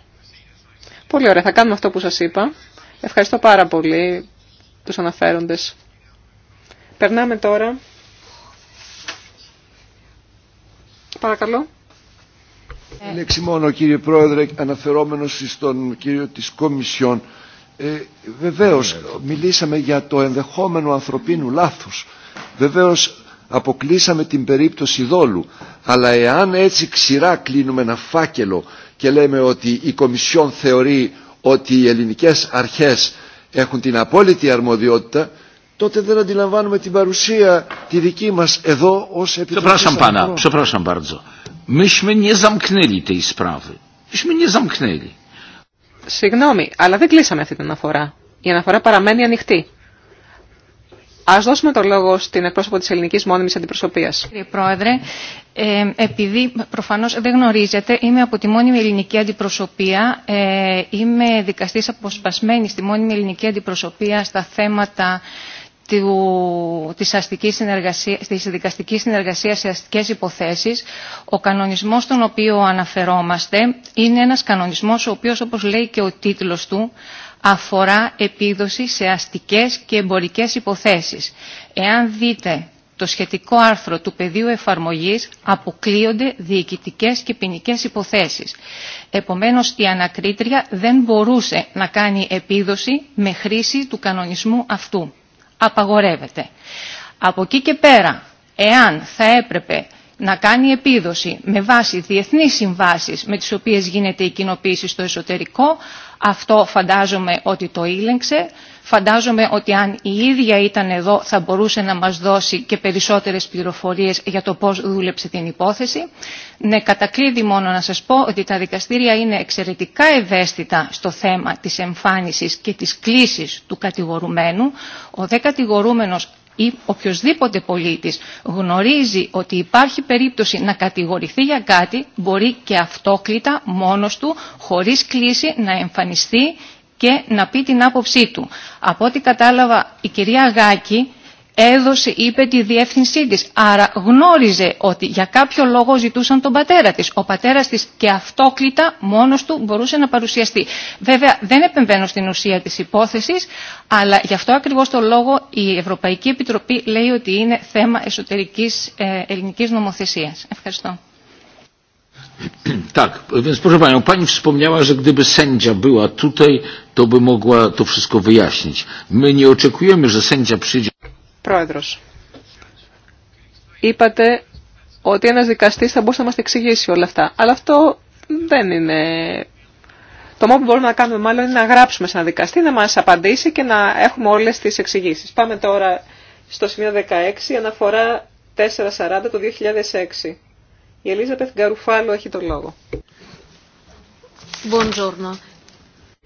Πολύ ωραία, θα κάνουμε αυτό που σας είπα. Ευχαριστώ πάρα πολύ τους αναφέροντες. Περνάμε τώρα. Παρακαλώ. Λέξη ε. μόνο κύριε Πρόεδρε, αναφερόμενος στον κύριο της Κομισιόν. Ε, βεβαίως ναι. μιλήσαμε για το ενδεχόμενο ανθρωπίνου λάθους. Βεβαίως αποκλείσαμε την περίπτωση δόλου. Αλλά εάν έτσι ξηρά κλείνουμε ένα φάκελο και λέμε ότι η Κομισιόν θεωρεί ότι οι ελληνικές αρχές έχουν την απόλυτη αρμοδιότητα, τότε δεν αντιλαμβάνουμε την παρουσία τη δική μας εδώ ως επιτροπή. Przepraszam Συγγνώμη, αλλά δεν κλείσαμε αυτή την αναφορά. Η αναφορά παραμένει ανοιχτή. Α δώσουμε το λόγο στην εκπρόσωπο τη Ελληνική Μόνιμη αντιπροσωπείας. Κύριε Πρόεδρε, ε, επειδή προφανώς δεν γνωρίζετε, είμαι από τη μόνιμη ελληνική αντιπροσωπεία. Ε, είμαι δικαστής αποσπασμένη στη μόνιμη ελληνική αντιπροσωπεία στα θέματα του, της, αστικής συνεργασίας, της δικαστικής συνεργασίας σε αστικές υποθέσεις. Ο κανονισμός στον οποίο αναφερόμαστε είναι ένας κανονισμός ο οποίος, όπως λέει και ο τίτλος του, αφορά επίδοση σε αστικές και εμπορικές υποθέσεις. Εάν δείτε το σχετικό άρθρο του πεδίου εφαρμογής αποκλείονται διοικητικές και ποινικέ υποθέσεις. Επομένως, η ανακρίτρια δεν μπορούσε να κάνει επίδοση με χρήση του κανονισμού αυτού. Απαγορεύεται. Από εκεί και πέρα, εάν θα έπρεπε να κάνει επίδοση με βάση διεθνείς συμβάσεις με τις οποίες γίνεται η κοινοποίηση στο εσωτερικό, αυτό φαντάζομαι ότι το ήλεγξε. Φαντάζομαι ότι αν η ίδια ήταν εδώ θα μπορούσε να μας δώσει και περισσότερες πληροφορίες για το πώς δούλεψε την υπόθεση. Ναι, κατακλείδη μόνο να σας πω ότι τα δικαστήρια είναι εξαιρετικά ευαίσθητα στο θέμα της εμφάνισης και της κλήσης του κατηγορουμένου. Ο δε κατηγορούμενος ή οποιοδήποτε πολίτης γνωρίζει ότι υπάρχει περίπτωση να κατηγορηθεί για κάτι, μπορεί και αυτόκλητα μόνος του, χωρίς κλίση, να εμφανιστεί και να πει την άποψή του. Από ό,τι κατάλαβα η κυρία Γάκη έδωσε, είπε τη διεύθυνσή της. Άρα γνώριζε ότι για κάποιο λόγο ζητούσαν τον πατέρα της. Ο πατέρας της και αυτόκλητα μόνος του μπορούσε να παρουσιαστεί. Βέβαια δεν επεμβαίνω στην ουσία της υπόθεσης, αλλά γι' αυτό ακριβώς το λόγο η Ευρωπαϊκή Επιτροπή λέει ότι είναι θέμα εσωτερικής ε, ελληνικής νομοθεσίας. Ευχαριστώ. Tak, więc proszę Pani wspomniała, że gdyby sędzia była tutaj, to by mogła to wszystko wyjaśnić. My nie oczekujemy, że sędzia przyjdzie. Πρόεδρος. Είπατε ότι ένας δικαστής θα μπορούσε να μας εξηγήσει όλα αυτά. Αλλά αυτό δεν είναι... Το μόνο που μπορούμε να κάνουμε μάλλον είναι να γράψουμε σε ένα δικαστή, να μας απαντήσει και να έχουμε όλες τις εξηγήσεις. Πάμε τώρα στο σημείο 16, αναφορά 440 το 2006. Η Ελίζα Πεθγκαρουφάλου έχει το λόγο.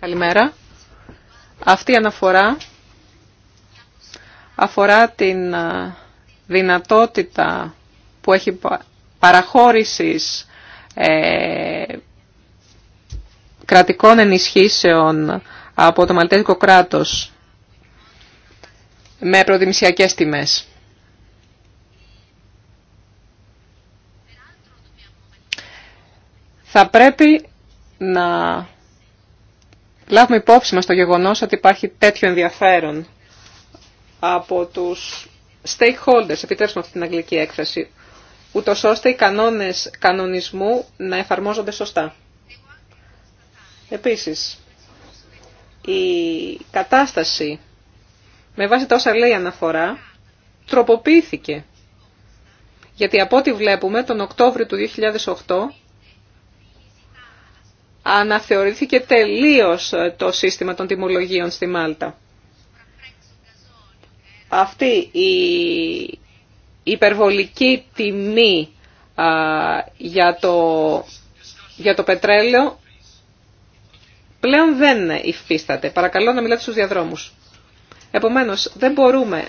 Καλημέρα. Αυτή η αναφορά αφορά την ε, δυνατότητα που έχει παραχώρησης ε, κρατικών ενισχύσεων από το Μαλτέζικο κράτος με προδημισιακές τιμές. Θα πρέπει να λάβουμε υπόψη μας το γεγονός ότι υπάρχει τέτοιο ενδιαφέρον από τους stakeholders, επιτρέψουμε αυτή την αγγλική έκφραση, ούτω ώστε οι κανόνες κανονισμού να εφαρμόζονται σωστά. Επίσης, η κατάσταση με βάση τα όσα λέει αναφορά τροποποιήθηκε. Γιατί από ό,τι βλέπουμε τον Οκτώβριο του 2008 αναθεωρήθηκε τελείως το σύστημα των τιμολογίων στη Μάλτα αυτή η υπερβολική τιμή για, το, για το πετρέλαιο πλέον δεν υφίσταται. Παρακαλώ να μιλάτε στους διαδρόμους. Επομένως, δεν μπορούμε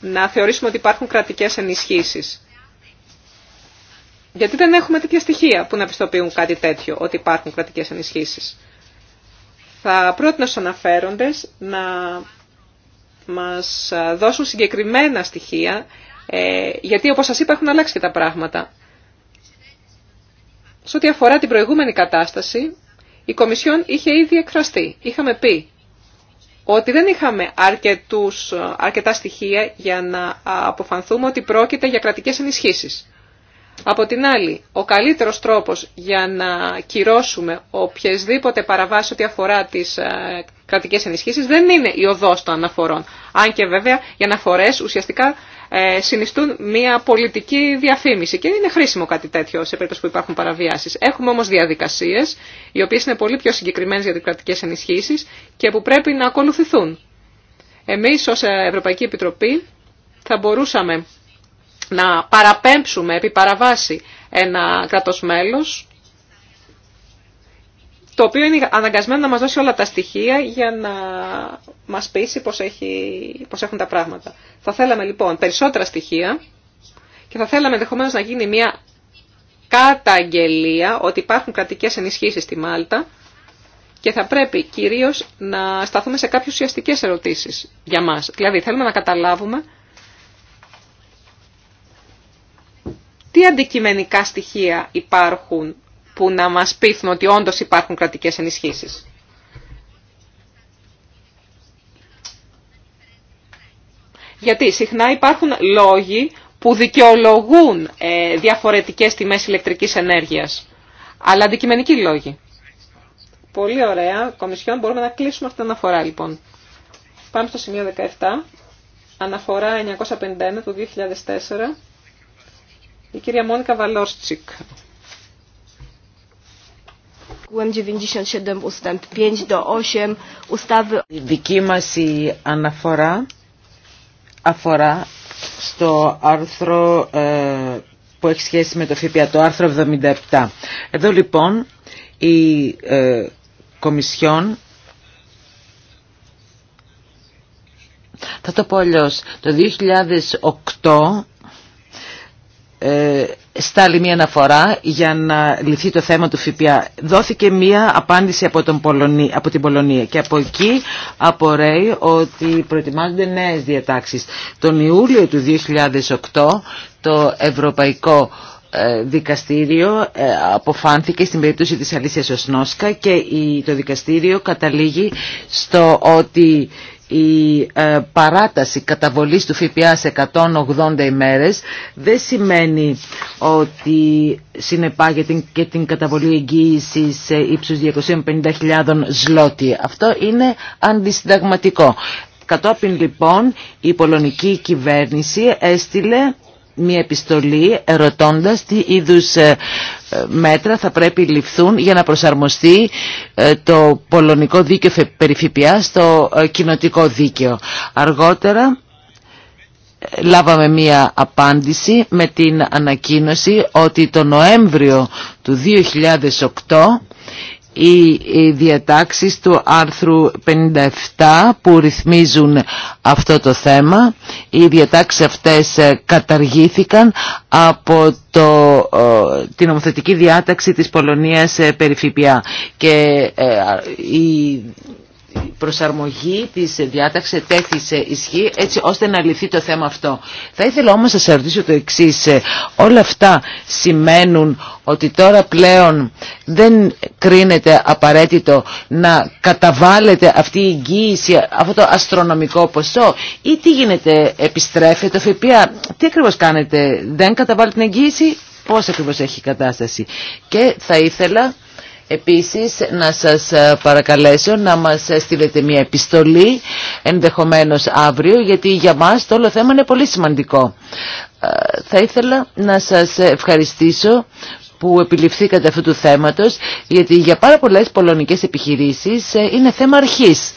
να θεωρήσουμε ότι υπάρχουν κρατικές ενισχύσεις. Γιατί δεν έχουμε τέτοια στοιχεία που να πιστοποιούν κάτι τέτοιο, ότι υπάρχουν κρατικές ενισχύσεις. Θα πρότεινα στους αναφέροντες να μας δώσουν συγκεκριμένα στοιχεία, ε, γιατί όπως σας είπα έχουν αλλάξει και τα πράγματα. Σε ό,τι αφορά την προηγούμενη κατάσταση, η Κομισιόν είχε ήδη εκφραστεί. Είχαμε πει ότι δεν είχαμε αρκετούς, αρκετά στοιχεία για να αποφανθούμε ότι πρόκειται για κρατικές ενισχύσεις. Από την άλλη, ο καλύτερος τρόπος για να κυρώσουμε οποιασδήποτε παραβάσει ό,τι αφορά τις ε, κρατικές ενισχύσεις δεν είναι η οδός των αναφορών. Αν και βέβαια οι αναφορές ουσιαστικά ε, συνιστούν μια πολιτική διαφήμιση και είναι χρήσιμο κάτι τέτοιο σε περίπτωση που υπάρχουν παραβιάσεις. Έχουμε όμως διαδικασίες οι οποίες είναι πολύ πιο συγκεκριμένες για τις κρατικές ενισχύσεις και που πρέπει να ακολουθηθούν. Εμείς ως Ευρωπαϊκή Επιτροπή θα μπορούσαμε να παραπέμψουμε επί παραβάση ένα κράτος μέλος, το οποίο είναι αναγκασμένο να μας δώσει όλα τα στοιχεία για να μας πείσει πώς, έχει, πώς έχουν τα πράγματα. Θα θέλαμε λοιπόν περισσότερα στοιχεία και θα θέλαμε ενδεχομένω να γίνει μια καταγγελία ότι υπάρχουν κρατικές ενισχύσεις στη Μάλτα και θα πρέπει κυρίως να σταθούμε σε κάποιες ουσιαστικέ ερωτήσεις για μας. Δηλαδή θέλουμε να καταλάβουμε τι αντικειμενικά στοιχεία υπάρχουν που να μας πείθουν ότι όντως υπάρχουν κρατικές ενισχύσεις. Γιατί συχνά υπάρχουν λόγοι που δικαιολογούν ε, διαφορετικές τιμές ηλεκτρικής ενέργειας. Αλλά αντικειμενικοί λόγοι. Πολύ ωραία. Κομισιόν, μπορούμε να κλείσουμε αυτή την αναφορά λοιπόν. Πάμε στο σημείο 17. Αναφορά 951 του 2004 η κυρία Μόνικα Βαλόρτσικ. Η δική μας η αναφορά αφορά στο άρθρο ε, που έχει σχέση με το ΦΠΑ, το άρθρο 77. Εδώ λοιπόν η ε, Κομισιόν θα το πω αλλιώς. Το 2008 ε, στάλει μία αναφορά για να λυθεί το θέμα του ΦΠΑ. Δόθηκε μία απάντηση από, τον από την Πολωνία και από εκεί απορρέει ότι προετοιμάζονται νέες διατάξεις. Τον Ιούλιο του 2008 το Ευρωπαϊκό ε, δικαστήριο ε, αποφάνθηκε στην περίπτωση της Αλήσιας Οσνόσκα και το δικαστήριο καταλήγει στο ότι η ε, παράταση καταβολής του ΦΠΑ σε 180 ημέρες δεν σημαίνει ότι συνεπάγεται και την καταβολή εγγύηση σε ύψους 250.000 ζλότη. Αυτό είναι αντισυνταγματικό. Κατόπιν λοιπόν η πολωνική κυβέρνηση έστειλε μια επιστολή ερωτώντας τι είδους ε, μέτρα θα πρέπει ληφθούν για να προσαρμοστεί ε, το πολωνικό δίκαιο ΦΠΑ στο ε, κοινοτικό δίκαιο. Αργότερα λάβαμε μία απάντηση με την ανακοίνωση ότι το Νοέμβριο του 2008 οι διατάξεις του άρθρου 57 που ρυθμίζουν αυτό το θέμα. Οι διατάξεις αυτές ε, καταργήθηκαν από το, ε, την νομοθετική διάταξη της Πολωνίας ε, περί ΦΠΑ. Και προσαρμογή της διάταξης τέθησε σε ισχύ έτσι ώστε να λυθεί το θέμα αυτό. Θα ήθελα όμως να σας ρωτήσω το εξής. Όλα αυτά σημαίνουν ότι τώρα πλέον δεν κρίνεται απαραίτητο να καταβάλλεται αυτή η εγγύηση, αυτό το αστρονομικό ποσό ή τι γίνεται, επιστρέφεται, φυπία, τι ακριβώς κάνετε, δεν καταβάλλει την εγγύηση, πώς ακριβώς έχει η τι γινεται επιστρεφεται ΦΠΑ. τι ακριβως κανετε δεν καταβαλλει την εγγυηση πως ακριβως εχει η κατασταση Και θα ήθελα Επίσης να σας ε, παρακαλέσω να μας στείλετε μια επιστολή ενδεχομένως αύριο γιατί για μας το όλο θέμα είναι πολύ σημαντικό. Ε, θα ήθελα να σας ευχαριστήσω που επιληφθήκατε αυτού του θέματος γιατί για πάρα πολλές πολωνικές επιχειρήσεις ε, είναι θέμα αρχής.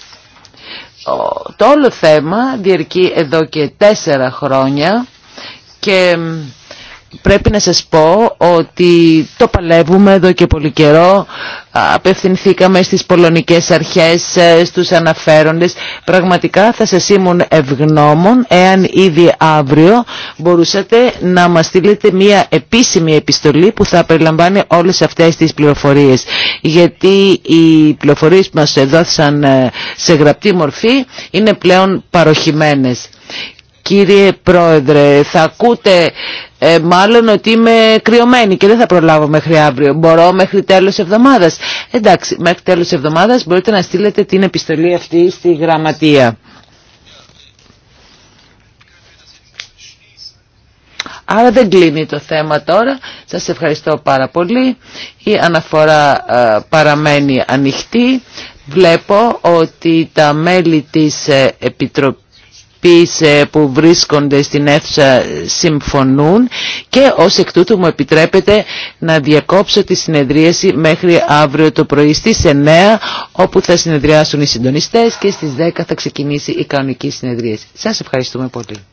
Το όλο θέμα διαρκεί εδώ και τέσσερα χρόνια και πρέπει να σας πω ότι το παλεύουμε εδώ και πολύ καιρό. Απευθυνθήκαμε στις πολωνικές αρχές, ε, στους αναφέροντες. Πραγματικά θα σας ήμουν ευγνώμων εάν ήδη αύριο μπορούσατε να μας στείλετε μία επίσημη επιστολή που θα περιλαμβάνει όλες αυτές τις πληροφορίες. Γιατί οι πληροφορίες που μας δόθησαν ε, σε γραπτή μορφή είναι πλέον παροχημένες κύριε Πρόεδρε. Θα ακούτε ε, μάλλον ότι είμαι κρυωμένη και δεν θα προλάβω μέχρι αύριο. Μπορώ μέχρι τέλος εβδομάδας. Εντάξει, μέχρι τέλος εβδομάδας μπορείτε να στείλετε την επιστολή αυτή στη γραμματεία. Άρα δεν κλείνει το θέμα τώρα. Σας ευχαριστώ πάρα πολύ. Η αναφορά ε, παραμένει ανοιχτή. Βλέπω ότι τα μέλη της ε, Επιτροπής ε, που βρίσκονται στην αίθουσα συμφωνούν και ως εκ τούτου μου επιτρέπεται να διακόψω τη συνεδρίαση μέχρι αύριο το πρωί στις 9 όπου θα συνεδριάσουν οι συντονιστές και στις 10 θα ξεκινήσει η κανονική συνεδρίαση. Σας ευχαριστούμε πολύ.